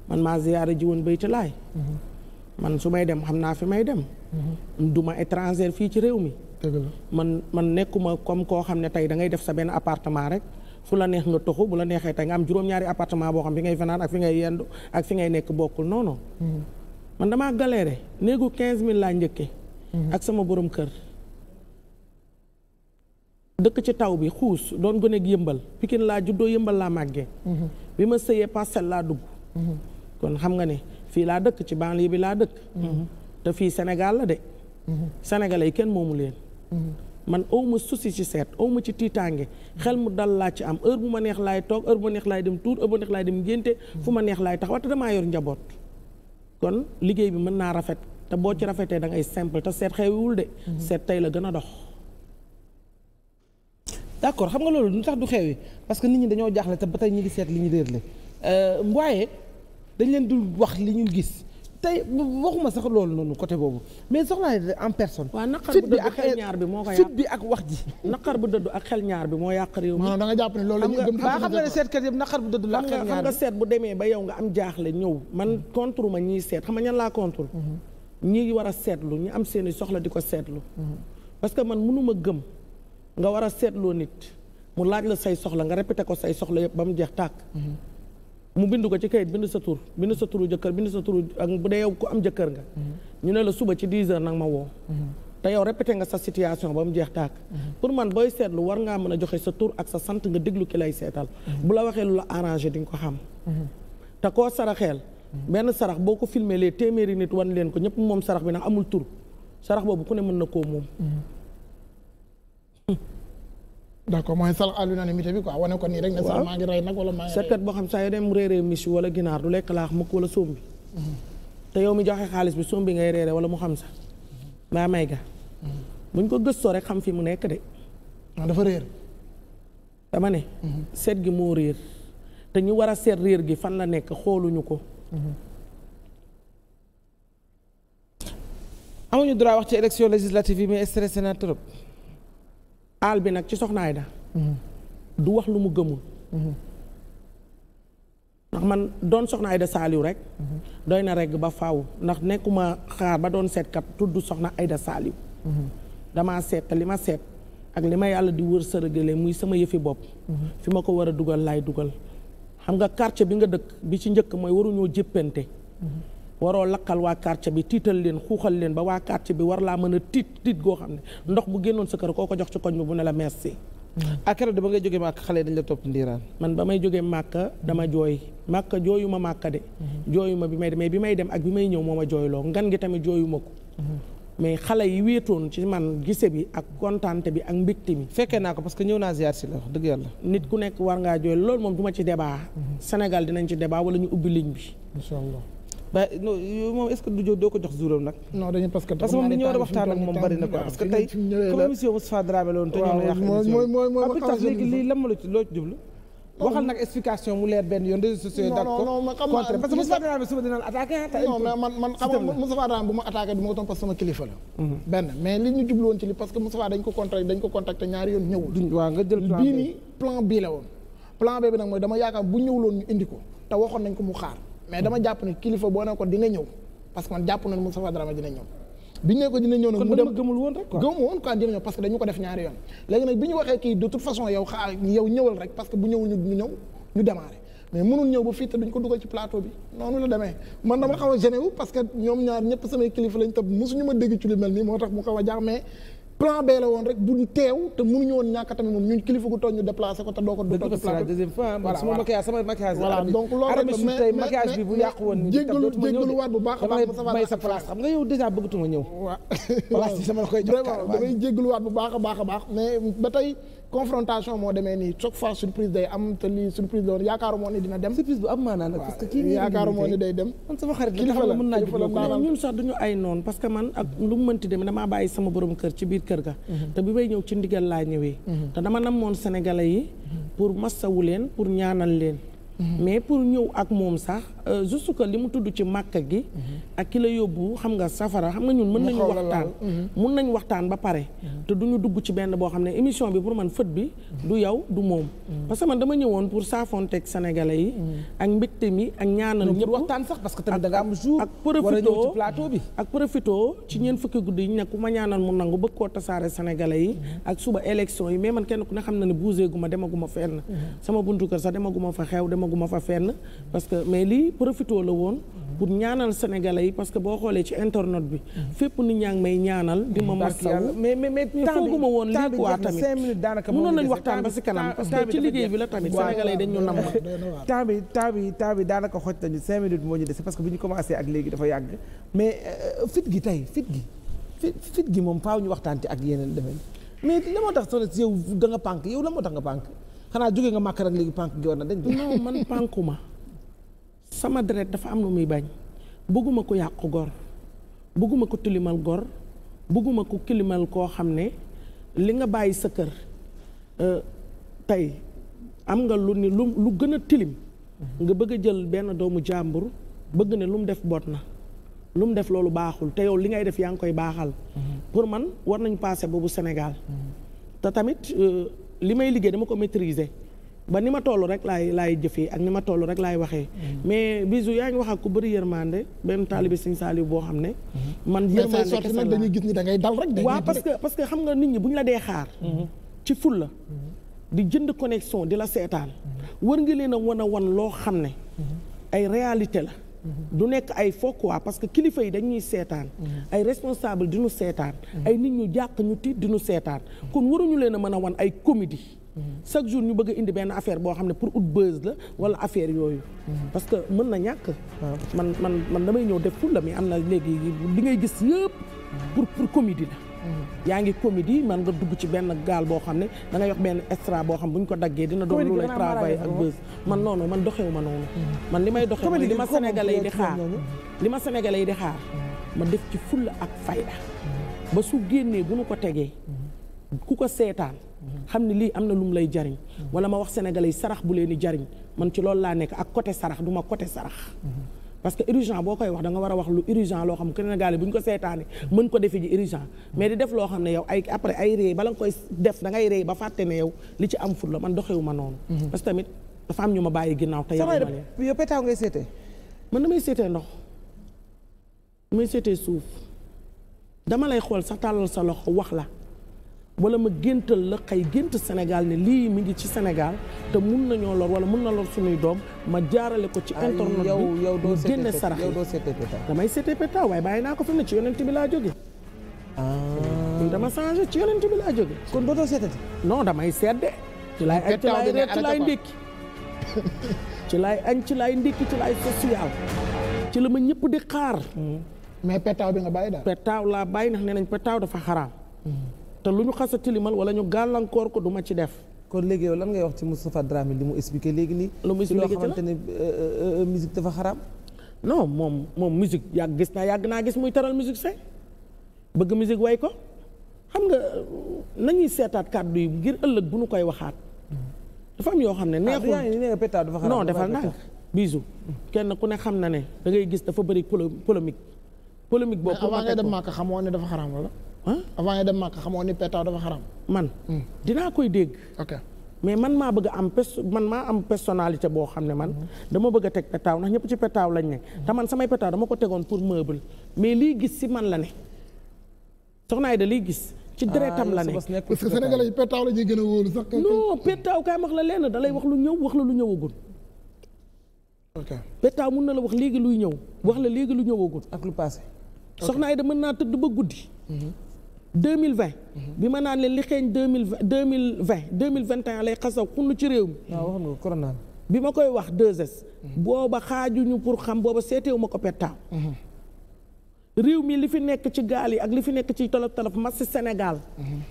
man maa ziyaara ji woon bayti laay. man su may dem xam naa fi may dem. du ma étranger fii ci réew mi. man man nekkuma comme koo xam ne tey da ngay def sa benn appartement rek fu la neex nga toxu bu la neexee tey nga am juróom-ñaari appartement boo xam fi ngay fanaan ak fi ngay nekk bokkul non hmm. man damaa galéré néegu quinze mille laa njëkke hmm. ak sama borom kër dëkk ci taw bi xuus doon gone gi laa juddoo yëmbal laa màggee hmm. bi laa dugg xam nga ne fii laa dëkk ci bi laa dëkk te fii Sénégal la de sénégalais yi kenn moomu leen man aw ma souci ci seet aw ma ci tiitaange xel mu dal laa ci am heure bu ma neex laay toog heure bu ma neex laay dem tuur heure bu ma neex laay dem ngénte fu ma neex laay tax waxte damaa yor njaboot kon liggéey bi mën naa rafet te boo ci rafetee dangay ngay simple te seet xewiwul de seet tey la gën a dox d'accord xam nga loolu lu tax du xewi parce que nit ñi dañoo jaaxle te ba tey ñi ngi seet li ñu réer le waaye euh, dañ leen du wax li ñu gis tey waxuma sax loolu noonu côté boobu mais soxna en personne. waaw naqar bu bi moo ko yàq fit ak wax ji. naqar bu dëddu ak xel ñaar bi moo yàq réew mi. da nga jàpp ne loolu la ñuy gëm xam nga ne seetkat yëpp naqar bu dëddu la ak xel ñaar seet bu demee ba yow nga am jaaxle ñëw man mm-hmm. contre ma ñii seet xam nga ñan laa contre. Mm-hmm. ñi war a seetlu ñi am seeni soxla di ko seetlu. Mm-hmm. parce que man mënuma gëm nga war a seetloo nit mu laaj la say soxla nga répété ko say soxla yëpp ba mu jeex tàkk mu bind ko ci kayit bind sa tur bind sa turu jëkkër bind sa turu ak bu dee yow ku am jëkkër nga mhm. ñu ne la suba ci 10 heures nag ma woo mhm. te yow répété nga sa situation ba mu jeex taak mhm. pour man booy seetlu war ngaa mën a joxe sa tur ak sa sant nga déglu ki lay seetal bu la waxee lu la arrangé di ko xam te koo saraxeel benn sarax boo ko filmé lee téeméeri nit wan leen ko ñëpp moom sarax bi nag amul tur sarax boobu ku ne mën na koo moom d'accord mooy sal à l'unanimité bi quoi wane ko nii rek. ne sax maa ngi rey nag wala maa ngi rey seetkat boo xam saa yoo dem réeree mis wala ginaar du lekk laax mukk wala sóom mhm. te yow mi joxe xaalis bi sóom bi ngay réeree wala mu xam sax mhm. mbaa may ga mhm. buñ ko gëstoo rek xam fi mu nekk de. Ah, dafa réer. dama ne. seet gi moo réer te ñu war a seet réer gi fan la nekk xooluñu ko. amuñu droit wax ci élection législative yi mais stressé na trop. aal bi nag ci soxna Aida du wax lu mu gëmul ndax man doon soxna Aida Saliou rek doy na reg ba faaw ndax nekkuma xaar ba doon seetkat tudd soxna Aida Saliou damaa seet te li ma seet ak li ma yàlla di wër sërëgale muy sama yëfi bopp fi ma ko war a dugal laay dugal xam nga kàrce bi nga dëkk bi ci njëkk mooy waruñoo jëppante waroo lakkal waa karte bi tiital leen xuuxal leen ba waa quartier bi war laa mën a tiit tiit goo xam ne ndox bu génnoon sa kër koo ko jox ci koñ bi bu ne la merci. ak ah, keroog ba ngay jógee màkk xale dañ la topp ndiiraan. man ba may jógee màkk dama jooy màkk jooyu ma màkk de. Mhm. jooyu ma bi may demee bi may dem ak bi may ñëw moo ma jooyloo ngan gi tamit jooyu ma ko. Mhm. mais xale yi wéetoon ci man gise bi ak kontaante bi ak mbégte mi. fekkee naa ko parce que ñëw naa ziar si la wax dëgg yàlla. nit ku nekk war ngaa jooy loolu moom du ma ci débat. Mhm. Sénégal dinañ ci debaa wala ñu ubbi ligne bi. incha ba non moom est-ce que du doo ko jox juróom nag. non dañu parce que parce moom li ñu moom bari na quoi parce que tey comme émission Moustapha Dramé la woon. Oh. nag explication mu nag mooy dama yaakaar bu ñëwuloon ñu indi ko te waxoon nañ ko mu xaar mais dama jàpp ne kilifa boo ne ko dina ñëw parce man jàpp na ne Moustapha Dramé dina ñëw biñ ne ko dina ñëw nag mu dem gëmul dañu ko def ñaari yoon léegi nag bi ñu waxee kii de toute façon yow xaa yow ñëwal rek parce que bu ñëwul ñu ñëw ñu démarré mais mënul ñëw ba fii te duñ ko dugal ci plateau bi noonu la demee man dama xaw a gêné wu parce ñoom ñaar ñëpp samay kilifa lañ te mosuñu ma dégg ci lu mel nii moo tax mu xaw a jaax mais plan B la woon rek bu teew te mënuñu woon ñàkk tamit moom ñun kilifa gu toog ñu ko te doo ko. doo ko déplacé deuxième fois sama maquillage sama maquillage. voilà donc bi bu yàqu woon. nii tam dootuma ñëw jéggalu waat bu a ñëw. waaw waaw sama la koy jox. vraiment damay jéggalu waat bu baax a baax a baax mais ba tey confrontation moo demee nii chaque fois surprise day am te lii surprise la yaakaaru moo ni dina dem. surprise bu am maanaa nag kii yaakaaru moo ni day dem. man sax duñu ay noonu parce man ak lu mu mënti demee damaa bàyyi sama borom kër ci biir kër ga. Mhm. te bi may ñëw ci ndigal laa ñëwee. Mhm. te dama namoon sénégalais yi. Mhm. pour massawu leen pour ñaanal leen. Mhm. mais pour ñëw ak moom sax euh, juste que li mu tudd ci màkka gi. Mhm. ak kilo la yóbbu xam nga safara xam nga ñun mën nañu waxtaan. mën mhm. nañu waxtaan ba pare. te du ñu dugg ci benn boo xam ne émission bi pour man fët bi du yow du moom. parce que man dama ñëwoon pour saafonte ak sénégalais yi. ak mbégte mi ak ñaanal ñëpp waxtaan sax parce que tamit da nga am ak profito ci plateau bi. ak profito ñeent fukki guddi ñu ne ku ma ñaanal mu nangu bëgg koo tasaare sénégalais yi. ak suba élection yi mais man kenn ku ne xam na ne bougé gu ma demaguma fenn. sama buntu kër sax demaguma fa xew demaguma fa fenn parce que mais lii profitoo la woon pour ñaanal sénégalais yi parce que boo xoolee ci internet bi fépp nit ñaa ngi may ñaanal mais mais woon lii quoi tamit mënoon nañ waxtaan ba si kanam parce que ci liggéey bi la tamit sénégalais yi daanaka xoj nañu cinq minutes moo ñu dese parce que bi ñu commencé ak léegi dafa yàgg mais euh, fit gi tey fit gi fit gi moom faaw ñu waxtaan ci ak yeneen demee mais la moo tax soxna si yow da nga pànk yow la moo tax nga pànk xanaa jóge nga màkk rek léegi pànk gi war na dañ. non man pànkuma sama deret dafa am lu muy bañ bëgguma ko yàqu gor bëgguma ko tilimal gor bëgguma ko kilimal koo xam ne li nga bàyyi sa kër euh, tey am nga lu ni lu gën a tilim nga bëgg a jël benn doomu jàmbur bëgg ne lu mu def boot na lu mu def loolu baaxul te yow li ngay def yaa ngi koy baaxal mhm. pour man war nañu passé boobu Sénégal mhm. te tamit euh, li may liggéey dama ko maîtriser ba ni ma toll rek laay laay jëfee ak ni ma toll rek laay waxee. Mm-hmm. mais bisu yaa ngi wax ak ku bëri yërmande benn taalibe Sëñ Saaliw boo xam ne. Mm-hmm. man yërmande kese la dañuy gis ni da ngay dal rek. waaw parce que parce que xam nga nit ñi bu ñu la dee xaar. Mm-hmm. ci la. di jënd connexion di la seetaan. war nga leen a wan a wan loo xam ne. ay réalité la. du nekk ay fo quoi parce que kilifa yi dañuy seetaan. Mm-hmm. ay responsable di ñu seetaan. Mm-hmm. ay nit ñu jàq ñu tiit di ñu seetaan. Mm-hmm. kon waruñu leen a mën a wan ay comédie chaque jour ñu bëgg indi benn affaire boo xam ne pour ut buzz la wala affaire yooyu. parce que mën na ñàkk. Ah. man man man damay ñëw def fulla mi am na léegi li ngay gis yëpp. pour pour comédie la. yaa ngi comédie man nga dugg ci benn gaal boo xam ne danga nga yox benn extra boo xam bu ñu ko daggee dina doon lu lay travail ak bës man noonu man doxewu ma noonu mm. man li may doxew li ma sénégalais yi di xaar li ma sénégalais yi di xaar ma def ci fulla ak fayda mm. ba su génnee bu nu ko tegee mm. ku ko seetaan xam ne lii am na lum lay jariñ wala ma wax sénégalais yi sarax bu leen di jariñ man ci loolu laa nekk ak côté sarax du ma côté sarax parce que urgent boo koy wax da nga war a wax lu urgent loo xam Sénégal bu ñu ko seetaane mën ko defe ji urgent mais di def loo xam ne yow ay après ay réy bala nga koy def da ngay réy ba fàtte ne yow li ci am ful la man doxewu ma noonu mhm. parce que tamit dafa am ñu ma bàyyi ginnaaw te a leen yow pétaaw ngay seetee man damay seetee ndox damay seetee suuf dama lay xool sax tàllal sa lox wax la wala ma géntal la xëy gént Sénégal ne lii mi ngi ci Sénégal te mun nañoo lor wala mun na lor suñuy doom ma jaarale ko ci internet bi yow doo génne sarax damay seete péta waaye bàyyi naa ko fi mu ne ci yonent bi laa jóge ah. changé ci yonent bi kon dootoo seetati non damay seetde ci ci lay reer ci laay ndékki ci laay añ ci laay ndékki ci laay social ci la ma ñëpp di xaar hmm. mais pétaaw bi nga bàyyi daal pétaaw laa bàyyi ndax ne nañ pétaaw dafa xaraam hmm. te lu ñu xas a tilimal wala ñu gàllankoor ko du ma ci def. kon léegi yow ngay wax ci Moustapha Dramé li mu expliqué léegi nii. lu mu expliqué ci loo xamante ne euh, euh, euh, musique dafa xaraam. non moom moom musique yàgg gis naa yàgg naa gis muy taral musique se bëgg musique way ko xam nga nañuy seetaat kàddu yi ngir ëllëg bu nu koy waxaat. dafa yoo xam ne ah, neexul dafa non defal ndànk bisu kenn ku ne xam na ne da gis dafa bëri polémique polémique boobu. pour nga dem màkk xamoo ne dafa xaraam wala. avant nga dem Màkka xamoo ni pétaw dafa xaram. man hmm. dinaa koy dégg. mais man maa bëgg am pers man maa am personnalité boo xam ne man dama bëgg a teg pétaw ndax ñëpp ci pétaw lañ ne. te man samay pétaw dama ko tegoon pour meuble mais lii gis si man la ne soxnaay da liy gis. ci deretam ah, la ne parce que sénégalais yi pétaw la ñuy gën a wóolu sax. non wax la leen da lay wax lu ñëw wax la lu ñëwagul. ok pétaw mun na la wax léegi luy ñëw wax la léegi lu ñëwagul. ak lu passé. soxnaay da mën naa tëdd ba guddi. Mhm. deux mille vingt bi ma naan leen li xeeñ mille vingt deux mille deux mille vingt et un lay xasaw xunn ci réew mi waaw bi ma koy wax deux booba xaajuñu pour xam booba seetewu ma ko pettaaw réew mi li fi nekk ci gaal yi ak li fi nekk ci tolof tolof mas ci Sénégal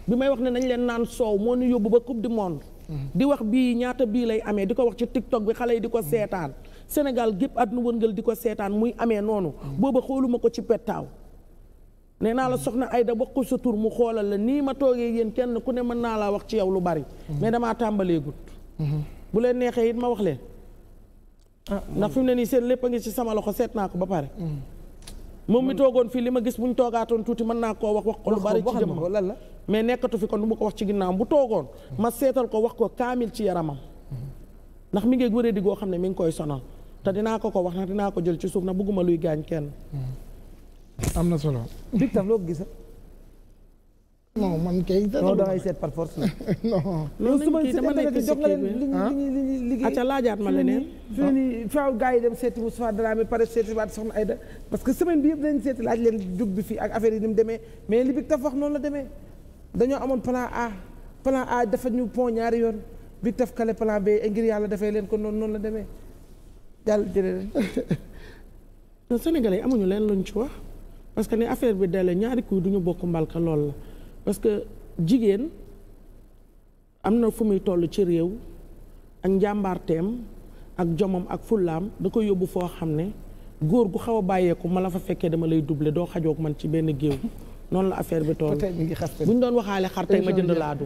bi may wax ne nañ leen naan soow moo ñu yóbbu ba coupe du monde di wax bii ñaata bii lay amee di ko wax ci TikTok bi xale yi di ko seetaan Sénégal gépp àdduna wërngal di ko seetaan muy amee noonu booba xooluma ko ci pettaaw nee naa la soxna Ayda bokkul sa tur mu xoolal la nii ma toogee yéen kenn ku ne mën naa laa wax ci yow lu bari. mais damaa tàmbalee gut bu leen neexee yit ma wax leen. Ah, ndax fi mu ne nii seen lépp ngi ci sama loxo seet naa ko ba pare. moom mi toogoon fii li ma gis bu ñu toogaatoon tuuti mën naa koo wax wax ko lu bari ci jëmm lan la mais nekkatu fi ko du ma ko wax ci ginnaawam bu toogoon ma seetal ko wax ko kaamil ci yaramam ndax mi ngee wéré di goo xam ne mi ngi koy sonal te dinaa ko ko wax nag dinaa ko jël ci suuf na bëgguma gaañ kenn am na solo. Big Taf loo gis. non man kay. non da ngay seet par loolu su ma si internet jox nga leen li ñu ah? liggéey. acca laajaat ma leneen. fi mu ne faaw gars yi dem seeti Moustapha Dramé pare seeti waat soxna parce que semaine bi yëpp dañ seeti laaj leen jug bi fii ak affaire yi demee mais li Big Taf wax noonu la demee dañoo amoon plan A plan A dafa ñu pont ñaari yoon Big Taf kale plan B ngir yàlla defee leen ko noonu noonu la demee jàll jëlee leen. Sénégalais amuñu leen luñ ci wax. parce que ni affaire bi dale ñaari kuy du ñu bokk mbalka lool la parce que jigéen am na fu muy toll ci réew ak njàmbaarteem ak jomam ak fullaam da koy yóbbu foo xam ne góor gu xaw a bàyyeeku ma la fa fekkee dama lay duble doo xajoog man ci benn géew noonu la affaire bi toll bu ñu doon waxaale xar tey ma jënd laadu.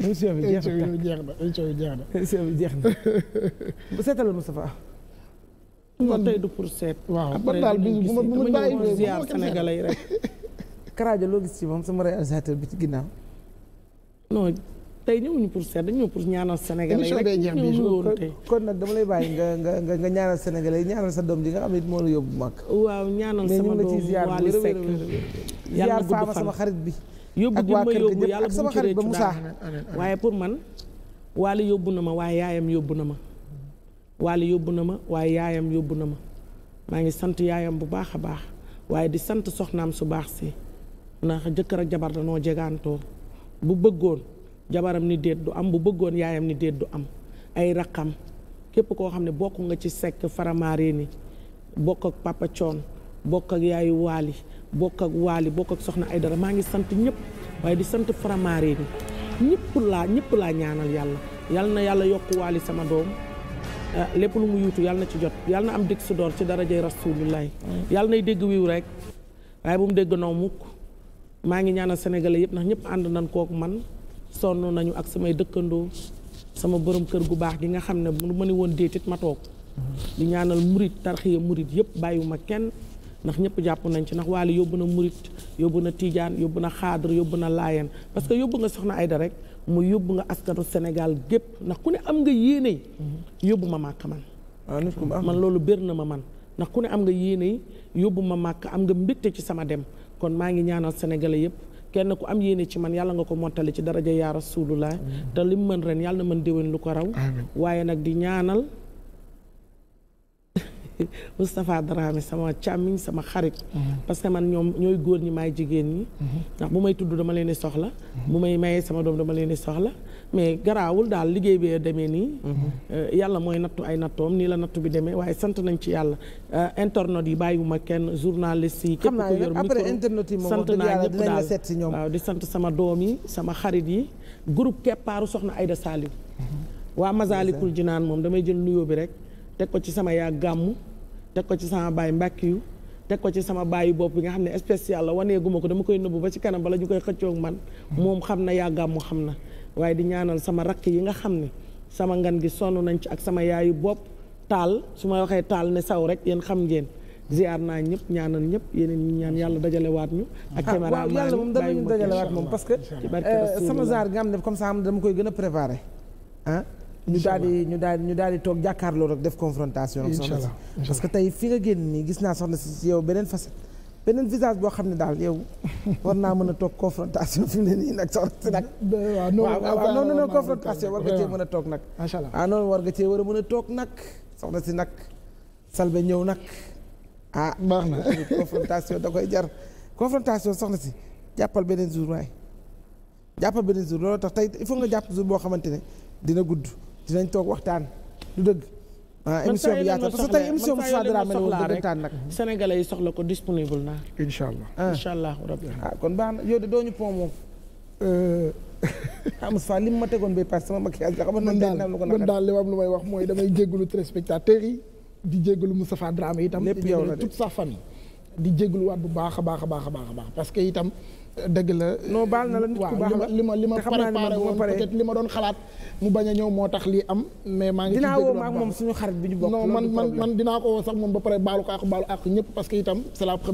émission bi jeex na émission bi jeex na bi jeex na. seetal Moustapha kon tey du pour seet. waaw man loo gis ci moom sama bi ci ginnaaw. non tey ñëwuñu pour seet dañu ñëw pour ñaanal sénégalais yi rek ñu tey. kon nag dama lay bàyyi nga nga ñaanal sénégalais ñaanal sa doom ji nga xam ne it moo la yóbbu mag. waaw ñaanal sama doom Wally Seck sama xarit bi. yóbbu gi ma yóbbu yàlla bu mu waaye pour man Wally yóbbu na ma waaye yaayam yóbbu na ma waali yóbbu na ma waaye yaayam yóbbu na ma maa ngi sant yaayam bu baax a baax waaye di sant soxnaam su baax si ndax jëkkër ak jabar danoo jegantoo bu bëggoon jabaram ni déet du am bu bëggoon yaayam ni déet du am ay raqam képp koo xam ne bokk nga ci sekk faramaare ni bokk ak papa bokk ak yaayu waali bokk ak waali bokk ak soxna ay dara maa ngi sant ñëpp waaye di sant faramaare ni ñëpp laa ñëpp laa ñaanal yàlla yàlla yàlla yokk waali sama doom Ah, lépp lu mu yuutu yàlla na ci jot yàlla na am dégg si door ci darajay rasulullahi mm. yàlla nay dégg wiw rek waaye bu mu dégg noo mukk maa ngi ñaanal sénégalais yëpp ndax ñëpp ànd nañ kook man sonn nañu ak samay dëkkandoo sama borom kër gu baax gi nga xam ne bu ma ne woon déetit ma toog mm-hmm. di ñaanal murit tarxiya murit yëpp ma kenn ndax ñëpp jàpp nañ ci ndax waali yóbbu na murit yóbbu na tiijaan yóbbu na xaadar yóbbu na laayan parce que yóbbu nga soxna Aida rek mu yóbbu nga askanu Sénégal gépp ndax ku ne am nga yéene yóbbu ma màkk man ah, man loolu bér na ma man ndax ku ne am nga yéene yóbbu ma màkk am nga mbégte ci sama dem kon maa ngi ñaanal sénégalais yëpp kenn ku am yéene ci man yàlla nga ko mottali ci daraja yaa rasulullah te lim mën ren yàlla na mën déwén lu ko raw waaye nag di ñaanal fekk Moustapha Dramé sama càmmiñ sama xarit mhm. parce que man ñoom ñooy góor ñi maay jigéen ñi mhm. ndax bu may tudd dama leen di soxla mhm. bu may mayee sama doom dama leen di soxla mais garaawul daal liggéey bi demee nii euh, yàlla mooy nattu ay nattoom nii la nattu bi demee waaye sant nañ ci yàlla euh, internautes yi bàyyiwuma kenn journaliste yi képp ku yor micro sant naa ñëpp daal waaw di sant sama doom yi sama xarit yi groupe keppaaru soxna Aïda Saliou waa Masalikul Jinaan moom damay jël nuyoo bi rek te ko ci sama yaa gàmmu teg ko ci sama baay mbàkk yu teg ko ci sama baay bopp bi nga xam ne spécial la waneeguma ko dama koy nëbbu ba ci kanam bala ñu koy xëccoog man moom xam na yàggaam mu xam na waaye di ñaanal sama rakk yi nga xam ne sama ngan gi sonn nañ ci ak sama yaayu bopp taal su ma waxee taal ne saw rek yéen xam ngeen ziar naa ñëpp ñaanal ñëpp yeneen ñi ñaan yàlla dajalewaat ñu ak caméra ah, waaw moom danañu moom parce que euh, sama genre nga xam ne comme ça xam ne dama koy gën a préparé ah ñu daal di ñu daal ñu daal di toog jàkkaarloo rek def confrontation. incha allah parce que tey fi nga génn nii gis naa soxna si yow beneen facette. beneen visage boo xam ne daal yow war naa mën a toog confrontation fi mu nag soxna si nag. mën a toog nag. macha allah ah noonu war nga cee war a mën a toog nag soxna si nag. ñëw nag. ah baax na confrontation da jar confrontation soxna si jàppal beneen jour waaye. jàppal beneen jour loolu tax tey il faut nga jàpp jour boo xamante ne dina gudd. dinañ toog waxtaan du dëgg. ah émission bi yaakaar parce que tey émission bi Moussa Dramé la woon dëggantaan ko disponible naa. incha allah incha allah rabbi. ah kon baax na yow de doo ñu pont moom. ah Moussa li mu ma tegoon bay pass sama maquillage la xam nga daal man daal li ma am lu may wax mooy damay jégalu téléspectateurs yi. di jégalu Moustapha Dramé itam. lépp yow la de toute sa famille. di jégaluwaat bu baax a baax a baax a baax parce que itam. dëgg la noo baal na la nit ku baax la li ma doon xalaat mu a ñëw moo tax lii am maa ngi dinaa woo maag moom suñu xarit ko moom ba pare baalu parce que itam c'est la que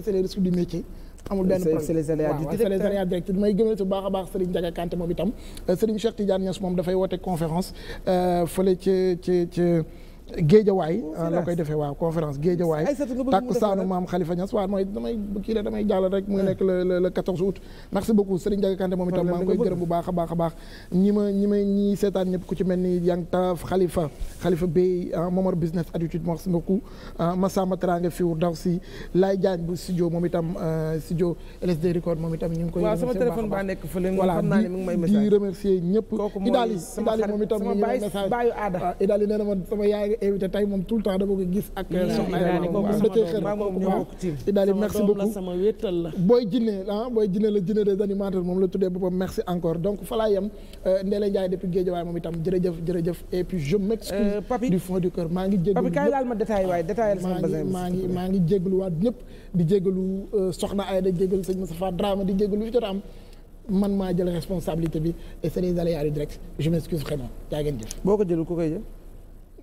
c'est les risques du métier amul baax a baax Serigne Ndiaga Kanté moom itam Serigne Cheikh Tidiane Niass moom dafay woote conférence euh, fële ci ci ci géejawaay la ah, koy defee waaw conférence géejawaay tàkku saanu maam Khalifa Niass waaw mooy damay kii la damay jàll rek muy eh. nekk le le 14 août merci beaucoup Serigne moom itam a ma ñi ma ñi seetaan ñëpp ku ci mel ni yang taaf Khalifa ah, ah, moom itam studio ñu ngi koy voilà di idaali idaali ma sama yaay invité tey moom tout le temps dama ko gis ak soxna i daal merci beaucoup sama wéttal la booy jinne ah moom la tuddee boppam merci encore donc fa laa yem euh, Ndéla Ndiaye depuis Guédiawaye moom itam jërëjëf jërëjëf et puis je m'excuse euh, Papi du fond du cœur maa ngi jégalu Papi kaay laal ma waay détail ngi maa ngi jégaluwaat ñëpp di jégalu euh, soxna Aïda jégalu sëñ Moustapha Dramé di jégalu fi jot am man maa jël responsabilité bi et c'est les aléas du direct je m'excuse vraiment yaa boo ko jëlul ku koy jël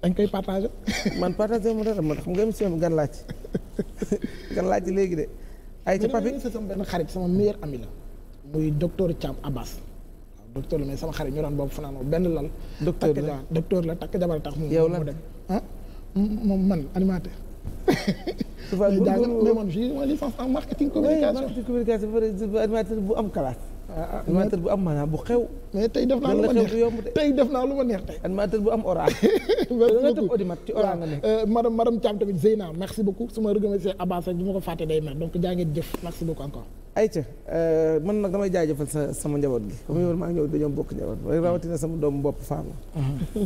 dañ koy partagé. man partagé mu dara man xam nga émission bi gan laaj gan laaj léegi de. ay ci papi sama benn xarit sama meilleur ami la. muy docteur Thiam Abbas. docteur la mais sama xarit ñu boobu fanaanoo benn lal. docteur la docteur la takk jabar tax mu yow la dem ah moom man animateur. souvent mais man j'ai une licence en marketing communication. marketing communication animateur bu am classe. animateur bu am maanaam bu xew. mais tey def naa lu ma neex tey def naa lu ma neex tey. animateur bu am oral. merci beaucoup da ci oral nga nekk. Euh, madame madame Thiam tamit Zeyna merci beaucoup su ma remercié Abbas rek bu ma ko fàtte day mer donc jaa ngeen jëf merci beaucoup encore. ayca euh, man nag damay jaajëfal sa sama njaboot gi. comme yow maa ngi ñëw dañoo bokk njaboot rawatina sama doomu bopp Fama.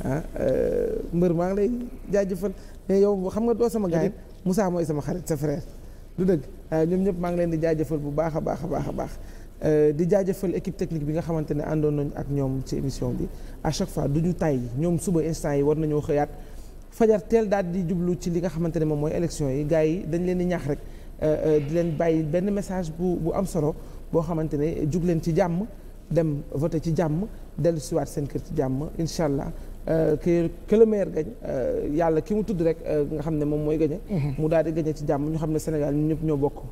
ah euh, mbër maa ngi lay jaajëfal mais yow xam nga doo sama gars yi Moussa mooy sama xarit sa frère. du dëgg ah, ñoom ñëpp maa ngi leen di jaajëfal bu baax a baax a baax a baax. Euh, di jaajëfal équipe technique bi nga xamante ne àndoon nañ ak ñoom ci émission bi à chaque fois du ñu tay ñoom suba instant yi war nañoo xëyaat fajar teel daal di jublu ci li nga xamante ne moom mooy élection yi gars yi dañ leen di ñaax rek euh, euh, di leen bàyyi benn message bu bu am solo boo xamante ne jug leen ci jàmm dem voté ci jàmm dellu siwaat seen kër ci jàmm incha allah que que le maire gañ yàlla ki mu tudd rek nga xam ne moom mooy gañe mhm. mu daal di gañe ci jàmm ñu xam ne Sénégal ñëpp ñoo bokk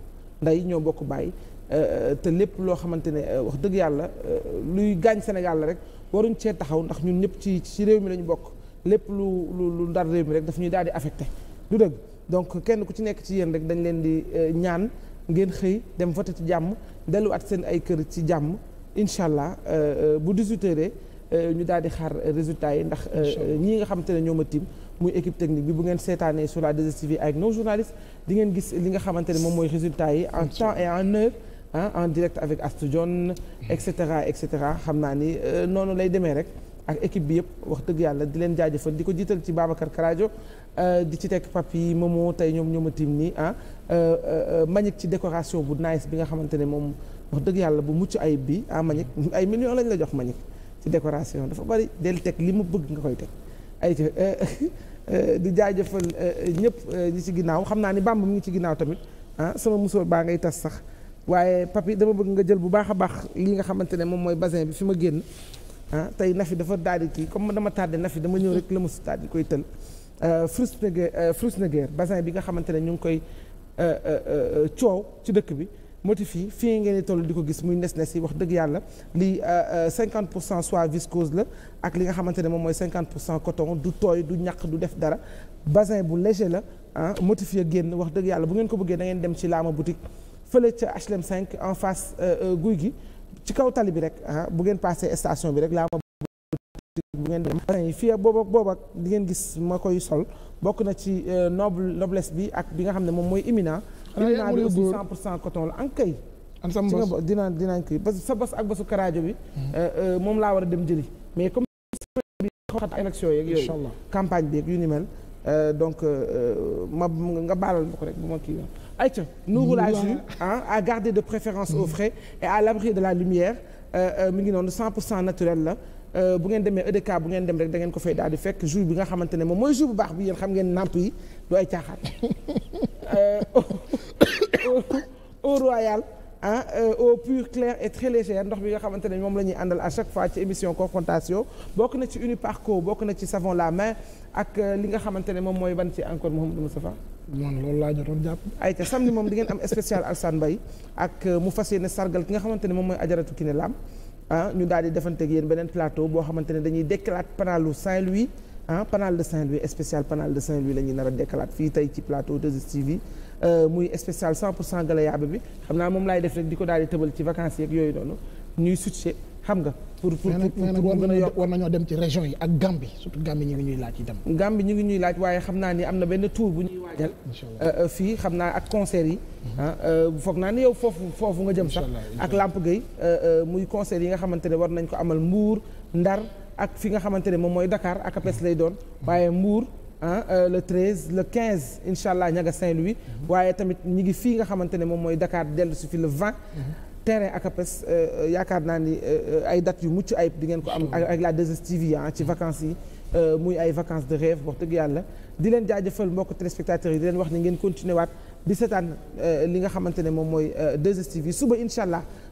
ndey ñoo bokk bàyyi Euh, te lépp loo xamante ne euh, wax dëgg yàlla euh, luy gaañ Sénégal la rek waruñ cee taxaw ndax ñun ñëpp ci ci réew mi lañu bokk lépp lu lu lu ndar réew mi rek daf ñuy daal di affecté du dëgg donc kenn ku ci nekk ci yéen rek dañ leen di ñaan ngeen xëy dem voté ci jàmm delluwaat seen ay kër ci jàmm incha allah bu 18h ñu daal di xaar résultats yi ndax. ñii nga xamante ne ñoo ma tiim muy équipe technique bi bu ngeen seetaanee sur la 2STV avec nos journalistes di gis li nga xamante ne moom mooy résultats yi en temps en heure. ah en direct avec Astou Dione et cetera et cetera xam naa ni euh, noonu lay demee rek ak équipe bi yëpp wax dëgg yàlla di leen jaajëfal di ko jiital ci Babacar Karajo euh, di ci tekk papi Momo tey ñoom ñoom a tiim nii ah euh, Manick ci décoration bu nice bi nga xamante ne moom wax dëgg yàlla bu mucc ayib bi ah Manick ay millions lañ la jox Manick ci décoration dafa bari del teg li mu bëgg nga koy teg ay di jaajëfal ñëpp ñi ci ginnaaw xam naa ni bàmb mu ngi ci ginnaaw tamit ah sama musóor baa ngay tas sax waaye papi dama bëgg nga jël bu baax a baax li nga xamante ne moom mooy basin bi fi ma génn ah tey Nafi dafa daal di kii comme dama tàdde Nafi dama ñëw rek la ma su daal di koy tël euh, Fruitnaguère euh, basin bi nga xamante ne ñu ngi koy euh, coow ci dëkk bi motif yi fii ngeen di di ko gis muy nes nes yi wax dëgg yàlla lii 50 pour cent soie viscose la ak li nga xamante ne moom mooy cinquante pour cent coton du tooy du ñàq du def dara basin bu léger la ah motif ya génn wax dëgg yàlla bu ngeen ko bëggee da ngeen dem ci laama boutique fële ca HLM 5 en face euh, euh, guy gi ci kaw tali bi rek ah bu ngeen passé station bi rek laa ma ngeen dem fii ak boobu ak boobu ak di ngeen gis ma koy sol bokk na ci euh, noble noblesse bi ak bi nga xam ne moom mooy imminent ah, imminent bi aussi 100 pour cent dinaa dinaañ sa bos ak bosu karaajo bi hmm. moom laa war a dem jëli mais comme bi xat élection yeeg yooyu campagne bi yeeg yu ni mel donc ma nga baalal ma ko rek bu ma kii ay ayca Nourou la Jus ah à garder de préférence au frais et à l'abri de la lumière euh, euh, mi ngi noonu 100 pour cent naturel la euh, bu ngeen demee EDK bu ngeen dem rek da ngeen ko fay daal di fekk jus bi nga xamante ne moom mooy jus bu baax bi yéen xam ngeen nàmp yi du ay caaxaan au royal ah euh, eau pure claire et très ndox bi nga xamante ne moom la ñuy àndal à chaque fois ci émission confrontation bokk na ci Uniparco bokk na ci savon la main ak euh, li nga xamante ne moom mooy ban ci encore Mouhamadou Moustapha man loolu laa jotoon jàpp. ayca ni moom di ngeen am spécial Alassane Mbaye ak euh, mu fas yéene sargal ki nga xamante ne moom mooy ajaratu Kiné Lam ah ñu daal di defanteeg yéen beneen plateau boo xamante ne dañuy déclarer panalu Saint-Louis ah panal de Saint-Louis spécial panal de la ñuy nar a déclarer fii tey ci plateau 2STV Euh, muy spécial 100 pour cent galayaaba bi xam naa moom laay def rek di ko daal di tëbal ci vacances yeeg yooyu noonu ñuy succé xam nga. pour pour pour gën a yokk war nañoo dem ci région yi ak Gambie surtout Gambie ñu ngi ñuy laaj itam. Gambie ñu ngi laaj waaye xam naa ni am na benn tour bu ñuy waajal. Euh, euh, fii xam naa ak concert yi. Mhm. Ah, foog naa ni yow foofu foofu nga jëm sax. ak Lamp Gueye muy concert yi nga xamante ne war nañ ko amal mbuur Ndar ak fi nga xamante ne moom mooy Dakar ak apes lay doon mhm. waaye mbuur ah le 13 le 15 incha allah ñaga nga saint mhm. waaye tamit ñi ngi fii nga xamante ne moom mooy Dakar dellu si fi le 20. Mhm. terrain Acapes euh, euh, yaakaar naa ni ay dates yu mucc ay di ngeen ko am. ak la 2STV ci mhm. vacances yi. muy ay vacances de rêve wax dëgg yàlla di leen jaajëfal mbokk téléspectateurs yi di leen wax ni ngeen continuer waat di seetaan li nga xamante ne moom mooy 2STV suba incha allah.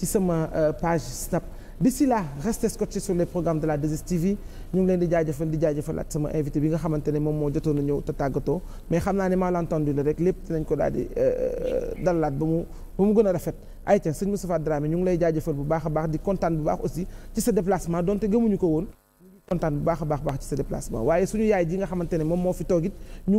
ci sama euh, page Snap d'ici là restez scotchés sur les programmes de la 2STV ñu ngi leen di jaajëfal di jaajëfal sama invité bi nga xamante ne moom moo jotoon na ñëw te tàggatoo mais xam naa ne malentendu la rek lépp dinañ ko daal di euh, euh, dalalaat ba mu ba mu gën a rafet. ay ayca sëñ Moustapha Dramé ñu ngi lay jaajëfal bu baax a baax di kontaan bu baax aussi ci sa déplacement donte gëmuñu ko woon. kontaan bu baax a baax baax ci sa déplacement waaye suñu yaay ji nga ne moom moo fi toog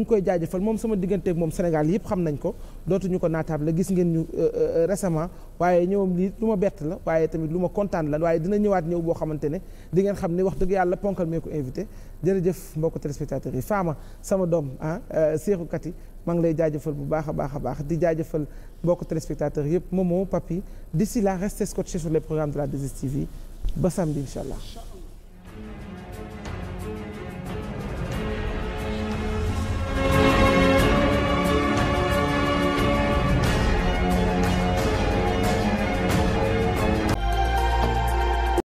koy jaajëfal moom sama digganteeg moom Sénégal yëpp xam ko dootuñu ko naataab la gis ngeen ñu euh, euh, récemment waaye ñëwam lii lu ma bett la waaye tamit lu ma kontaan la waaye dina ñëwaat ñëw boo xamante ne di ngeen xam ne wax yàlla ponkal mee ko invité jërëjëf mbokku téléspectateurs yi Fama sama doom ah euh, Seexu Kati maa ngi lay jaajëfal bu baax a baax a baax di jaajëfal mbokku téléspectateurs yëpp Momo Papi d'ici là restez scotché sur les programmes de la 2STV ba samedi incha allah